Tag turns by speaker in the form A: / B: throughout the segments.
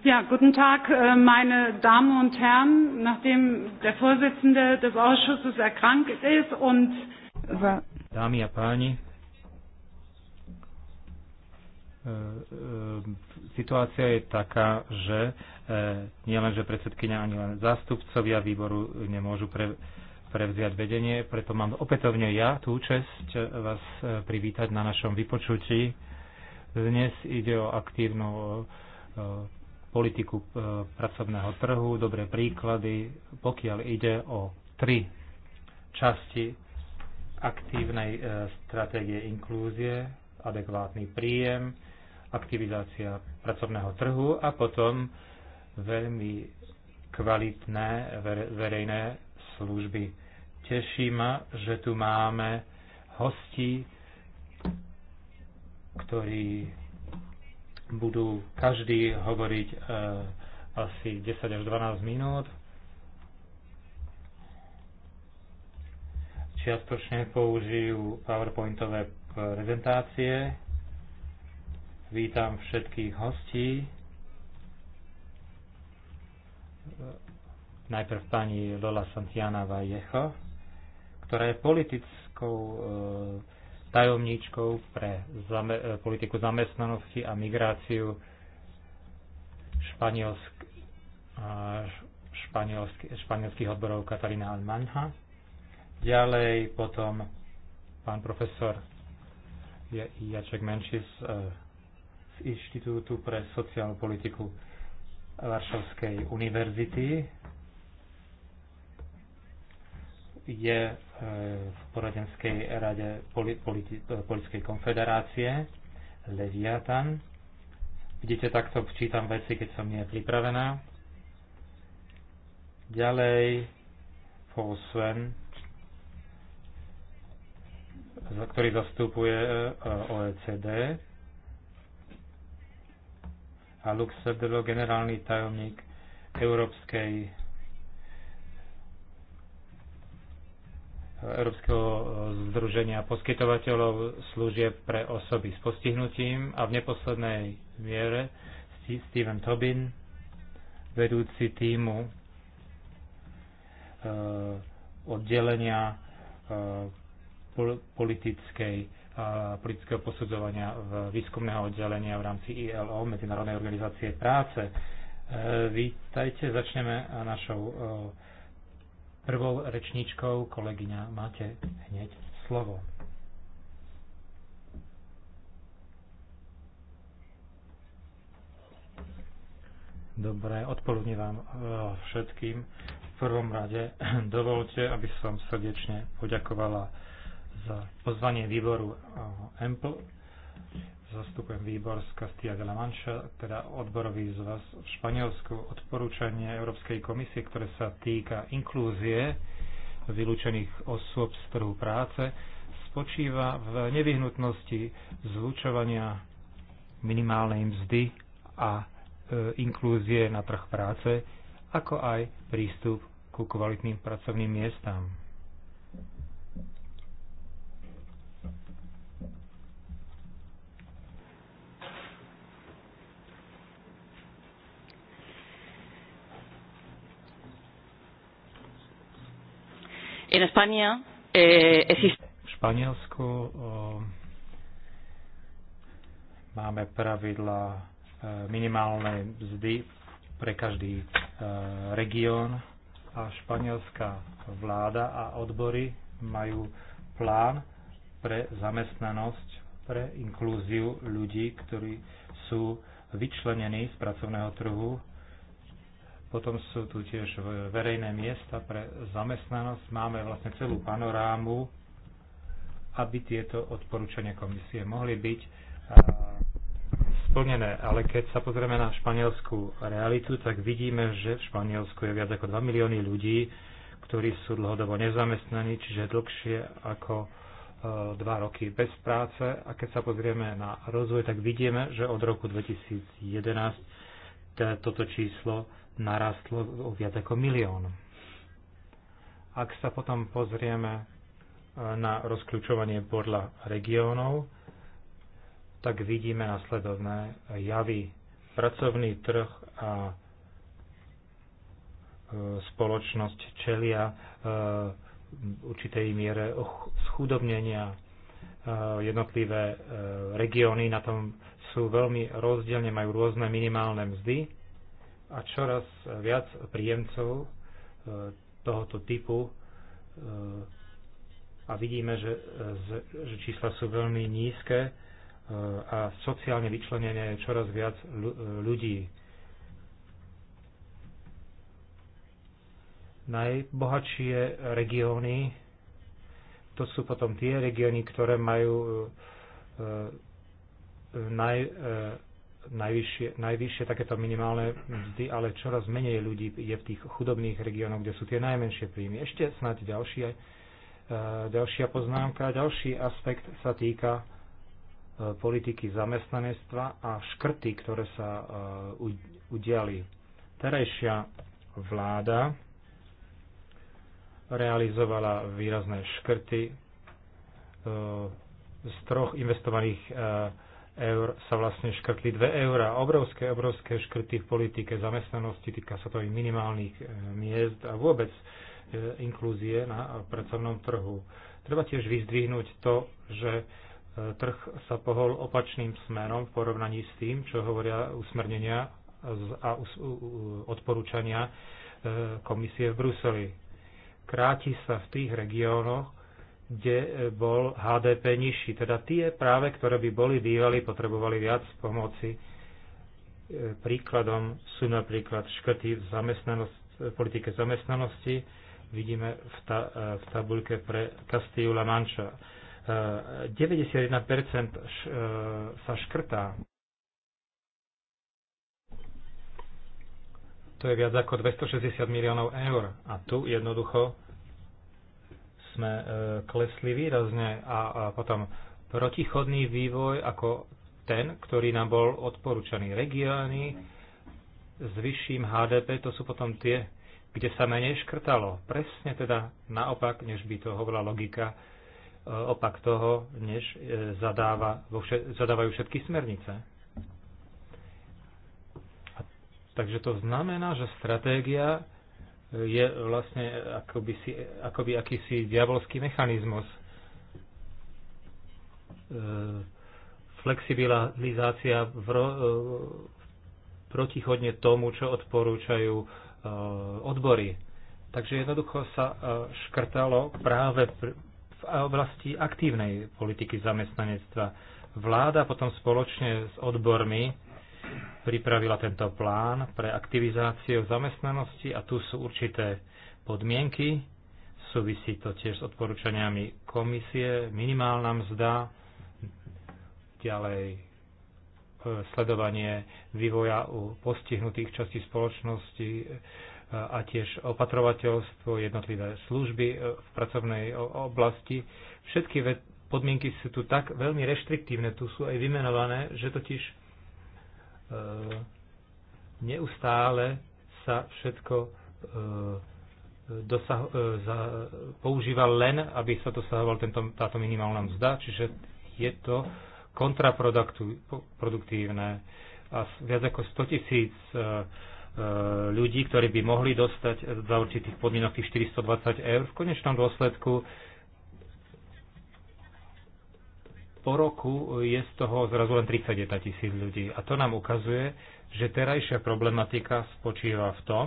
A: Ja, guten Tag, äh, meine Damen und Herren. Nachdem der Vorsitzende des Ausschusses erkrankt ist und...
B: Dámy a páni, äh, äh, situácia je taká, že nielen, že predsedkynia ani len zástupcovia výboru nemôžu pre, prevziať vedenie, preto mám opätovne ja tú čest vás privítať na našom vypočutí. Dnes ide o aktívnu politiku e, pracovného trhu, dobré príklady, pokiaľ ide o tri časti aktívnej e, stratégie inklúzie, adekvátny príjem, aktivizácia pracovného trhu a potom veľmi kvalitné verejné služby. Teší ma, že tu máme hosti, ktorí budú každý hovoriť e, asi 10 až 12 minút. Čiastočne použijú PowerPointové prezentácie. Vítam všetkých hostí. Najprv pani Lola Santiana Vallejo, ktorá je politickou e, tajomníčkou pre zame, e, politiku zamestnanosti a migráciu španielsk, španielsk, španielských odborov Katarína Almanha. Ďalej potom pán profesor Jaček Menšis e, z Inštitútu pre sociálnu politiku Varšavskej univerzity je v poradenskej rade Politickej konfederácie Leviatan. Vidíte, takto čítam veci, keď som nie pripravená. Ďalej Paul Sven, ktorý zastupuje e, e, OECD a Lux generálny tajomník Európskej Európskeho e, združenia poskytovateľov služieb pre osoby s postihnutím a v neposlednej miere Steven Tobin, vedúci týmu e, oddelenia e, politickej, politického posudzovania v výskumného oddelenia v rámci ILO, Medzinárodnej organizácie práce. Vítajte, začneme našou Prvou rečníčkou kolegyňa máte hneď slovo. Dobré odpoludne vám eh, všetkým. V prvom rade dovolte, aby som srdečne poďakovala za pozvanie výboru EMPL eh, zastupujem výbor z Castilla de la Mancha, teda odborový vás v Španielsku, odporúčanie Európskej komisie, ktoré sa týka inklúzie vylúčených osôb z trhu práce, spočíva v nevyhnutnosti zlučovania minimálnej mzdy a e, inklúzie na trh práce, ako aj prístup ku kvalitným pracovným miestam.
A: En España
B: eh, existe... V Španielsku o, eh, máme pravidla eh, minimálnej mzdy pre každý e, región a španielská vláda a odbory majú plán pre zamestnanosť, pre inklúziu ľudí, ktorí sú vyčlenení z pracovného trhu potom sú tu tiež verejné miesta pre zamestnanosť. Máme vlastne celú panorámu, aby tieto odporúčania komisie mohli byť splnené. Ale keď sa pozrieme na španielskú realitu, tak vidíme, že v Španielsku je viac ako 2 milióny ľudí, ktorí sú dlhodobo nezamestnaní, čiže dlhšie ako e, dva roky bez práce. A keď sa pozrieme na rozvoj, tak vidíme, že od roku 2011 toto číslo narastlo o viac ako milión. Ak sa potom pozrieme e, na rozkľúčovanie podľa regiónov, tak vidíme nasledovné javy. Pracovný trh a e, spoločnosť čelia e, určitej miere schudobnenia. Jednotlivé regióny na tom sú veľmi rozdielne, majú rôzne minimálne mzdy a čoraz viac príjemcov e, tohoto typu e, a vidíme, že, e, že čísla sú veľmi nízke a sociálne vyčlenenie je čoraz viac ľudí. Najbohatšie regióny to sú potom tie regióny, ktoré majú naj, najvyššie, najvyššie takéto minimálne mzdy, ale čoraz menej ľudí je v tých chudobných regiónoch, kde sú tie najmenšie príjmy. Ešte snáď ďalšie, ďalšia poznámka. Ďalší aspekt sa týka e, politiky zamestnanectva a škrty, ktoré sa e, udiali. Terajšia vláda realizovala výrazné škrty e, z troch investovaných eur sa vlastne škrtli 2 eurá. Obrovské, obrovské škrty v politike zamestnanosti, týka sa to aj minimálnych e, miest a vôbec e, inklúzie na pracovnom trhu. Treba tiež vyzdvihnúť to, že e, trh sa pohol opačným smerom v porovnaní s tým, čo hovoria usmernenia a odporúčania komisie v Bruseli. Kráti sa v tých regiónoch, kde e, bol HDP nižší. Teda tie práve, ktoré by boli bývali, potrebovali viac pomoci. E, príkladom sú napríklad škrty v, v politike zamestnanosti. Vidíme v, ta, e, v tabulke pre Castilla La Mancha. 91% sa škrtá. To je viac ako 260 miliónov eur. A tu jednoducho sme e, klesli výrazne a, a potom protichodný vývoj ako ten, ktorý nám bol odporúčaný. Regióny s vyšším HDP to sú potom tie, kde sa menej škrtalo. Presne teda naopak, než by to hovorila logika, e, opak toho, než e, zadáva, zadávajú všetky smernice. Takže to znamená, že stratégia je vlastne akoby, si, akoby akýsi diabolský mechanizmus. E, flexibilizácia v, e, protichodne tomu, čo odporúčajú e, odbory. Takže jednoducho sa škrtalo práve v oblasti aktívnej politiky zamestnanectva. Vláda potom spoločne s odbormi pripravila tento plán pre aktivizáciu zamestnanosti a tu sú určité podmienky. Súvisí to tiež s odporúčaniami komisie, minimálna mzda, ďalej e, sledovanie vývoja u postihnutých častí spoločnosti e, a tiež opatrovateľstvo, jednotlivé služby e, v pracovnej oblasti. Všetky podmienky sú tu tak veľmi reštriktívne, tu sú aj vymenované, že totiž E, neustále sa všetko e, dosaho, e, za, používa len, aby sa dosahoval tento, táto minimálna mzda, čiže je to kontraproduktívne. A viac ako 100 tisíc ľudí, ktorí by mohli dostať za určitých podmienok tých 420 eur, v konečnom dôsledku po roku je z toho zrazu len 31 tisíc ľudí. A to nám ukazuje, že terajšia problematika spočíva v tom,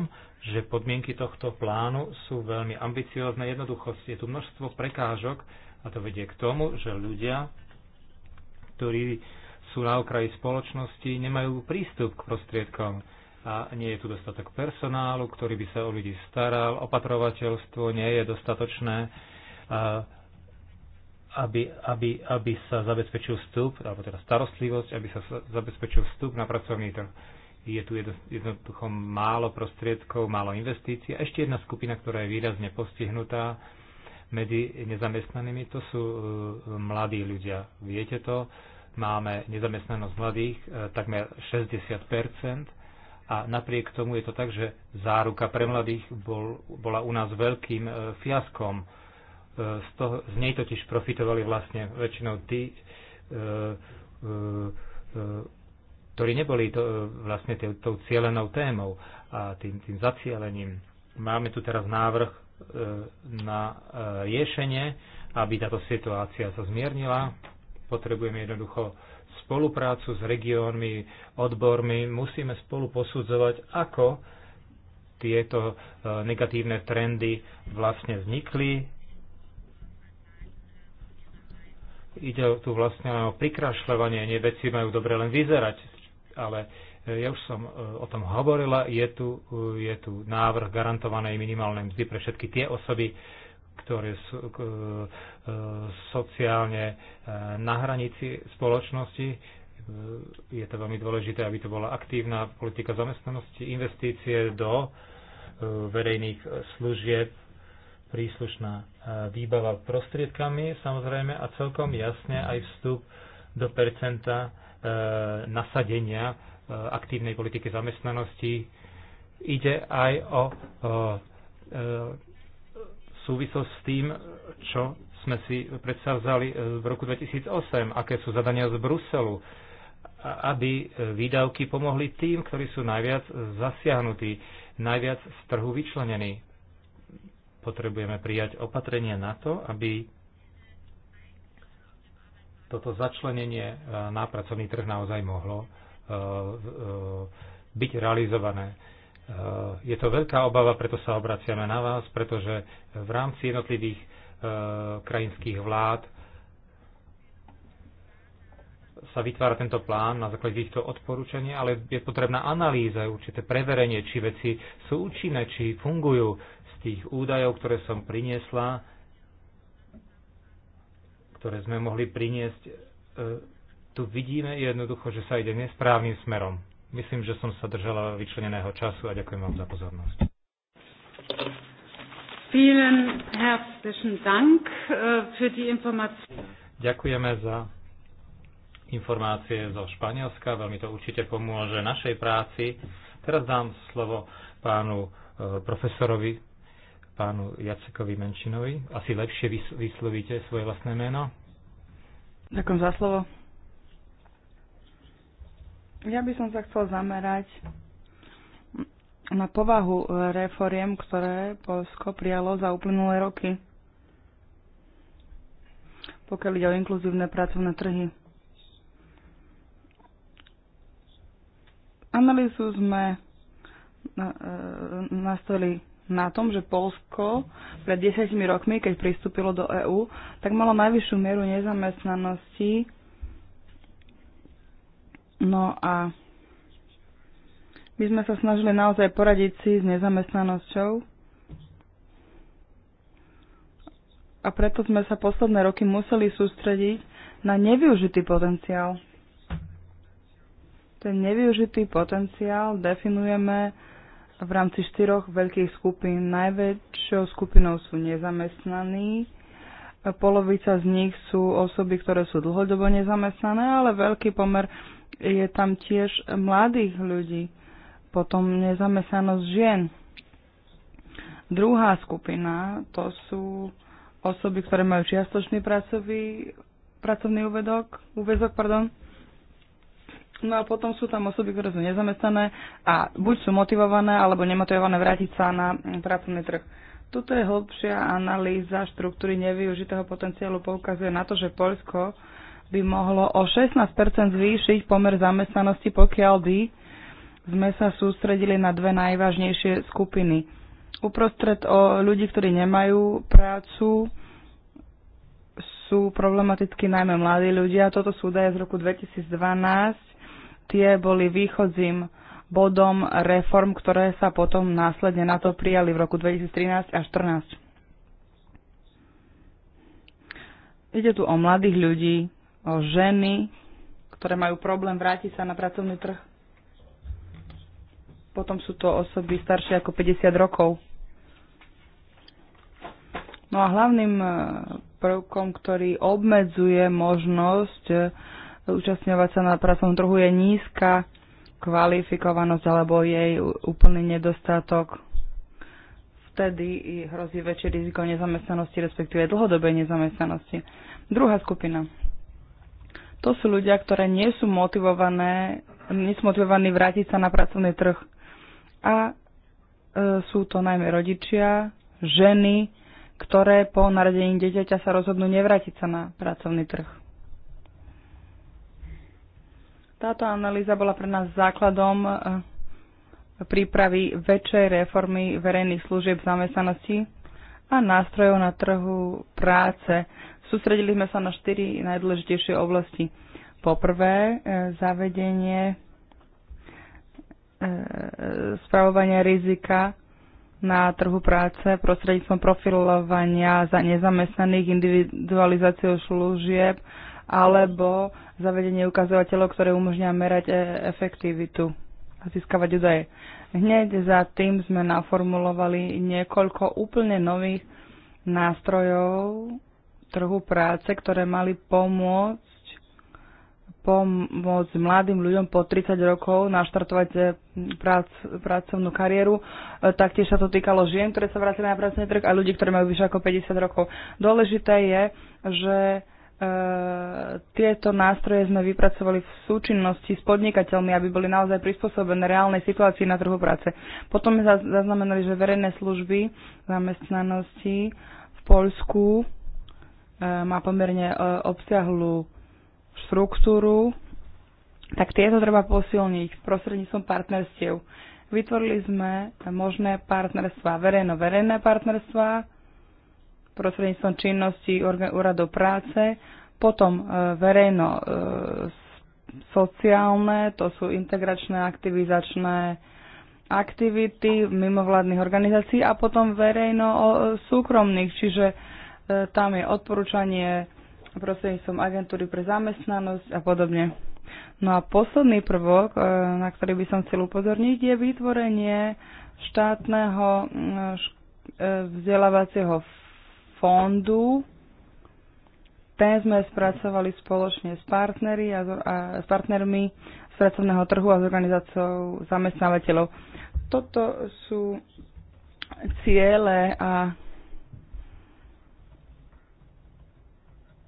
B: že podmienky tohto plánu sú veľmi ambiciozne, jednoduchosti. Je tu množstvo prekážok a to vedie k tomu, že ľudia, ktorí sú na okraji spoločnosti, nemajú prístup k prostriedkom a nie je tu dostatok personálu, ktorý by sa o ľudí staral, opatrovateľstvo nie je dostatočné, aby, aby, aby sa zabezpečil vstup, alebo teda starostlivosť, aby sa zabezpečil vstup na pracovný trh. Je tu jednoducho málo prostriedkov, málo investícií. A ešte jedna skupina, ktorá je výrazne postihnutá medzi nezamestnanými, to sú e, mladí ľudia. Viete to, máme nezamestnanosť mladých e, takmer 60 a napriek tomu je to tak, že záruka pre mladých bol, bola u nás veľkým e, fiaskom z, toho, z nej totiž profitovali vlastne väčšinou tí, e, e, e, ktorí neboli to, vlastne tý, tou cielenou témou a tým, tým zacielením. Máme tu teraz návrh na riešenie, aby táto situácia sa zmiernila. Potrebujeme jednoducho spoluprácu s regiónmi, odbormi. Musíme spolu posudzovať, ako tieto negatívne trendy vlastne vznikli, Ide tu vlastne o prikrašľovanie, nie veci majú dobre len vyzerať, ale e, ja už som e, o tom hovorila, je tu, e, je tu návrh garantovanej minimálnej mzdy pre všetky tie osoby, ktoré sú k, sociálne na hranici spoločnosti. je to veľmi dôležité, aby to bola aktívna politika zamestnanosti, investície do verejných služieb príslušná e, výbava prostriedkami, samozrejme, a celkom jasne aj vstup do percenta e, nasadenia e, aktívnej politiky zamestnanosti. Ide aj o súvislosť s tým, čo sme si predstavzali v roku 2008, aké sú zadania z Bruselu, aby výdavky pomohli tým, ktorí sú najviac zasiahnutí, najviac z trhu vyčlenení potrebujeme prijať opatrenia na to, aby toto začlenenie e, na pracovný trh naozaj mohlo e, e, byť realizované. Je to veľká obava, preto sa obraciame na vás, pretože v rámci jednotlivých krajinských vlád sa vytvára tento plán na základe týchto odporúčaní, ale je potrebná analýza, určité preverenie, či veci sú účinné, či fungujú, tých údajov, ktoré som priniesla, ktoré sme mohli priniesť, e, tu vidíme jednoducho, že sa ide nesprávnym smerom. Myslím, že som sa držala vyčleneného času a ďakujem vám za pozornosť.
A: Vielen herzlichen Dank äh, für die
B: Ďakujeme za informácie zo Španielska, veľmi to určite pomôže našej práci. Teraz dám slovo pánu e, profesorovi pánu Jacekovi Menšinovi. Asi lepšie vyslovíte svoje vlastné meno.
A: Ďakujem za slovo. Ja by som sa chcel zamerať na povahu reforiem, ktoré Polsko prijalo za uplynulé roky, pokiaľ ide o inkluzívne pracovné trhy. Analýzu sme e, nastavili na tom, že Polsko pred 10 rokmi, keď pristúpilo do EÚ, tak malo najvyššiu mieru nezamestnanosti. No a my sme sa snažili naozaj poradiť si s nezamestnanosťou. A preto sme sa posledné roky museli sústrediť na nevyužitý potenciál. Ten nevyužitý potenciál definujeme v rámci štyroch veľkých skupín. Najväčšou skupinou sú nezamestnaní. Polovica z nich sú osoby, ktoré sú dlhodobo nezamestnané, ale veľký pomer je tam tiež mladých ľudí. Potom nezamestnanosť žien. Druhá skupina to sú osoby, ktoré majú čiastočný pracový, pracovný uvedok, úvezok, pardon, No a potom sú tam osoby, ktoré sú nezamestnané a buď sú motivované alebo nemotivované vrátiť sa na mm, pracovný trh. Toto je hĺbšia analýza štruktúry nevyužitého potenciálu poukazuje na to, že Polsko by mohlo o 16 zvýšiť pomer zamestnanosti, pokiaľ by sme sa sústredili na dve najvážnejšie skupiny. Uprostred o ľudí, ktorí nemajú prácu, sú problematicky najmä mladí ľudia. Toto sú údaje z roku 2012 Tie boli východzím bodom reform, ktoré sa potom následne na to prijali v roku 2013 a 2014. Ide tu o mladých ľudí, o ženy, ktoré majú problém vrátiť sa na pracovný trh. Potom sú to osoby staršie ako 50 rokov. No a hlavným eh, prvkom, ktorý obmedzuje možnosť eh, zúčastňovať sa na pracovnom trhu je nízka kvalifikovanosť alebo jej úplný nedostatok. Vtedy hrozí väčšie riziko nezamestnanosti, respektíve dlhodobej nezamestnanosti. Druhá skupina. To sú ľudia, ktoré nie sú motivované, nie sú motivovaní vrátiť sa na pracovný trh. A e, sú to najmä rodičia, ženy, ktoré po narodení dieťaťa sa rozhodnú nevrátiť sa na pracovný trh. Táto analýza bola pre nás základom e, prípravy väčšej reformy verejných služieb zamestnanosti a nástrojov na trhu práce. Sústredili sme sa na štyri najdôležitejšie oblasti. Poprvé, e, zavedenie e, spravovania rizika na trhu práce prostredníctvom profilovania za nezamestnaných individualizáciou služieb alebo zavedenie ukazovateľov, ktoré umožňujú merať e, efektivitu a získavať údaje. Hneď za tým sme naformulovali niekoľko úplne nových nástrojov trhu práce, ktoré mali pomôcť, pomôcť mladým ľuďom po 30 rokov naštartovať e, prác, pracovnú kariéru. E, taktiež sa to týkalo žien, ktoré sa vrátili na pracovný trh a ľudí, ktorí majú vyššie ako 50 rokov. Dôležité je, že E, tieto nástroje sme vypracovali v súčinnosti s podnikateľmi, aby boli naozaj prispôsobené reálnej situácii na trhu práce. Potom sme zaznamenali, že verejné služby zamestnanosti v Polsku e, má pomerne e, obsiahlu štruktúru, tak tieto treba posilniť prostredníctvom partnerstiev. Vytvorili sme možné partnerstva, verejno-verejné partnerstva, prostredníctvom činnosti úradov práce, potom e, verejno e, sociálne, to sú integračné, aktivizačné aktivity mimovládnych organizácií a potom verejno súkromných, čiže e, tam je odporúčanie prostredníctvom agentúry pre zamestnanosť a podobne. No a posledný prvok, na ktorý by som chcel upozorniť, je vytvorenie štátneho vzdelávacieho fondu. Ten sme spracovali spoločne s, partnery a, a, s partnermi z pracovného trhu a s organizáciou zamestnávateľov. Toto sú ciele a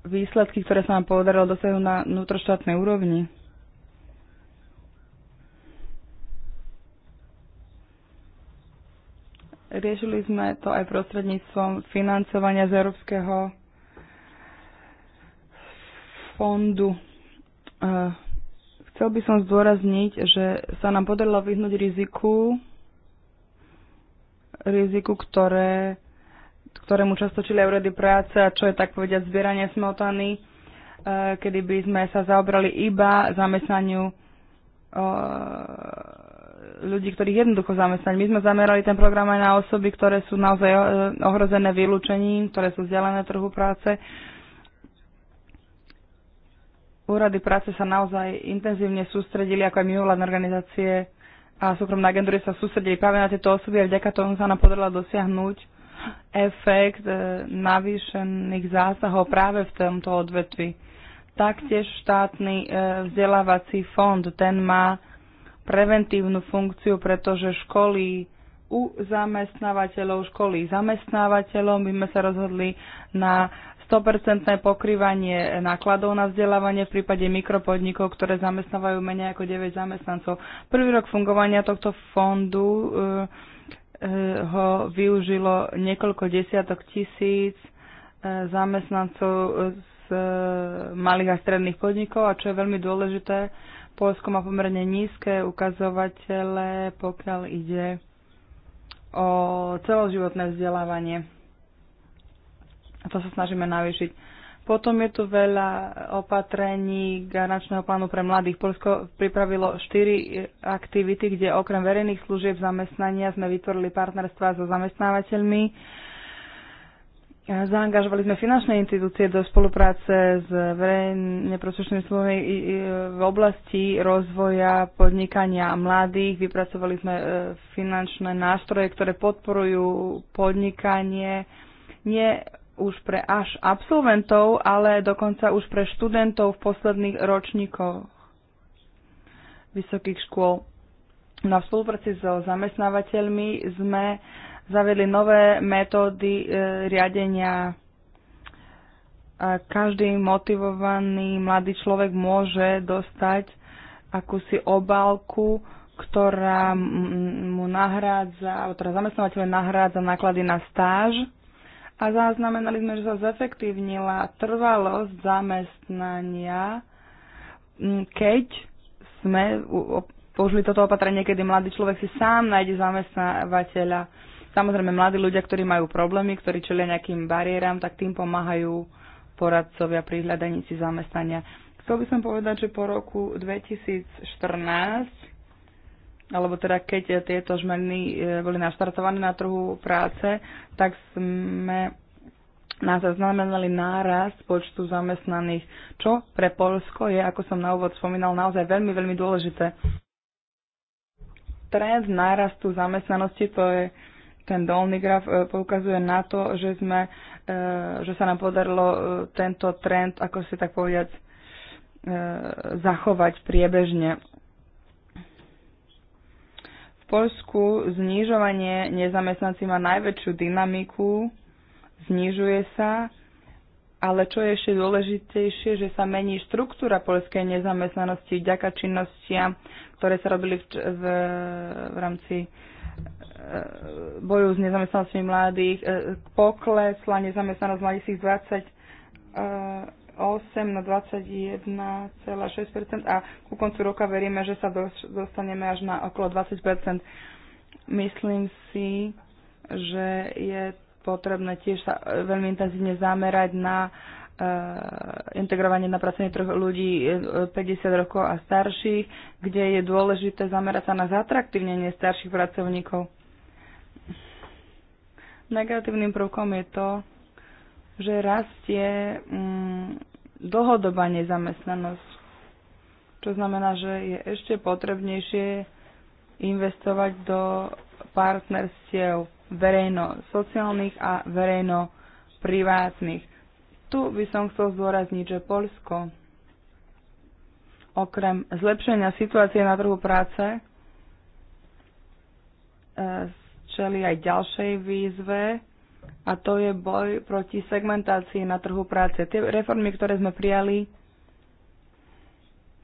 A: výsledky, ktoré sa nám podarilo dosiahnuť na vnútroštátnej úrovni. Riešili sme to aj prostredníctvom financovania z Európskeho fondu. E, chcel by som zdôrazniť, že sa nám podarilo vyhnúť riziku, riziku, ktoré, ktorému často čili úrady práce a čo je tak povediať zbieranie smotany, e, kedy by sme sa zaobrali iba zamestnaniu e, ľudí, ktorých jednoducho zamestnať. My sme zamerali ten program aj na osoby, ktoré sú naozaj eh, ohrozené vylúčením, ktoré sú vzdialené trhu práce. Úrady práce sa naozaj intenzívne sústredili, ako aj mimovládne organizácie a súkromné agentúry sa sústredili práve na tieto osoby a vďaka tomu sa nám podarilo dosiahnuť efekt eh, navýšených zásahov práve v tomto odvetvi. Taktiež štátny eh, vzdelávací fond, ten má preventívnu funkciu, pretože školy u zamestnávateľov, školy zamestnávateľov, my sme sa rozhodli na 100% pokrývanie nákladov na vzdelávanie v prípade mikropodnikov, ktoré zamestnávajú menej ako 9 zamestnancov. Prvý rok fungovania tohto fondu eh, eh, ho využilo niekoľko desiatok tisíc eh, zamestnancov z malých a stredných podnikov a čo je veľmi dôležité, Polsko má pomerne nízke ukazovatele, pokiaľ ide o celoživotné vzdelávanie. A to sa snažíme navýšiť. Potom je tu veľa opatrení garančného plánu pre mladých. Polsko pripravilo 4 aktivity, kde okrem verejných služieb zamestnania sme vytvorili partnerstva so zamestnávateľmi, Zaangažovali sme finančné institúcie do spolupráce s verejne prospešnej službami v oblasti rozvoja podnikania mladých. Vypracovali sme e, finančné nástroje, ktoré podporujú podnikanie nie už pre až absolventov, ale dokonca už pre študentov v posledných ročníkoch vysokých škôl. Na spolupráci so zamestnávateľmi sme uh, zavedli nové metódy e, riadenia. A každý motivovaný mladý človek môže dostať akúsi obálku, ktorá mu nahrádza, teda zamestnávateľ nahrádza náklady na stáž a zaznamenali sme, že sa zefektívnila trvalosť zamestnania, keď sme použili toto opatrenie, kedy mladý človek si sám nájde zamestnávateľa Samozrejme, mladí ľudia, ktorí majú problémy, ktorí čelia nejakým bariéram, tak tým pomáhajú poradcovia pri hľadaní si zamestnania. Chcel by som povedať, že po roku 2014, alebo teda keď tieto žmeny e, boli naštartované na trhu práce, tak sme nás zaznamenali nárast počtu zamestnaných, čo pre Polsko je, ako som na úvod spomínal, naozaj veľmi, veľmi dôležité. Trend nárastu zamestnanosti to je ten dolný graf e, poukazuje na to, že, sme, e, že sa nám podarilo e, tento trend, ako si tak povedať, zachovať priebežne. V Polsku znižovanie nezamestnanci má najväčšiu dynamiku, znižuje sa, ale čo je ešte dôležitejšie, že sa mení štruktúra polskej nezamestnanosti vďaka činnostiam, ktoré sa robili v, v, v rámci E, boju s nezamestnanosťou mladých e, poklesla nezamestnanosť mladých 28 e, na 21,6 a ku koncu roka veríme, že sa dostaneme až na okolo 20 Myslím si, že je potrebné tiež sa veľmi intenzívne zamerať na integrovanie na pracovný trh ľudí 50 rokov a starších, kde je dôležité zamerať sa na zatraktívnenie starších pracovníkov Negatívnym prvkom je to, že rastie mm, dlhodobá nezamestnanosť, čo znamená, že je ešte potrebnejšie investovať do partnerstiev verejno-sociálnych a verejno-privátnych. Tu by som chcel zdôrazniť, že Polsko okrem zlepšenia situácie na trhu práce e, čeli aj ďalšej výzve, a to je boj proti segmentácii na trhu práce. Tie reformy, ktoré sme prijali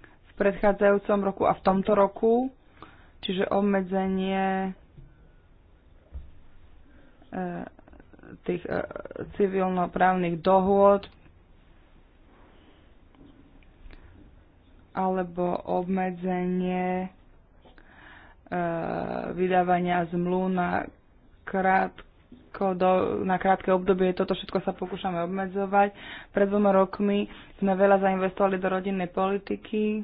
A: v predchádzajúcom roku a v tomto roku, čiže obmedzenie e, tých e, civilnoprávnych dohôd alebo obmedzenie Eh, vydávania zmluv na, krátko do, na krátke obdobie. Toto všetko sa pokúšame obmedzovať. Pred dvoma rokmi sme veľa zainvestovali do rodinnej politiky,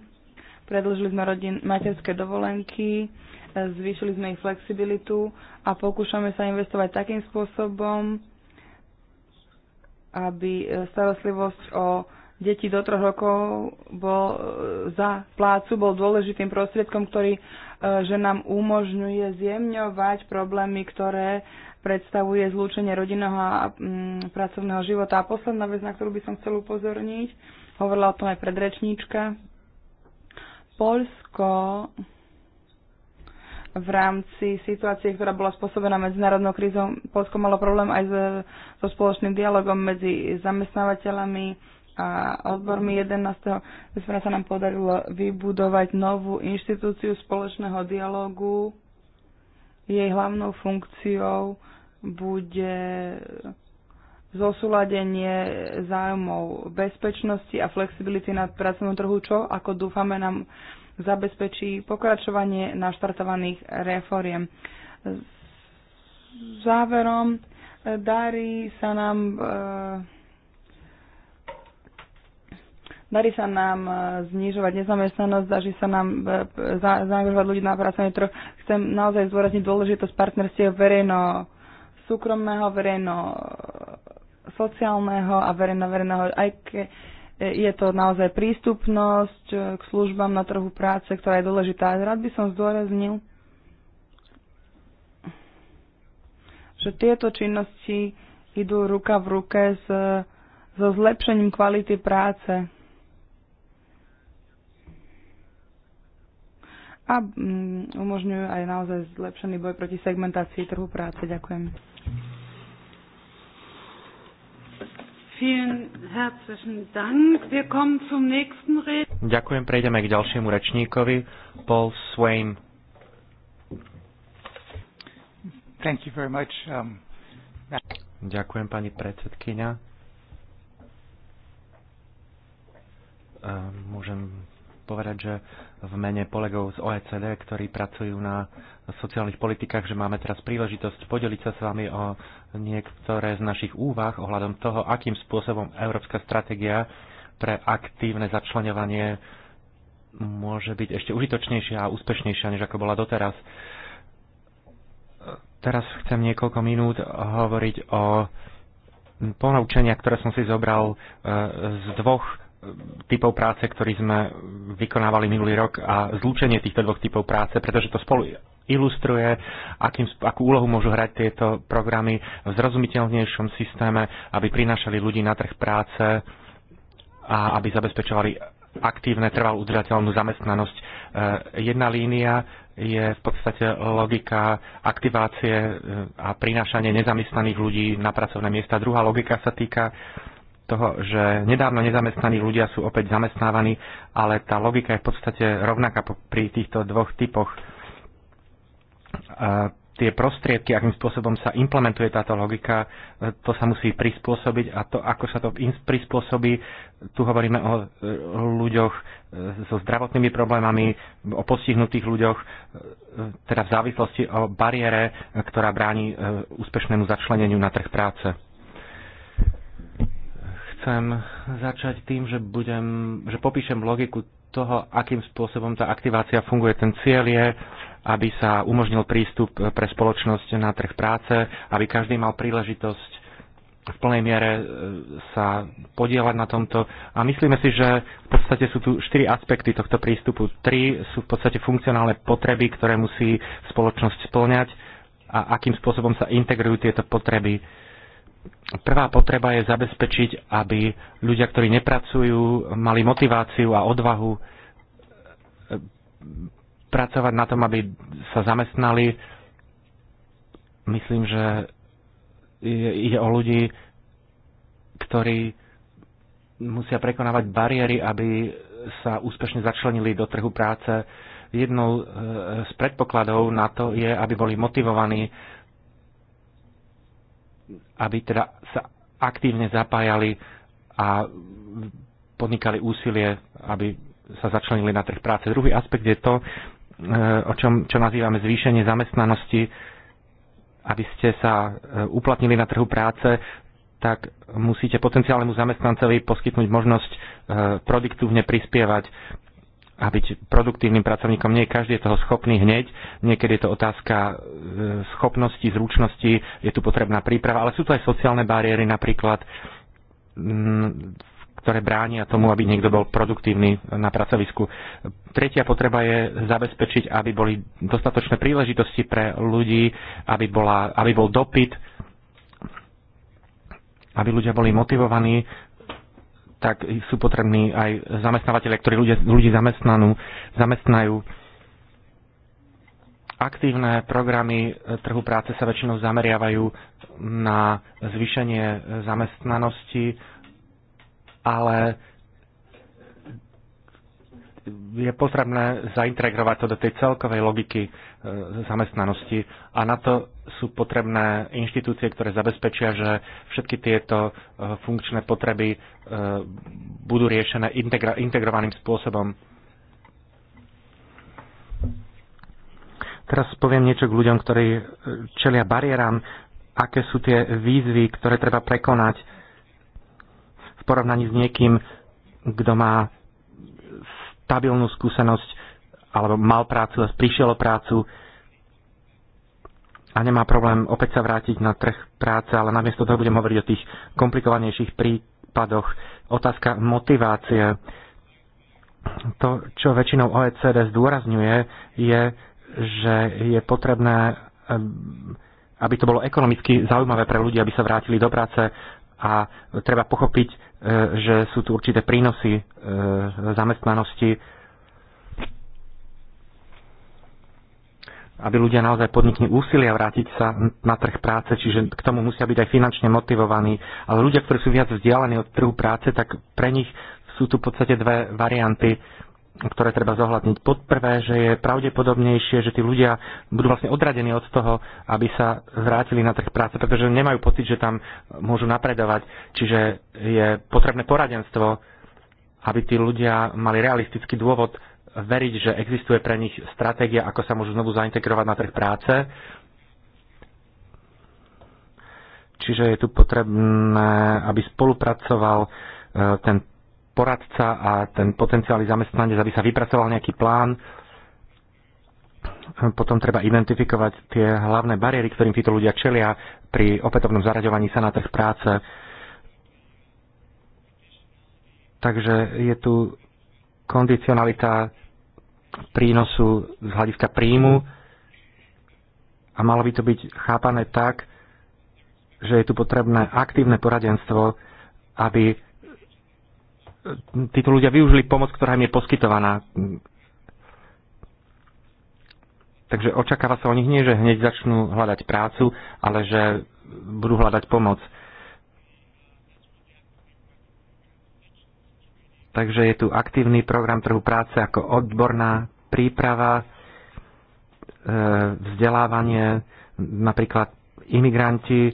A: predlžili sme rodin, materské dovolenky, eh, zvýšili sme ich flexibilitu a pokúšame sa investovať takým spôsobom, aby eh, starostlivosť o detí do troch rokov bol e, za plácu bol dôležitým prostriedkom, ktorý e, že nám umožňuje zjemňovať problémy, ktoré predstavuje zlúčenie rodinného a mm, pracovného života. A posledná vec, na ktorú by som chcel upozorniť, hovorila o tom aj predrečníčka, Polsko v rámci situácie, ktorá bola spôsobená medzinárodnou krízou, Polsko malo problém aj so, so spoločným dialogom medzi zamestnávateľami, a odbormi 11. decembra sa nám podarilo vybudovať novú inštitúciu spoločného dialogu. Jej hlavnou funkciou bude zosúladenie zájmov bezpečnosti a flexibility na pracovnom trhu, čo, ako dúfame, nám zabezpečí pokračovanie naštartovaných reforiem. Záverom darí sa nám e, darí sa nám e, znižovať nezamestnanosť, darí sa nám e, zaangažovať ľudí na pracovný trh. Chcem naozaj zdôrazniť dôležitosť partnerstiev verejno súkromného, verejno e, sociálneho a verejno-verejného, aj ke, je to naozaj prístupnosť k službám na trhu práce, ktorá je dôležitá. Rád by som zdôraznil, že tieto činnosti idú ruka v ruke s, so zlepšením kvality práce. a mm, umožňujú aj naozaj zlepšený boj proti segmentácii trhu práce. Ďakujem.
C: Ďakujem, prejdeme k ďalšiemu rečníkovi, Paul Swain. Thank you very much. Um, Ďakujem, pani predsedkynia. Môžem povedať, že v mene kolegov z OECD, ktorí pracujú na sociálnych politikách, že máme teraz príležitosť podeliť sa s vami o niektoré z našich úvah ohľadom toho, akým spôsobom európska stratégia pre aktívne začlenovanie môže byť ešte užitočnejšia a úspešnejšia, než ako bola doteraz. Teraz chcem niekoľko minút hovoriť o ponaučenia, ktoré som si zobral e, z dvoch typov práce, ktorý sme vykonávali minulý rok a zlúčenie týchto dvoch typov práce, pretože to spolu ilustruje, akým, akú úlohu môžu hrať tieto programy v zrozumiteľnejšom systéme, aby prinášali ľudí na trh práce a aby zabezpečovali aktívne, trvalú udržateľnú zamestnanosť. E, jedna línia je v podstate logika aktivácie e, a prinášanie nezamestnaných ľudí na pracovné miesta. Druhá logika sa týka toho, že nedávno nezamestnaní ľudia sú opäť zamestnávaní, ale tá logika je v podstate rovnaká pri týchto dvoch typoch. A tie prostriedky, akým spôsobom sa implementuje táto logika, e, to sa musí prispôsobiť a to, ako sa to prispôsobí, tu hovoríme o e, ľuďoch e, so zdravotnými problémami, o postihnutých ľuďoch, teda v závislosti o bariére, ktorá bráni úspešnému začleneniu na trh práce chcem začať tým, že, budem, že popíšem logiku toho, akým spôsobom tá aktivácia funguje. Ten cieľ je, aby sa umožnil prístup pre spoločnosť na trh práce, aby každý mal príležitosť v plnej miere e, sa podielať na tomto. A myslíme si, že v podstate sú tu štyri aspekty tohto prístupu. Tri sú v podstate funkcionálne potreby, ktoré musí spoločnosť splňať a akým spôsobom sa integrujú tieto potreby prvá potreba je zabezpečiť, aby ľudia, ktorí nepracujú, mali motiváciu a odvahu e, pracovať na tom, aby sa zamestnali. Myslím, že ide o ľudí, ktorí musia prekonávať bariéry, aby sa úspešne začlenili do trhu práce. Jednou e, z predpokladov na to je, aby boli motivovaní aby teda sa aktívne zapájali a podnikali úsilie, aby sa začlenili na trh práce. Druhý aspekt je to, e, o čom čo nazývame zvýšenie zamestnanosti, aby ste sa e, uplatnili na trhu práce, tak musíte potenciálnemu zamestnancovi poskytnúť možnosť e, produktívne prispievať a byť produktívnym pracovníkom. Nie každý je toho schopný hneď, niekedy je to otázka e, schopnosti, zručnosti, je tu potrebná príprava, ale sú tu aj sociálne bariéry napríklad, mm, ktoré bránia tomu, aby niekto bol produktívny na pracovisku. Tretia potreba je zabezpečiť, aby boli dostatočné príležitosti pre ľudí, aby, bola, aby bol dopyt, aby ľudia boli motivovaní tak sú potrební aj zamestnávateľe, ktorí ľudia, ľudí zamestnanú, zamestnajú. Aktívne programy e, trhu práce sa väčšinou zameriavajú na zvýšenie zamestnanosti, ale je potrebné zaintegrovať to do tej celkovej logiky e, zamestnanosti a na to sú potrebné inštitúcie, ktoré zabezpečia, že všetky tieto e, funkčné potreby e, budú riešené integra- integrovaným spôsobom. Teraz poviem niečo k ľuďom, ktorí e, čelia bariéram, aké sú tie výzvy, ktoré treba prekonať v porovnaní s niekým, kto má stabilnú skúsenosť alebo mal prácu a prišiel o prácu a nemá problém opäť sa vrátiť na trh práce, ale namiesto toho budem hovoriť o tých komplikovanejších prípadoch. Otázka motivácie. To, čo väčšinou OECD zdôrazňuje, je, že je potrebné, eh, aby to bolo ekonomicky zaujímavé pre ľudí, aby sa vrátili do práce a treba pochopiť, eh, že sú tu určité prínosy eh, zamestnanosti aby ľudia naozaj podnikli úsilia vrátiť sa na trh práce, čiže k tomu musia byť aj finančne motivovaní. Ale ľudia, ktorí sú viac vzdialení od trhu práce, tak pre nich sú tu v podstate dve varianty, ktoré treba zohľadniť. Pod prvé, že je pravdepodobnejšie, že tí ľudia budú vlastne odradení od toho, aby sa vrátili na trh práce, pretože nemajú pocit, že tam môžu napredovať. Čiže je potrebné poradenstvo, aby tí ľudia mali realistický dôvod veriť, že existuje pre nich stratégia, ako sa môžu znovu zaintegrovať na trh práce. Čiže je tu potrebné, aby spolupracoval e, ten poradca a ten potenciálny zamestnanec, aby sa vypracoval nejaký plán. E, potom treba identifikovať tie hlavné bariéry, ktorým títo ľudia čelia pri opätovnom zaraďovaní sa na trh práce. Takže je tu kondicionalita, prínosu z hľadiska príjmu a malo by to byť chápané tak, že je tu potrebné aktívne poradenstvo, aby títo ľudia využili pomoc, ktorá im je poskytovaná. Takže očakáva sa o nich nie, že hneď začnú hľadať prácu, ale že budú hľadať pomoc. Takže je tu aktívny program trhu práce ako odborná príprava, e, vzdelávanie, napríklad imigranti e,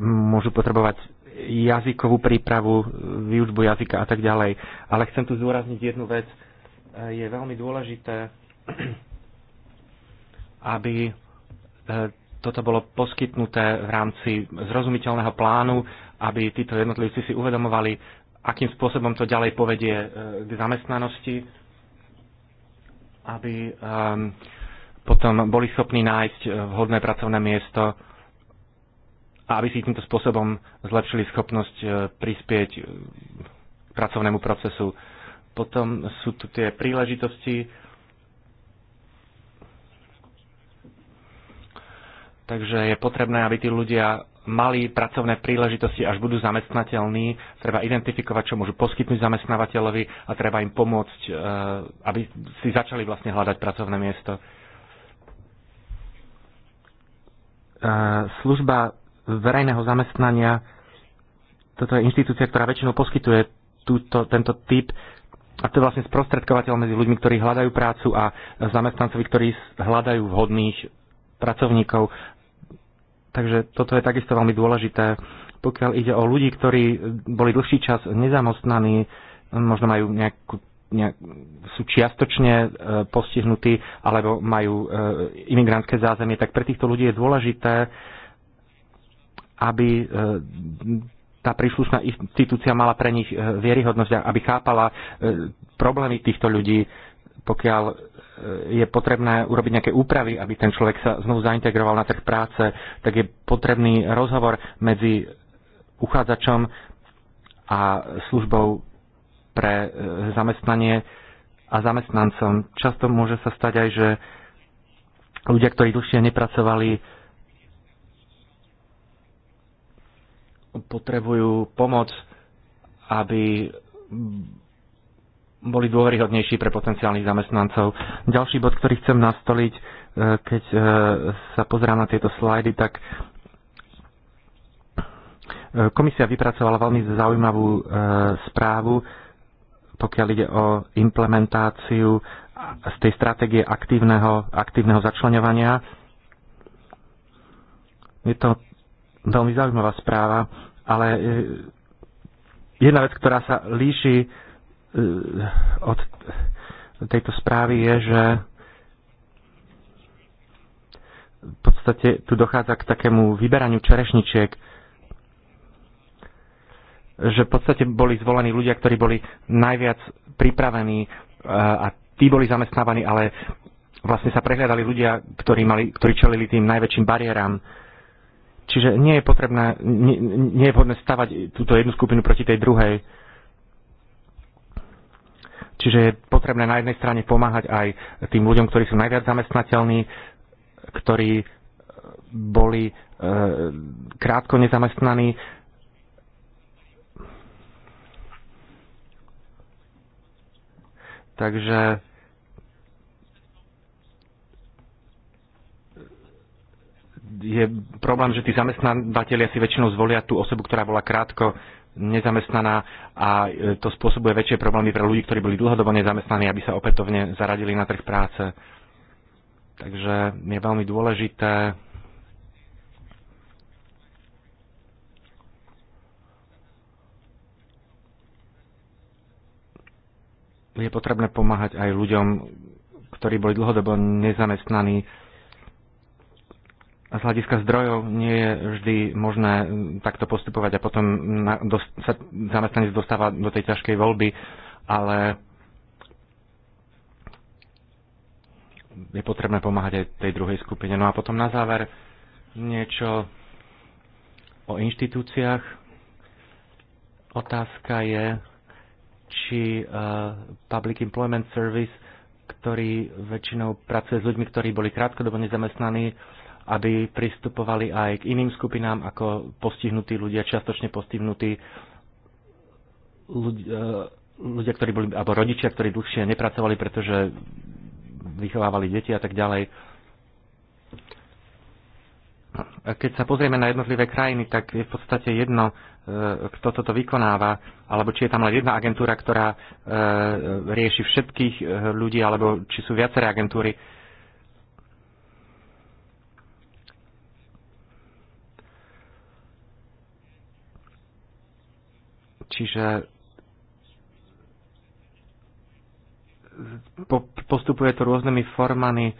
C: môžu potrebovať jazykovú prípravu, výučbu jazyka a tak ďalej. Ale chcem tu zúrazniť jednu vec. E, je veľmi dôležité, aby toto bolo poskytnuté v rámci zrozumiteľného plánu, aby títo jednotlivci si uvedomovali, akým spôsobom to ďalej povedie eh, k zamestnanosti, aby ehm, potom boli schopní nájsť eh, vhodné pracovné miesto a aby si týmto spôsobom zlepšili schopnosť eh, prispieť k pracovnému procesu. Potom sú tu tie príležitosti, takže je potrebné, aby tí ľudia mali pracovné príležitosti, až budú zamestnateľní, treba identifikovať, čo môžu poskytnúť zamestnávateľovi a treba im pomôcť, e, aby si začali vlastne hľadať pracovné miesto. E, služba verejného zamestnania, toto je inštitúcia, ktorá väčšinou poskytuje túto, tento typ a to je vlastne sprostredkovateľ medzi ľuďmi, ktorí hľadajú prácu a zamestnancovi, ktorí hľadajú vhodných pracovníkov. Takže toto je takisto veľmi dôležité. Pokiaľ ide o ľudí, ktorí boli dlhší čas nezamostnaní, možno majú nejakú nejak, sú čiastočne e, postihnutí alebo majú e, imigrantské zázemie, tak pre týchto ľudí je dôležité, aby e, tá príslušná institúcia mala pre nich vieryhodnosť, aby chápala problémy týchto ľudí, pokiaľ je potrebné urobiť nejaké úpravy, aby ten človek sa znovu zaintegroval na trh práce, tak je potrebný rozhovor medzi uchádzačom a službou pre e, zamestnanie a zamestnancom. Často môže sa stať aj, že ľudia, ktorí dlhšie nepracovali, potrebujú pomoc, aby boli dôveryhodnejší pre potenciálnych zamestnancov. Ďalší bod, ktorý chcem nastoliť, e, keď e, sa pozerám na tieto slajdy, tak e, komisia vypracovala veľmi zaujímavú správu, pokiaľ ide o implementáciu z tej stratégie aktívneho, aktívneho začlenovania. Je to veľmi zaujímavá správa, ale jedna vec, ktorá sa líši od tejto správy je, že v podstate tu dochádza k takému vyberaniu čerešničiek, že v podstate boli zvolení ľudia, ktorí boli najviac pripravení e, a tí boli zamestnávaní, ale vlastne sa prehľadali ľudia, ktorí, mali, ktorí čelili tým najväčším bariéram. Čiže nie je potrebné, nie, nie je vhodné stavať túto jednu skupinu proti tej druhej. Uh, Čiže je potrebné na jednej strane pomáhať aj tým ľuďom, ktorí sú najviac zamestnateľní, ktorí e, boli e, krátko nezamestnaní. Takže je problém, že tí zamestnávateľia si väčšinou zvolia tú osobu, ktorá bola krátko nezamestnaná a e, to spôsobuje väčšie problémy pre ľudí, ktorí boli dlhodobo nezamestnaní, aby sa opätovne zaradili na trh práce. Takže je veľmi dôležité je potrebné pomáhať aj ľuďom, ktorí boli dlhodobo nezamestnaní, z hľadiska zdrojov nie je vždy možné mm, takto postupovať a potom na, dos, sa zamestnanec dostáva do tej ťažkej voľby, ale je potrebné pomáhať aj tej druhej skupine. No a potom na záver niečo o inštitúciách. Otázka je, či uh, Public Employment Service, ktorý väčšinou pracuje s ľuďmi, ktorí boli krátkodobo nezamestnaní, uh, aby pristupovali aj k iným skupinám ako postihnutí ľudia, čiastočne postihnutí ľudia, e, ľudia, ktorí boli, alebo rodičia, ktorí dlhšie nepracovali, pretože vychovávali deti a tak ďalej. Keď sa pozrieme na jednotlivé krajiny, tak je v podstate jedno, e, kto toto vykonáva, alebo či je tam len jedna agentúra, ktorá e, rieši všetkých ľudí, alebo či sú viaceré agentúry Čiže postupuje to rôznymi formami,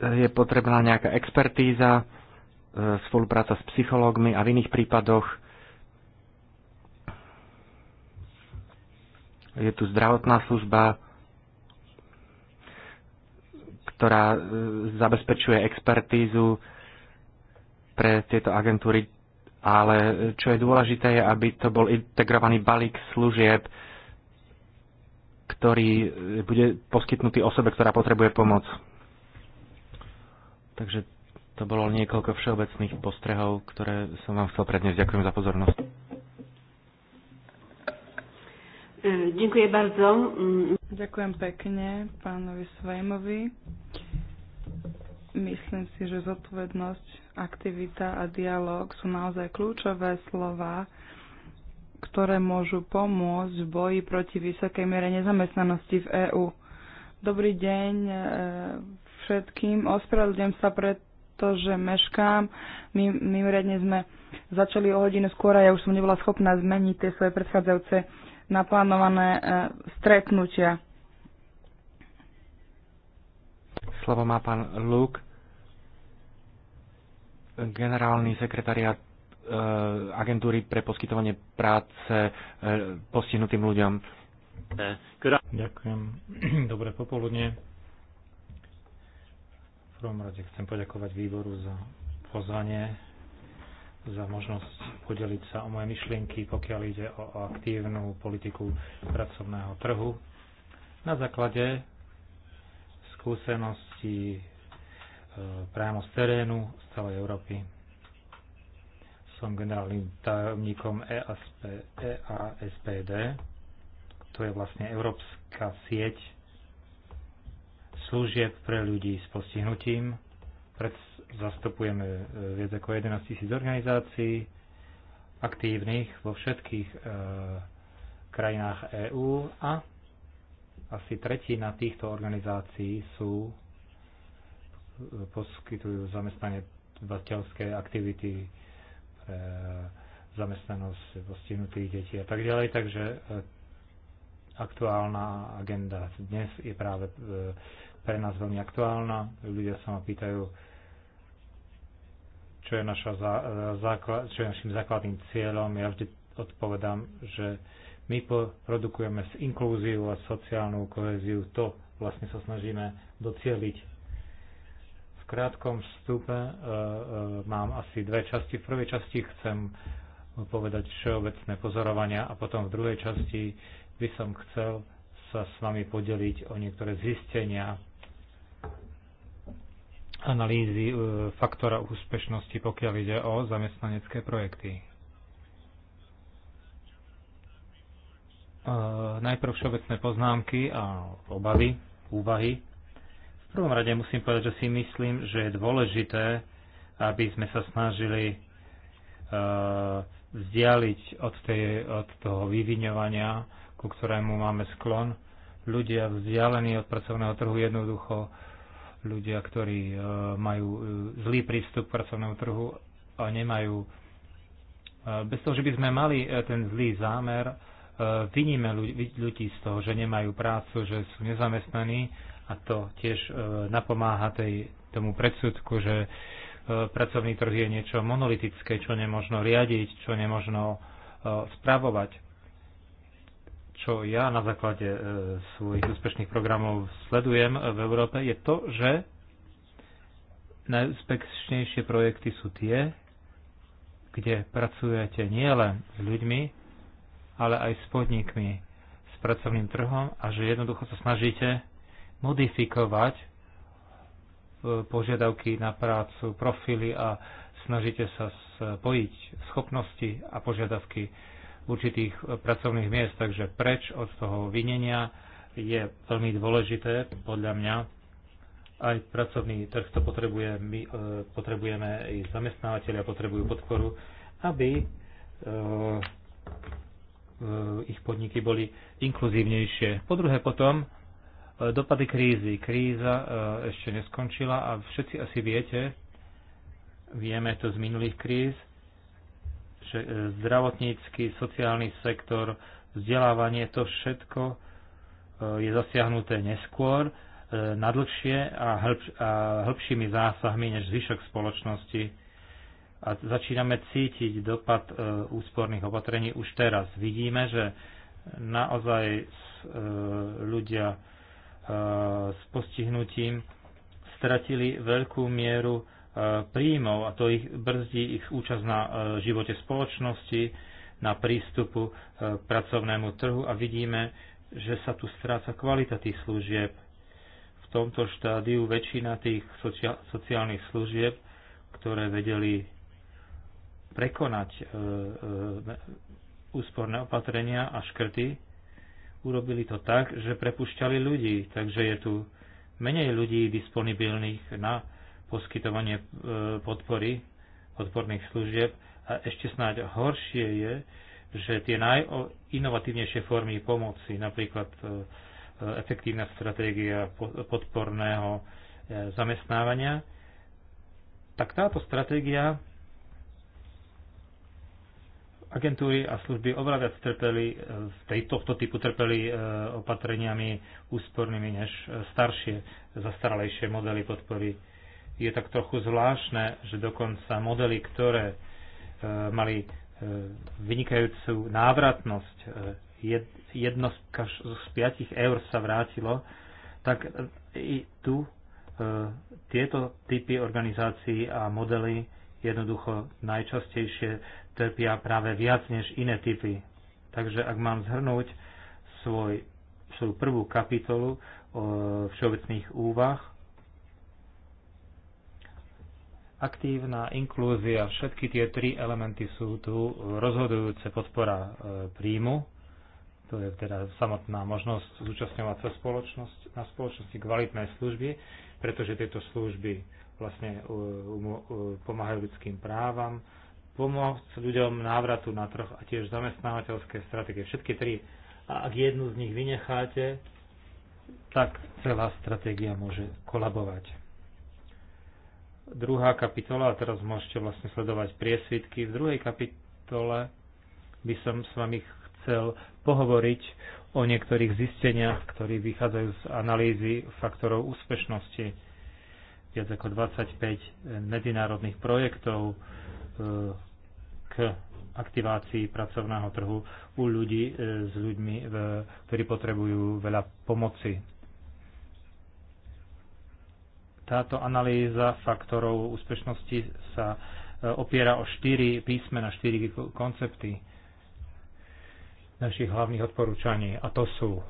C: je potrebná nejaká expertíza, e, spolupráca s psychológmi a v iných prípadoch je tu zdravotná služba, ktorá e, zabezpečuje expertízu pre tieto agentúry ale čo je dôležité je, aby to bol integrovaný balík služieb, ktorý bude poskytnutý osobe, ktorá potrebuje pomoc. Takže to bolo niekoľko všeobecných postrehov, ktoré som vám chcel predniesť. Ďakujem za pozornosť.
A: Ďakujem bardzo. Ďakujem pekne pánovi Svajmovi. Myslím si, že zodpovednosť, aktivita a dialog sú naozaj kľúčové slova, ktoré môžu pomôcť v boji proti vysokej miere nezamestnanosti v EÚ. Dobrý deň e, všetkým. Ospravedlňujem sa, pretože meškám. My, mimoriadne sme začali o hodinu skôr a ja už som nebola schopná zmeniť tie svoje predchádzajúce naplánované e, stretnutia.
C: Slovo má pán Luk, generálny sekretariat eh, agentúry pre poskytovanie práce eh, postihnutým ľuďom.
B: Ďakujem. Dobré popoludne. V prvom rade chcem poďakovať výboru za pozvanie, za možnosť podeliť sa o moje myšlienky, pokiaľ ide o aktívnu politiku pracovného trhu. Na základe skúsenosť udalosti e, priamo z terénu z celej Európy. Som generálnym tajomníkom EASP, EASPD, to je vlastne Európska sieť služieb pre ľudí s postihnutím. Pred, zastupujeme e, viac ako 11 tisíc organizácií aktívnych vo všetkých e, krajinách EÚ a asi tretina týchto organizácií sú poskytujú vateľské aktivity pre zamestnanosť postihnutých detí a tak ďalej. Takže e, aktuálna agenda dnes je práve e, pre nás veľmi aktuálna. Ľudia sa ma pýtajú, čo je, naša e, základ, čo je našim základným cieľom. Ja vždy odpovedám, že my produkujeme s inklúziu a sociálnou koheziu to vlastne sa snažíme docieliť krátkom vstupe e, e, mám asi dve časti. V prvej časti chcem povedať všeobecné pozorovania a potom v druhej časti by som chcel sa s vami podeliť o niektoré zistenia analýzy e, faktora úspešnosti, pokiaľ ide o zamestnanecké projekty. najprv všeobecné poznámky a obavy, úvahy v prvom rade musím povedať, že si myslím, že je dôležité, aby sme sa snažili uh, vzdialiť od, tej, od toho vyviňovania, ku ktorému máme sklon. Ľudia vzdialení od pracovného trhu jednoducho, ľudia, ktorí uh, majú eh, zlý prístup k pracovnému trhu a nemajú bez toho, že by sme mali ten zlý zámer, vyníme ľudí z toho, že nemajú prácu, že sú nezamestnaní a to tiež e, napomáha tej, tomu predsudku, že e, pracovný trh je niečo monolitické, čo nemožno riadiť, čo nemožno e, spravovať. Čo ja na základe svojich úspešných programov sledujem v Európe je to, že najúspešnejšie projekty sú tie, kde pracujete nielen s ľuďmi, ale aj s podnikmi, s pracovným trhom a že jednoducho sa snažíte modifikovať e, požiadavky na prácu, profily a snažíte sa spojiť schopnosti a požiadavky určitých pracovných miest. Takže preč od toho vinenia je veľmi dôležité, podľa mňa. Aj pracovný trh to potrebuje, my e, potrebujeme, i zamestnávateľia potrebujú podporu, aby e, ich podniky boli inkluzívnejšie. Po druhé potom, Dopady krízy. Kríza e, ešte neskončila a všetci asi viete, vieme to z minulých kríz, že e, zdravotnícky, sociálny sektor, vzdelávanie, to všetko e, je zasiahnuté neskôr, nadlhšie a, hĺbš- a hĺbšími zásahmi než zvyšok spoločnosti. A začíname cítiť dopad úsporných opatrení už teraz. Vidíme, že naozaj ľudia s postihnutím stratili veľkú mieru príjmov a to ich brzdí ich účasť na živote spoločnosti, na prístupu k pracovnému trhu a vidíme, že sa tu stráca kvalita tých služieb. V tomto štádiu väčšina tých sociálnych služieb, ktoré vedeli prekonať e, e, úsporné opatrenia a škrty, urobili to tak, že prepušťali ľudí, takže je tu menej ľudí disponibilných na poskytovanie e, podpory, podporných služieb a ešte snáď horšie je, že tie najinovatívnejšie formy pomoci, napríklad e, efektívna stratégia podporného e, zamestnávania, tak táto stratégia agentúry a služby oveľa viac trpeli, z e, tej, tohto typu trpeli e, opatreniami úspornými než e, staršie, zastaralejšie modely podpory. Je tak trochu zvláštne, že dokonca modely, ktoré mali vynikajúcu návratnosť, jedno z piatich eur sa vrátilo, tak i tu tieto typy organizácií a modely jednoducho najčastejšie trpia práve viac než iné typy. Takže ak mám zhrnúť svoj, svoju prvú kapitolu o e, všeobecných úvah, aktívna inklúzia, všetky tie tri elementy sú tu e, rozhodujúce podpora e, príjmu, to je teda samotná možnosť zúčastňovať sa spoločnosť, na spoločnosti kvalitnej služby, pretože tieto služby vlastne e, e, pomáhajú ľudským právam, pomôcť ľuďom návratu na trh a tiež zamestnávateľské stratégie. Všetky tri. A ak jednu z nich vynecháte, tak celá stratégia môže kolabovať. Druhá kapitola, a teraz môžete vlastne sledovať priesvitky, v druhej kapitole by som s vami chcel pohovoriť o niektorých zisteniach, ktorí vychádzajú z analýzy faktorov úspešnosti viac ako 25 eh, medzinárodných projektov eh, k aktivácii pracovného trhu u ľudí eh, s ľuďmi, ktorí potrebujú veľa pomoci. Táto analýza faktorov úspešnosti sa opiera o štyri písmena, štyri koncepty našich hlavných odporúčaní. A to sú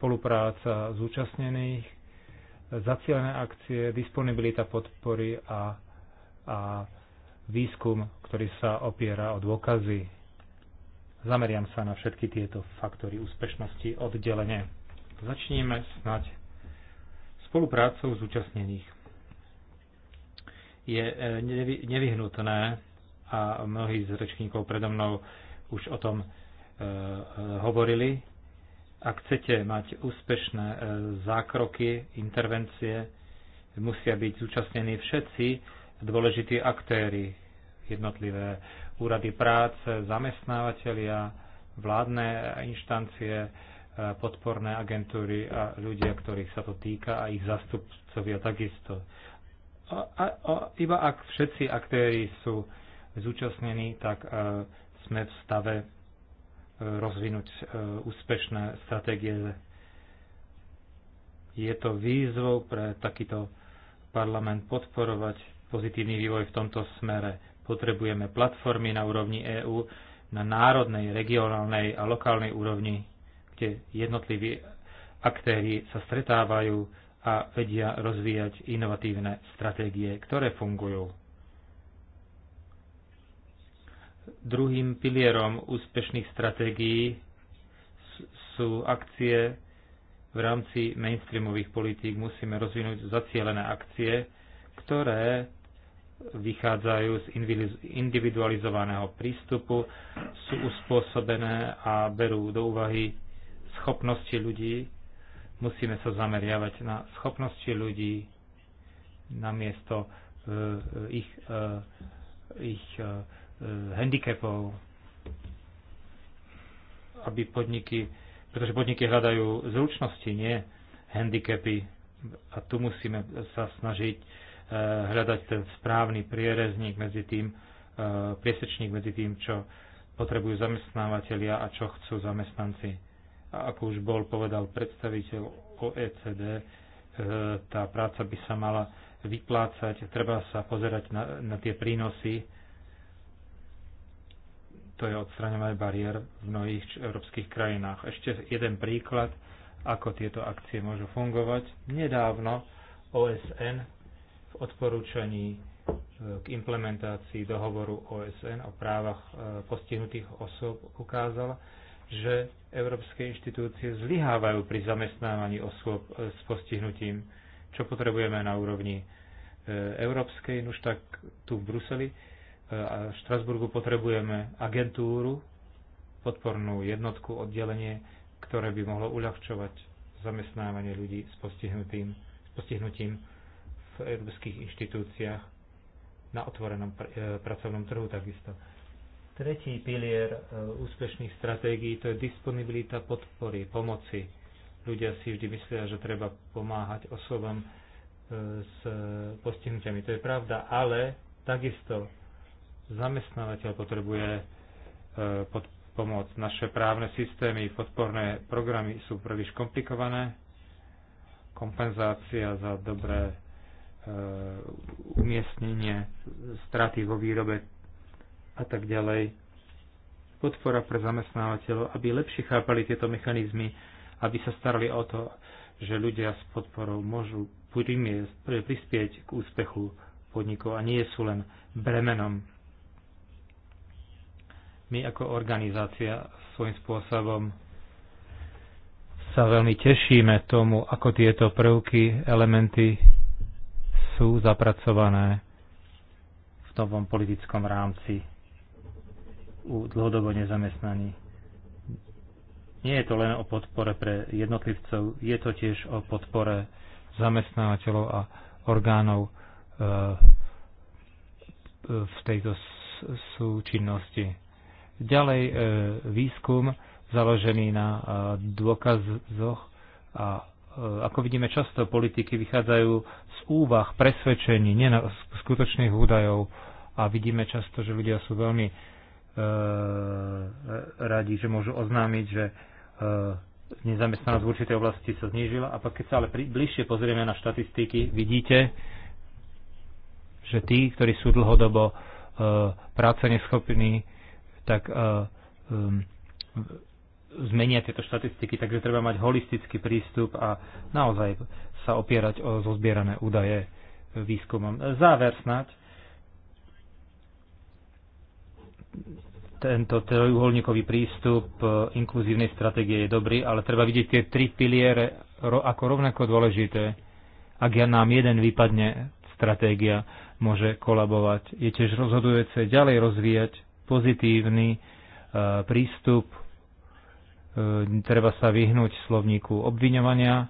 B: spolupráca zúčastnených, zacielené akcie, disponibilita podpory a, a výskum, ktorý sa opiera o dôkazy. Zameriam sa na všetky tieto faktory úspešnosti oddelenie. Začníme snať spoluprácou zúčastnených. Je e, nevyhnutné, a mnohí z rečníkov predo mnou už o tom e, e, hovorili, ak chcete mať úspešné e, zákroky, intervencie, musia byť zúčastnení všetci dôležití aktéry, jednotlivé úrady práce, zamestnávateľia, vládne inštancie, e, podporné agentúry a ľudia, ktorých sa to týka a ich zastupcovia takisto. A, a, a, iba ak všetci aktéry sú zúčastnení, tak a, e, sme v stave rozvinúť e, úspešné stratégie. Je to výzvou pre takýto parlament podporovať pozitívny vývoj v tomto smere. Potrebujeme platformy na úrovni EÚ, na národnej, regionálnej a lokálnej úrovni, kde jednotliví aktéry sa stretávajú a vedia rozvíjať inovatívne stratégie, ktoré fungujú. Druhým pilierom úspešných stratégií sú akcie v rámci mainstreamových politík. Musíme rozvinúť zacielené akcie, ktoré vychádzajú z individualizovaného prístupu, sú uspôsobené a berú do úvahy schopnosti ľudí. Musíme sa zameriavať na schopnosti ľudí namiesto e, e, ich, e, ich Eh, handicapov, aby podniky, pretože podniky hľadajú zručnosti, nie handicapy. A tu musíme sa snažiť eh, hľadať ten správny prierezník medzi tým, eh, priesečník medzi tým, čo potrebujú zamestnávateľia a čo chcú zamestnanci. A ako už bol povedal predstaviteľ OECD, tá práca by sa mala vyplácať, treba sa pozerať na, na tie prínosy, to je odstraňovanie bariér v mnohých európskych krajinách. Ešte jeden príklad, ako tieto akcie môžu fungovať. Nedávno OSN v odporúčaní e, k implementácii dohovoru OSN o právach e, postihnutých osôb ukázala, že európske inštitúcie zlyhávajú pri zamestnávaní osôb e, s postihnutím, čo potrebujeme na úrovni európskej, už tak tu v Bruseli, E, v Štrasburgu potrebujeme agentúru, podpornú jednotku, oddelenie, ktoré by mohlo uľahčovať zamestnávanie ľudí s postihnutým, s postihnutím v európskych inštitúciách na otvorenom pr- e, pracovnom trhu takisto. Tretí pilier e, úspešných stratégií to je disponibilita podpory, pomoci. Ľudia si vždy myslia, že treba pomáhať osobám s postihnutiami. To je pravda, ale takisto Zamestnávateľ potrebuje e, pod pomoc. Naše právne systémy, podporné programy sú príliš komplikované. Kompenzácia za dobré e, umiestnenie straty vo výrobe a tak ďalej. Podpora pre zamestnávateľov, aby lepšie chápali tieto mechanizmy, aby sa starali o to, že ľudia s podporou môžu prispieť k úspechu podnikov a nie sú len bremenom. My ako organizácia svojím spôsobom sa veľmi tešíme tomu, ako tieto prvky, elementy sú zapracované v novom politickom rámci u dlhodobo nezamestnaní. Nie je to len o podpore pre jednotlivcov, je to tiež o podpore zamestnávateľov a orgánov eh, v tejto súčinnosti. Ďalej e, výskum založený na e, dôkazoch a e, ako vidíme často, politiky vychádzajú z úvah, presvedčení, nie na skutočných údajov a vidíme často, že ľudia sú veľmi e, radi, že môžu oznámiť, že e, nezamestnanosť v určitej oblasti sa znížila a keď sa ale pri, bližšie pozrieme na štatistiky, vidíte, že tí, ktorí sú dlhodobo e, práce neschopní, tak eh, ehm, zmenia tieto štatistiky, takže treba mať holistický prístup a naozaj sa opierať o zozbierané údaje výskumom. Záver snáď. Tento trojuholníkový prístup eh, inkluzívnej stratégie je dobrý, ale treba vidieť tie tri piliere ako rovnako dôležité. Ak ja nám jeden vypadne, stratégia môže kolabovať. Je tiež rozhodujúce ďalej rozvíjať pozitívny e, prístup, e, treba sa vyhnúť slovníku obviňovania.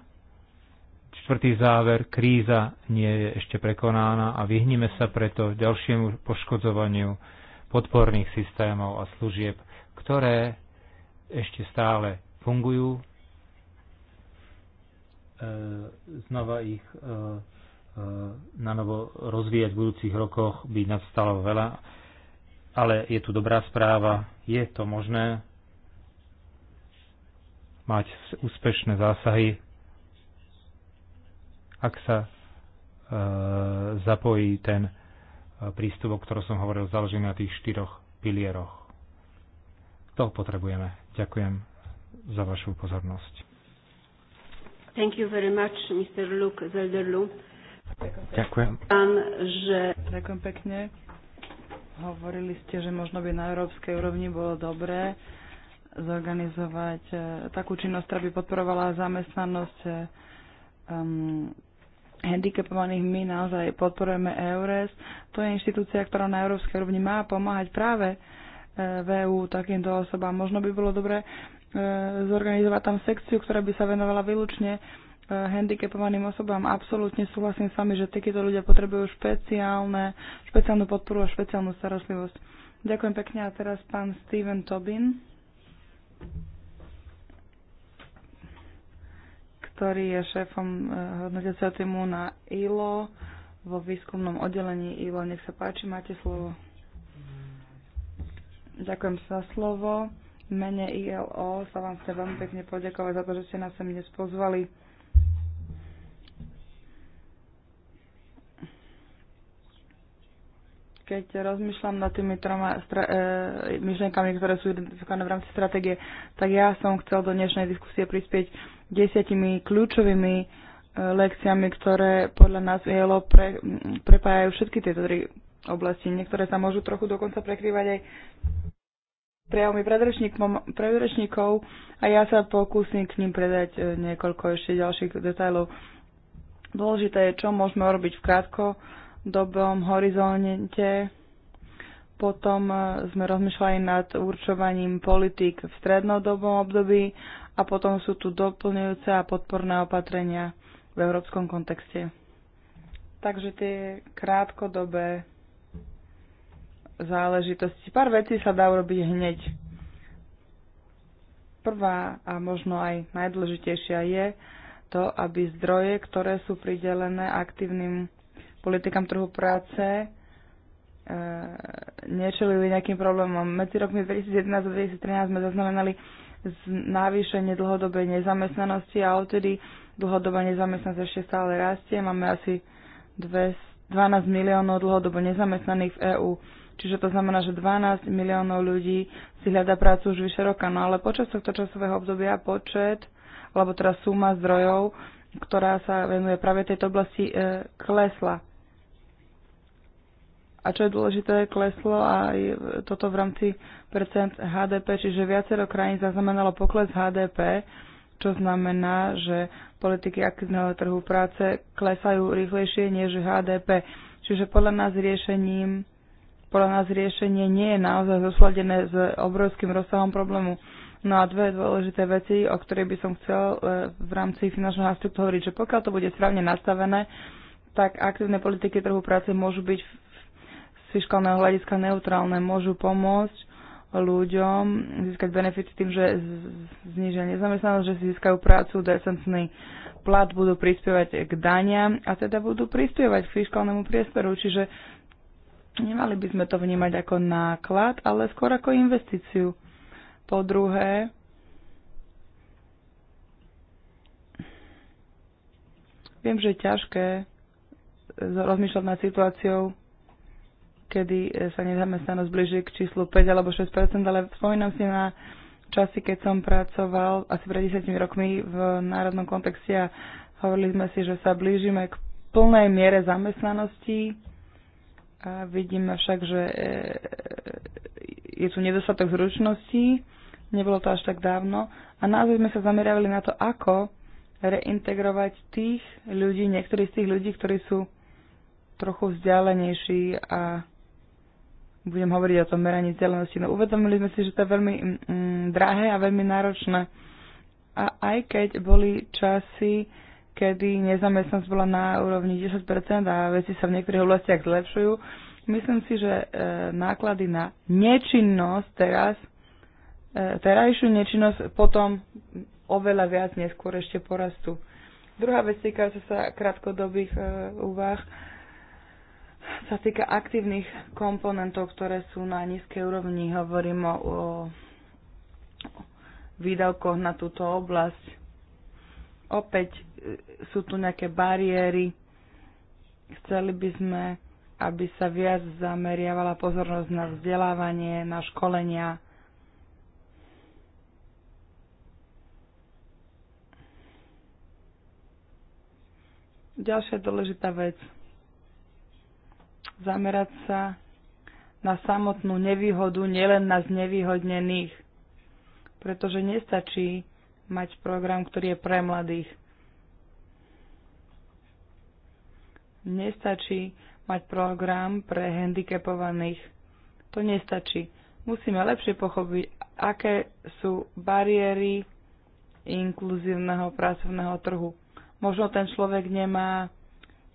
B: Čtvrtý záver, kríza nie je ešte prekonána a vyhnime sa preto ďalšiemu poškodzovaniu podporných systémov a služieb, ktoré ešte stále fungujú. E, znova ich na novo rozvíjať v budúcich rokoch by nastalo veľa ale je tu dobrá správa, je to možné mať úspešné zásahy, ak sa e, zapojí ten e, prístup, o ktorom som hovoril, založený na tých štyroch pilieroch. To potrebujeme. Ďakujem za vašu pozornosť.
A: Thank you very much, Mr. Luke Zelderlu. Ďakujem. Pán, že... Ďakujem pekne. Hovorili ste, že možno by na európskej úrovni bolo dobré zorganizovať eh, takú činnosť, ktorá by podporovala zamestnanosť um, handicapovaných. My naozaj podporujeme EURES. To je inštitúcia, ktorá na európskej úrovni má pomáhať práve eh, VU e takýmto osobám. Možno by bolo dobré zorganizovať tam sekciu, ktorá by sa venovala výlučne handicapovaným osobám. Absolútne súhlasím s vami, že takíto ľudia potrebujú špeciálne, špeciálnu podporu a špeciálnu starostlivosť. Ďakujem pekne a teraz pán Steven Tobin, ktorý je šéfom eh, hodnotiaceho týmu na ILO vo výskumnom oddelení ILO. Nech sa páči, máte slovo. Ďakujem za slovo. mene ILO sa vám chcem veľmi pekne poďakovať za to, že ste nás sem dnes pozvali keď rozmýšľam nad tými troma stra- e, myšlenkami, ktoré sú identifikované v rámci stratégie, tak ja som chcel do dnešnej diskusie prispieť desiatimi kľúčovými e, lekciami, ktoré podľa nás ELO pre, prepájajú všetky tieto tri oblasti. Niektoré sa môžu trochu dokonca prekrývať aj prejavmi predrečníkov a ja sa pokúsim k ním predať e, niekoľko ešte ďalších detajlov. Dôležité je, čo môžeme robiť v krátko dobrom horizonte. Potom e, sme rozmýšľali nad určovaním politik v strednodobom období a potom sú tu doplňujúce a podporné opatrenia v európskom kontexte. Takže tie krátkodobé záležitosti. Pár vecí sa dá urobiť hneď. Prvá a možno aj najdôležitejšia je to, aby zdroje, ktoré sú pridelené aktívnym politikám trhu práce e, nečelili nejakým problémom. Medzi rokmi 2011 a 2013 sme zaznamenali navýšenie dlhodobej nezamestnanosti a odtedy dlhodobá nezamestnanosť ešte stále rastie. Máme asi 12 miliónov dlhodobo nezamestnaných v EÚ. Čiže to znamená, že 12 miliónov ľudí si hľadá prácu už vyše roka. No ale počas tohto časového obdobia počet, alebo teda suma zdrojov, ktorá sa venuje práve tejto oblasti, e, klesla a čo je dôležité, kleslo aj toto v rámci percent HDP, čiže viacero krajín zaznamenalo pokles HDP, čo znamená, že politiky aktívneho trhu práce klesajú rýchlejšie než HDP. Čiže podľa nás riešením podľa nás riešenie nie je naozaj zosladené s obrovským rozsahom problému. No a dve dôležité veci, o ktorých by som chcel e, v rámci finančného aspektu hovoriť, že pokiaľ to bude správne nastavené, tak aktívne politiky trhu práce môžu byť fiskálneho hľadiska neutrálne, môžu pomôcť ľuďom získať benefity tým, že znižia nezamestnanosť, že si získajú prácu, decentný plat, budú prispievať k daniam a teda budú prispievať k fiskálnemu priestoru. Čiže nemali by sme to vnímať ako náklad, ale skôr ako investíciu. Po druhé, viem, že je ťažké rozmýšľať nad situáciou kedy e, sa nezamestnanosť blíži k číslu 5 alebo 6 ale spomínam si na časy, keď som pracoval asi pred 10 rokmi v národnom kontexte a hovorili sme si, že sa blížime k plnej miere zamestnanosti. A vidíme však, že e, je tu nedostatok zručností, nebolo to až tak dávno. A naozaj sme sa zamerali na to, ako reintegrovať tých ľudí, niektorých z tých ľudí, ktorí sú trochu vzdialenejší a budem hovoriť o tom meraní zelenosti. No uvedomili sme si, že to je veľmi mm, mm, drahé a veľmi náročné. A aj keď boli časy, kedy nezamestnanosť bola na úrovni 10% a veci sa v niektorých oblastiach zlepšujú, myslím si, že e, náklady na nečinnosť teraz, e, terajšiu nečinnosť potom oveľa viac neskôr ešte porastú. Druhá vec týka sa krátkodobých e, úvah sa týka aktívnych komponentov, ktoré sú na nízkej úrovni, hovorím o, o výdavkoch na túto oblasť. Opäť e, sú tu nejaké bariéry. Chceli by sme, aby sa viac zameriavala pozornosť na vzdelávanie, na školenia. Ďalšia dôležitá vec – zamerať sa na samotnú nevýhodu, nielen na znevýhodnených. Pretože nestačí mať program, ktorý je pre mladých. Nestačí mať program pre handicapovaných. To nestačí. Musíme lepšie pochopiť, aké sú bariéry inkluzívneho pracovného trhu. Možno ten človek nemá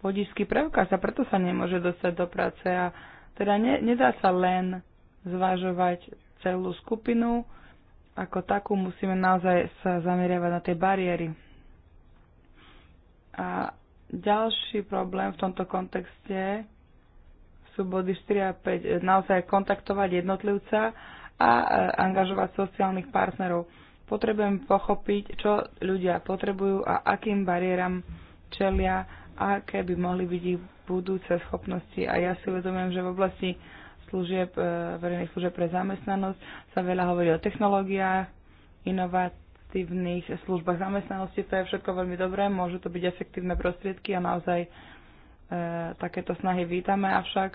A: vodičský preukaz a preto sa nemôže dostať do práce a teda ne, nedá sa len zvažovať celú skupinu ako takú, musíme naozaj sa zameriavať na tie bariéry. A ďalší problém v tomto kontexte sú body 4 a 5, naozaj kontaktovať jednotlivca a e, angažovať sociálnych partnerov. Potrebujem pochopiť, čo ľudia potrebujú a akým bariéram čelia aké by mohli byť ich budúce schopnosti. A ja si uvedomujem, že v oblasti služieb, e, verejných služieb pre zamestnanosť sa veľa hovorí o technológiách, inovatívnych službách zamestnanosti. To je všetko veľmi dobré, môžu to byť efektívne prostriedky a naozaj e, takéto snahy vítame, avšak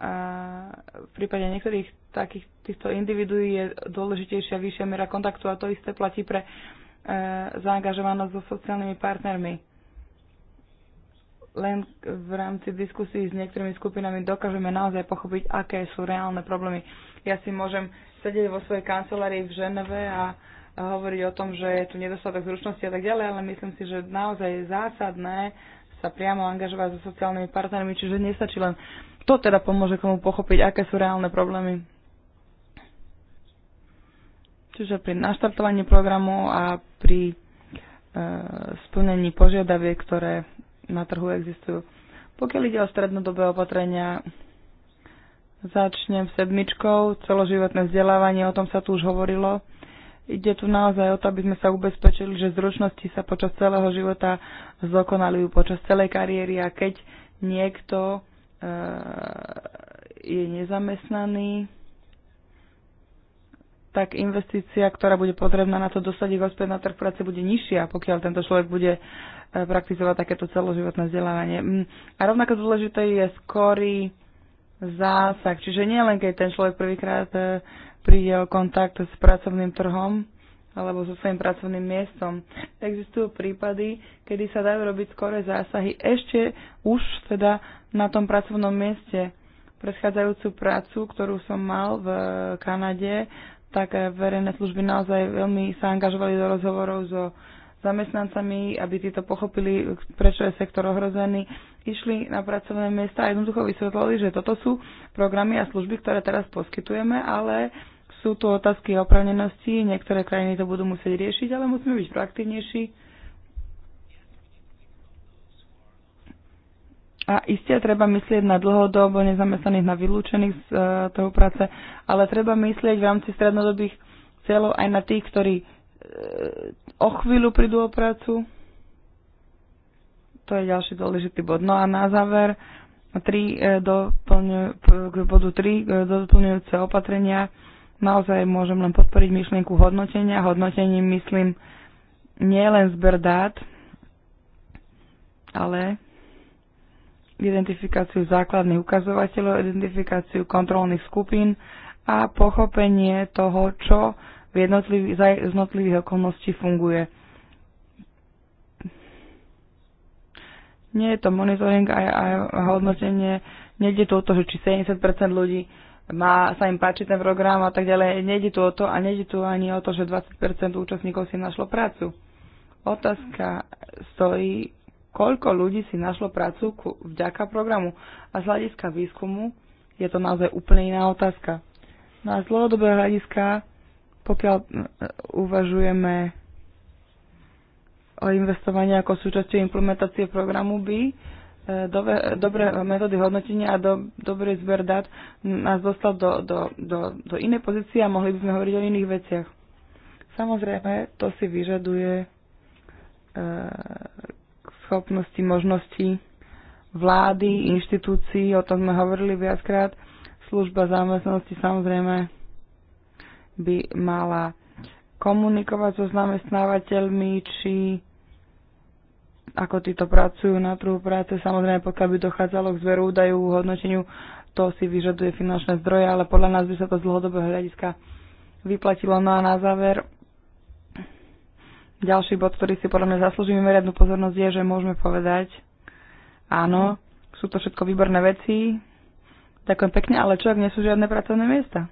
A: a e, v prípade niektorých takých týchto individuí je dôležitejšia vyššia miera kontaktu a to isté platí pre e, zaangažovanosť so sociálnymi partnermi len v rámci diskusí s niektorými skupinami dokážeme naozaj pochopiť, aké sú reálne problémy. Ja si môžem sedieť vo svojej kancelárii v Ženeve a hovoriť o tom, že je tu nedostatok zručnosti a tak ďalej, ale myslím si, že naozaj je zásadné sa priamo angažovať so sociálnymi partnermi, čiže nestačí len to teda pomôže komu pochopiť, aké sú reálne problémy. Čiže pri naštartovaní programu a pri e, splnení požiadaviek, ktoré na trhu existujú. Pokiaľ ide o strednodobé opatrenia, začnem s sedmičkou, celoživotné vzdelávanie, o tom sa tu už hovorilo. Ide tu naozaj o to, aby sme sa ubezpečili, že zručnosti sa počas celého života zdokonalujú počas celej kariéry a keď niekto e, je nezamestnaný, tak investícia, ktorá bude potrebná na to dosadiť ho späť na trh práce, bude nižšia, pokiaľ tento človek bude e, praktizovať takéto celoživotné vzdelávanie. Mm, a rovnako dôležité je skorý zásah. Čiže nie len keď ten človek prvýkrát e, príde o kontakt s pracovným trhom alebo so svojím pracovným miestom. Existujú prípady, kedy sa dajú robiť skoré zásahy ešte už teda na tom pracovnom mieste. Predchádzajúcu prácu, ktorú som mal v Kanade, tak eh, verejné služby naozaj veľmi sa angažovali do rozhovorov so zamestnancami, aby títo pochopili, prečo je sektor ohrozený, išli na pracovné miesta a jednoducho vysvetlili, že toto sú programy a služby, ktoré teraz poskytujeme, ale sú tu otázky opravnenosti, niektoré krajiny to budú musieť riešiť, ale musíme byť proaktívnejší A iste treba myslieť na dlhodobo nezamestnaných, na vylúčených z e, toho práce, ale treba myslieť v rámci strednodobých cieľov aj na tých, ktorí e, o chvíľu prídu o prácu. To je ďalší dôležitý bod. No a na záver, tri, e, k bodu 3 doplňujúce opatrenia. Naozaj môžem len podporiť myšlienku hodnotenia. Hodnotením myslím nie len zber dát, ale identifikáciu základných ukazovateľov, identifikáciu kontrolných skupín a pochopenie toho, čo v jednotlivých, za jednotlivých okolností funguje. Nie je to monitoring a, a hodnotenie, nejde tu o to, že či 70% ľudí má, sa im páči ten program a tak ďalej, nejde tu o to a nejde tu ani o to, že 20% účastníkov si našlo prácu. Otázka stojí, koľko ľudí si našlo prácu vďaka programu. A z hľadiska výskumu je to naozaj úplne iná otázka. No a z dlhodobého hľadiska, pokiaľ e, uvažujeme o investovaní ako súčasťou implementácie programu, by e, dobe, dobré metódy hodnotenia a do, dobrý zber dát nás dostal do, do, do, do inej pozície a mohli by sme hovoriť o iných veciach. Samozrejme, to si vyžaduje e, schopnosti, možnosti vlády, inštitúcií, o tom sme hovorili viackrát. Služba zamestnanosti samozrejme by mala komunikovať so zamestnávateľmi, či ako títo pracujú na trhu práce. Samozrejme, pokiaľ by dochádzalo k zveru údajov, hodnoteniu, to si vyžaduje finančné zdroje, ale podľa nás by sa to z dlhodobého hľadiska vyplatilo. No a na záver, ďalší bod, ktorý si podľa mňa zaslúži mimoriadnú pozornosť, je, že môžeme povedať, áno, sú to všetko výborné veci, ďakujem pekne, ale čo, ak nie sú žiadne pracovné miesta?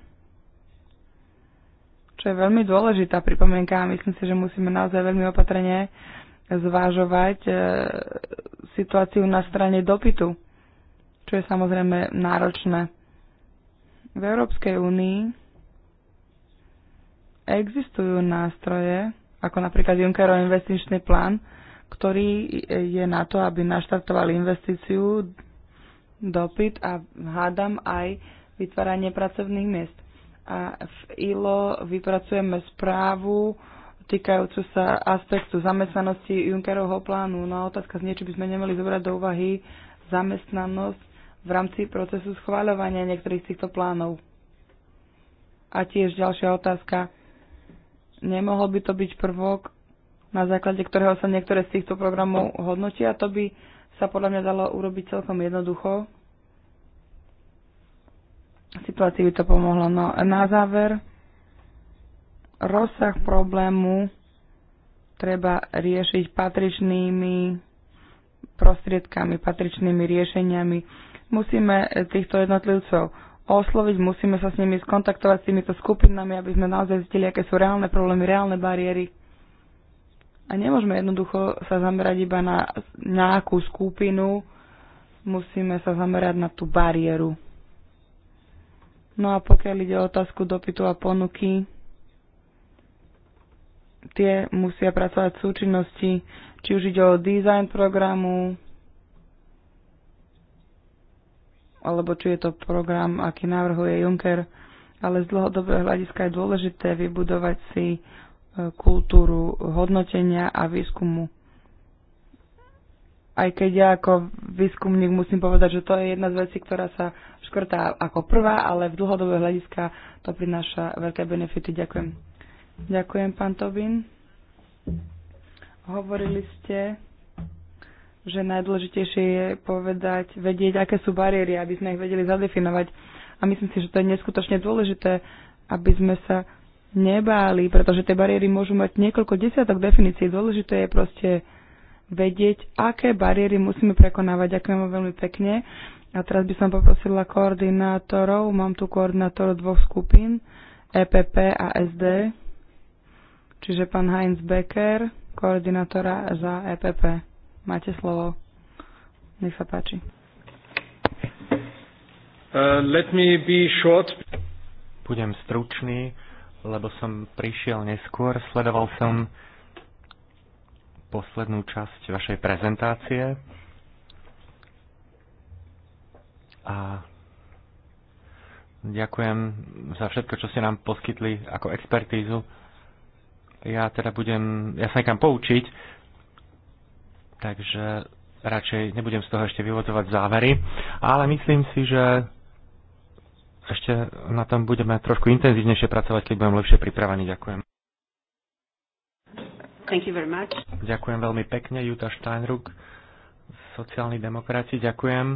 A: Čo je veľmi dôležitá pripomienka a myslím si, že musíme naozaj veľmi opatrne zvážovať e, situáciu na strane dopytu, čo je samozrejme náročné. V Európskej únii existujú nástroje, ako napríklad Junckerov investičný plán, ktorý je na to, aby naštartoval investíciu, dopyt a hádam aj vytváranie pracovných miest. A v ILO vypracujeme správu týkajúcu sa aspektu zamestnanosti Junckerovho plánu. No a otázka z či by sme nemali zobrať do úvahy zamestnanosť v rámci procesu schváľovania niektorých z týchto plánov. A tiež ďalšia otázka nemohol by to byť prvok, na základe ktorého sa niektoré z týchto programov hodnotia. To by sa podľa mňa dalo urobiť celkom jednoducho. Situácii by to pomohlo. No, na záver, rozsah problému treba riešiť patričnými prostriedkami, patričnými riešeniami. Musíme týchto jednotlivcov osloviť, musíme sa s nimi skontaktovať s týmito skupinami, aby sme naozaj zistili, aké sú reálne problémy, reálne bariéry. A nemôžeme jednoducho sa zamerať iba na nejakú skupinu, musíme sa zamerať na tú bariéru. No a pokiaľ ide o otázku dopytu a ponuky, tie musia pracovať v súčinnosti, či už ide o dizajn programu, alebo či je to program, aký navrhuje Juncker, ale z dlhodobého hľadiska je dôležité vybudovať si e, kultúru hodnotenia a výskumu. Aj keď ja ako výskumník musím povedať, že to je jedna z vecí, ktorá sa škrtá ako prvá, ale v dlhodobého hľadiska to prináša veľké benefity. Ďakujem. Ďakujem, pán Tobin. Hovorili ste že najdôležitejšie je povedať, vedieť, aké sú bariéry, aby sme ich vedeli zadefinovať. A myslím si, že to je neskutočne dôležité, aby sme sa nebáli, pretože tie bariéry môžu mať niekoľko desiatok definícií. Dôležité je proste vedieť, aké bariéry musíme prekonávať. Ďakujem vám veľmi pekne. A teraz by som poprosila koordinátorov. Mám tu koordinátorov dvoch skupín, EPP a SD. Čiže pán Heinz Becker, koordinátora za EPP. Máte slovo. Nech sa páči.
C: Uh, let me be short. Budem stručný, lebo som prišiel neskôr. Sledoval som poslednú časť vašej prezentácie. A ďakujem za všetko, čo ste nám poskytli ako expertízu. Ja teda budem, ja sa nechám poučiť takže radšej nebudem z toho ešte vyvodovať závery, ale myslím si, že ešte na tom budeme trošku intenzívnejšie pracovať, keď budem lepšie pripravení. Ďakujem. Thank you very much. Ďakujem veľmi pekne, Juta Steinruck, sociálni demokrati, ďakujem.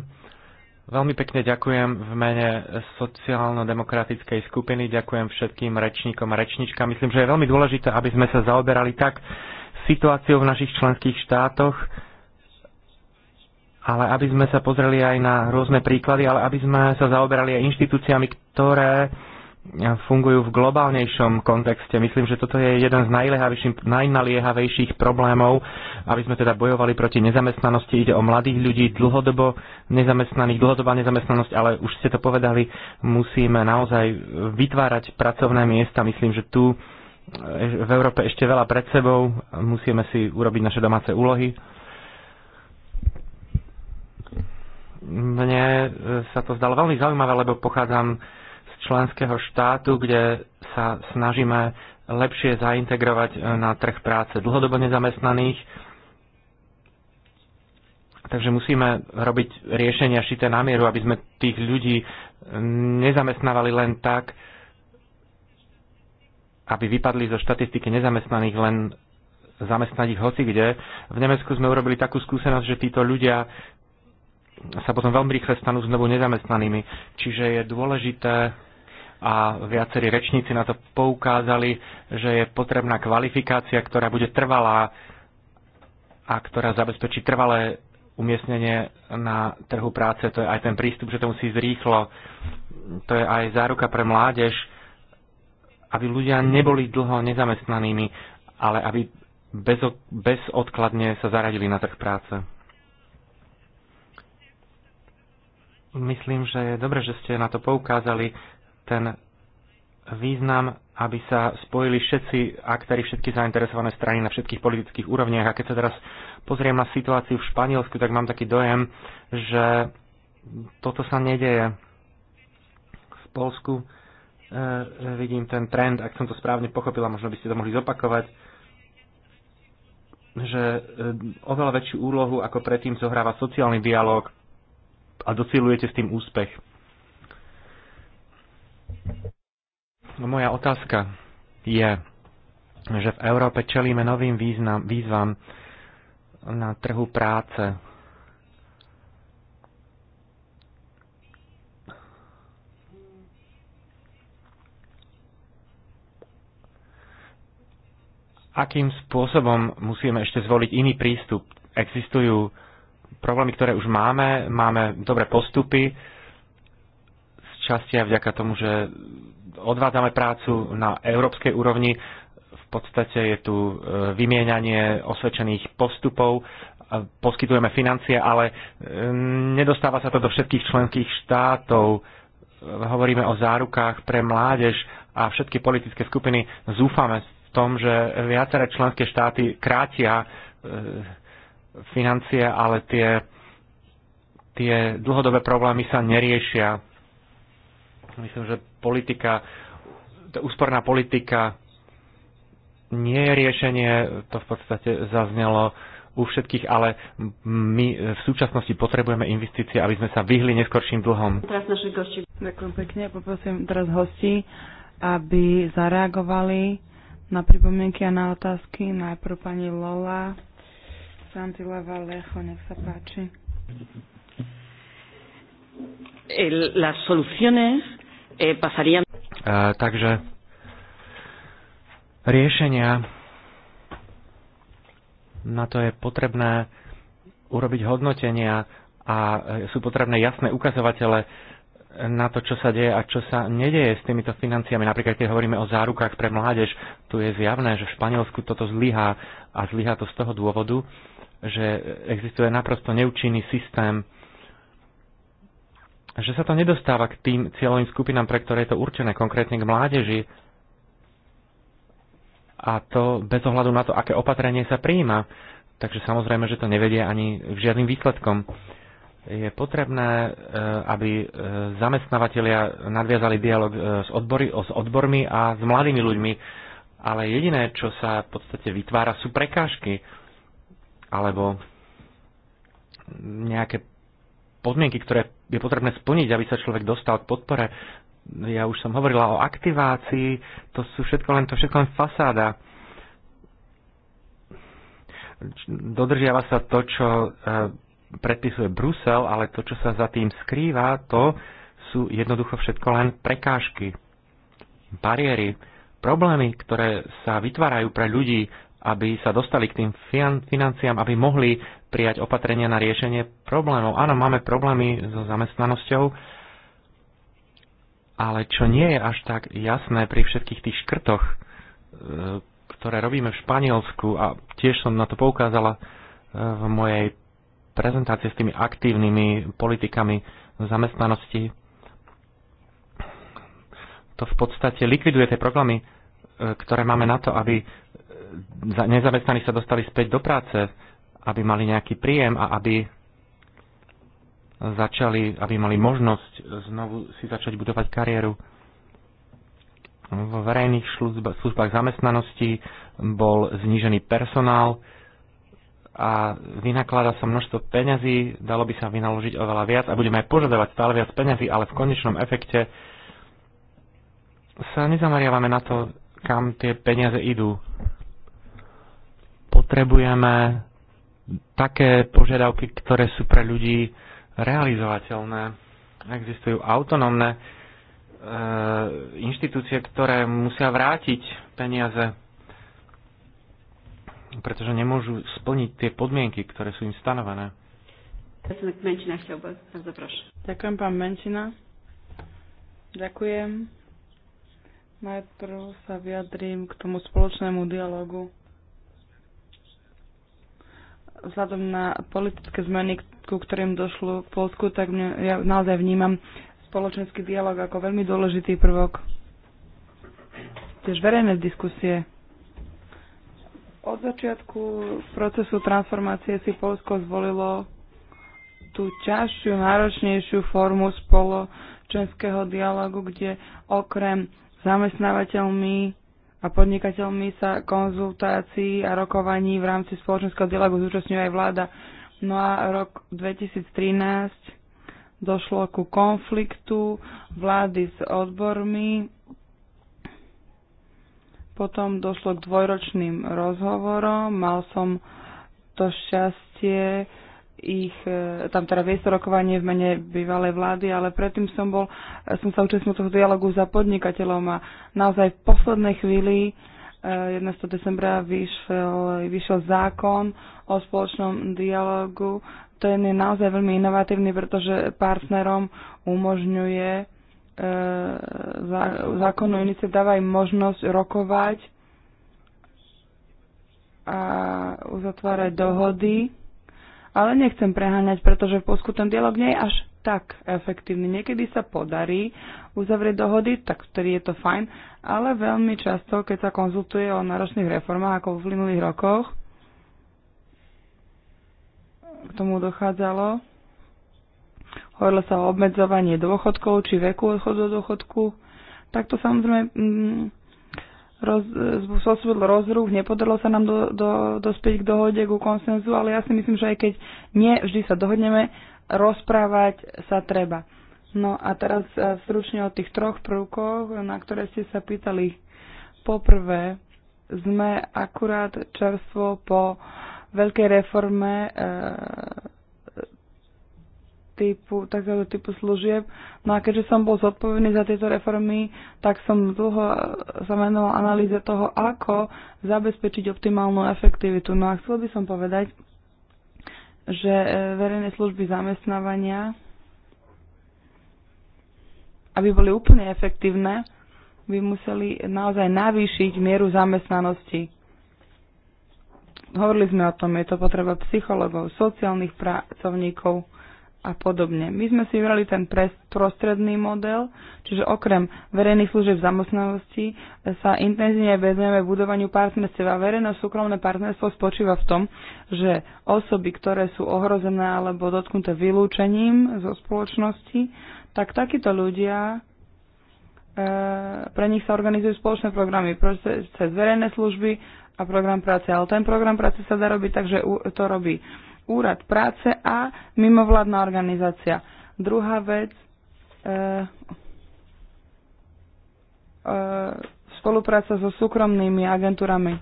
C: Veľmi pekne ďakujem v mene sociálno-demokratickej skupiny, ďakujem všetkým rečníkom a rečničkám. Myslím, že je veľmi dôležité, aby sme sa zaoberali tak situáciou v našich členských štátoch, ale aby sme sa pozreli aj na rôzne príklady, ale aby sme sa zaoberali aj inštitúciami, ktoré fungujú v globálnejšom kontexte. Myslím, že toto je jeden z najnaliehavejších problémov, aby sme teda bojovali proti nezamestnanosti. Ide o mladých ľudí, dlhodobo nezamestnaných, dlhodobá nezamestnanosť, ale už ste to povedali, musíme naozaj vytvárať pracovné miesta. Myslím, že tu v Európe ešte veľa pred sebou, musíme si urobiť naše domáce úlohy. Mne sa to zdalo veľmi zaujímavé, lebo pochádzam z členského štátu, kde sa snažíme lepšie zaintegrovať e, na trh práce dlhodobo nezamestnaných. Takže musíme robiť riešenia šité na mieru, aby sme tých ľudí nezamestnávali len tak, aby vypadli zo štatistiky nezamestnaných len zamestnať ich hoci kde. V Nemecku sme urobili takú skúsenosť, že títo ľudia sa potom veľmi rýchle stanú znovu nezamestnanými. Čiže je dôležité a viacerí rečníci na to poukázali, že je potrebná kvalifikácia, ktorá bude trvalá a ktorá zabezpečí trvalé umiestnenie na trhu práce. To je aj ten prístup, že to musí zrýchlo. To je aj záruka pre mládež, aby ľudia neboli dlho nezamestnanými, ale aby bezodkladne sa zaradili na trh práce. Myslím, že je dobre, že ste na to poukázali ten význam, aby sa spojili všetci aktéry, všetky zainteresované strany na všetkých politických úrovniach. A keď sa teraz pozriem na situáciu v Španielsku, tak mám taký dojem, že toto sa nedeje. V Polsku E, vidím ten trend, ak som to správne pochopila, možno by ste to mohli zopakovať, že e, oveľa väčšiu úlohu ako predtým zohráva sociálny dialog a docilujete s tým úspech. No, moja otázka je, že v Európe čelíme novým význam, výzvam na trhu práce. akým spôsobom musíme ešte zvoliť iný prístup. Existujú problémy, ktoré už máme, máme dobré postupy, z aj vďaka tomu, že odvádzame prácu na európskej úrovni, v podstate je tu e, vymieňanie osvedčených postupov, e, poskytujeme financie, ale e, nedostáva sa to do všetkých členských štátov. Hovoríme o zárukách pre mládež a všetky politické skupiny zúfame z tom, že viaceré členské štáty krátia e, financie, ale tie, tie dlhodobé problémy sa neriešia. Myslím, že politika, úsporná politika nie je riešenie, to v podstate zaznelo u všetkých, ale my v súčasnosti potrebujeme investície, aby sme sa vyhli neskorším dlhom. Teraz
A: Ďakujem pekne, poprosím teraz hostí, aby zareagovali na pripomienky a na otázky. Najprv pani Lola Santila Lecho, nech sa páči. Eh, las soluciones eh, pasarían...
C: Uh, takže riešenia na to je potrebné urobiť hodnotenia a eh, sú potrebné jasné ukazovatele, na to, čo sa deje a čo sa nedeje s týmito financiami. Napríklad, keď hovoríme o zárukách pre mládež, tu je zjavné, že v Španielsku toto zlyhá a zlyhá to z toho dôvodu, že existuje naprosto neúčinný systém, že sa to nedostáva k tým cieľovým skupinám, pre ktoré je to určené, konkrétne k mládeži a to bez ohľadu na to, aké opatrenie sa prijíma. Takže samozrejme, že to nevedie ani k žiadnym výsledkom je potrebné, e, aby e, zamestnávateľia nadviazali dialog e, s, odbory, s odbormi a s mladými ľuďmi, ale jediné, čo sa v podstate vytvára, sú prekážky alebo nejaké podmienky, ktoré je potrebné splniť, aby sa človek dostal k podpore. Ja už som hovorila o aktivácii, to sú všetko len, to všetko len fasáda dodržiava sa to, čo predpisuje Brusel, ale to, čo sa za tým skrýva, to sú jednoducho všetko len prekážky, bariéry, problémy, ktoré sa vytvárajú pre ľudí, aby sa dostali k tým financiám, aby mohli prijať opatrenia na riešenie problémov. Áno, máme problémy so zamestnanosťou, ale čo nie je až tak jasné pri všetkých tých škrtoch, e, ktoré robíme v Španielsku, a tiež som na to poukázala e, v mojej prezentácie s tými aktívnymi politikami zamestnanosti. To v podstate likviduje tie programy, e, ktoré máme na to, aby nezamestnaní sa dostali späť do práce, aby mali nejaký príjem a aby začali, aby mali možnosť znovu si začať budovať kariéru. V verejných službách zamestnanosti bol znížený personál, a vynaklada sa množstvo peňazí, dalo by sa vynaložiť oveľa viac a budeme aj požadovať stále viac peňazí, ale v konečnom efekte sa nezameriavame na to, kam tie peniaze idú. Potrebujeme také požiadavky, ktoré sú pre ľudí realizovateľné. Existujú autonómne e, inštitúcie, ktoré musia vrátiť peniaze pretože nemôžu splniť tie podmienky, ktoré sú im stanovené.
A: Menšina Ďakujem, pán Menšina. Ďakujem. Najprv sa vyjadrím k tomu spoločnému dialogu. Vzhľadom na politické zmeny, ku ktorým došlo v Polsku, tak mňa ja naozaj vnímam spoločenský dialog ako veľmi dôležitý prvok. Tiež verejné diskusie od začiatku procesu transformácie si Polsko zvolilo tú ťažšiu, náročnejšiu formu spoločenského dialogu, kde okrem zamestnávateľmi a podnikateľmi sa konzultácií a rokovaní v rámci spoločenského dialogu zúčastňuje aj vláda. No a rok 2013 došlo ku konfliktu vlády s odbormi potom došlo k dvojročným rozhovorom, mal som to šťastie ich, e, tam teda viesť rokovanie v mene bývalej vlády, ale predtým som bol, som sa účastnil toho dialogu za podnikateľom a naozaj v poslednej chvíli 11. E, decembra vyšiel, vyšiel zákon o spoločnom dialogu. Ten je naozaj veľmi inovatívny, pretože partnerom umožňuje E, zákonu UNICEF dáva im možnosť rokovať a uzatvárať dohody. Ale nechcem preháňať, pretože v Polsku ten dialog nie je až tak efektívny. Niekedy sa podarí uzavrieť dohody, tak vtedy je to fajn, ale veľmi často, keď sa konzultuje o náročných reformách ako v minulých rokoch, k tomu dochádzalo, hovorilo sa o obmedzovanie dôchodkov či veku odchodu do dôchodku, tak to samozrejme mm, roz, e, rozruch, nepodarilo sa nám do, do, dospieť k dohode, ku konsenzu, ale ja si myslím, že aj keď nie vždy sa dohodneme, rozprávať sa treba. No a teraz e, stručne o tých troch prvkoch, na ktoré ste sa pýtali. Poprvé, sme akurát čerstvo po veľkej reforme e, typu, takéhoto typu služieb. No a keďže som bol zodpovedný za tieto reformy, tak som dlho sa venoval analýze toho, ako zabezpečiť optimálnu efektivitu. No a chcel by som povedať, že e, verejné služby zamestnávania, aby boli úplne efektívne, by museli naozaj navýšiť mieru zamestnanosti. Hovorili sme o tom, je to potreba psychologov, sociálnych pracovníkov, a podobne. My sme si vybrali ten prostredný model, čiže okrem verejných služieb zamestnanosti sa intenzívne vezmeme budovaniu partnerstva. A verejno-súkromné partnerstvo spočíva v tom, že osoby, ktoré sú ohrozené alebo dotknuté vylúčením zo spoločnosti, tak takíto ľudia e, pre nich sa organizujú spoločné programy cez verejné služby a program práce. Ale ten program práce sa dá robiť tak, že to robí úrad práce a mimovládna organizácia. Druhá vec, e, e, spolupráca so súkromnými agentúrami. E,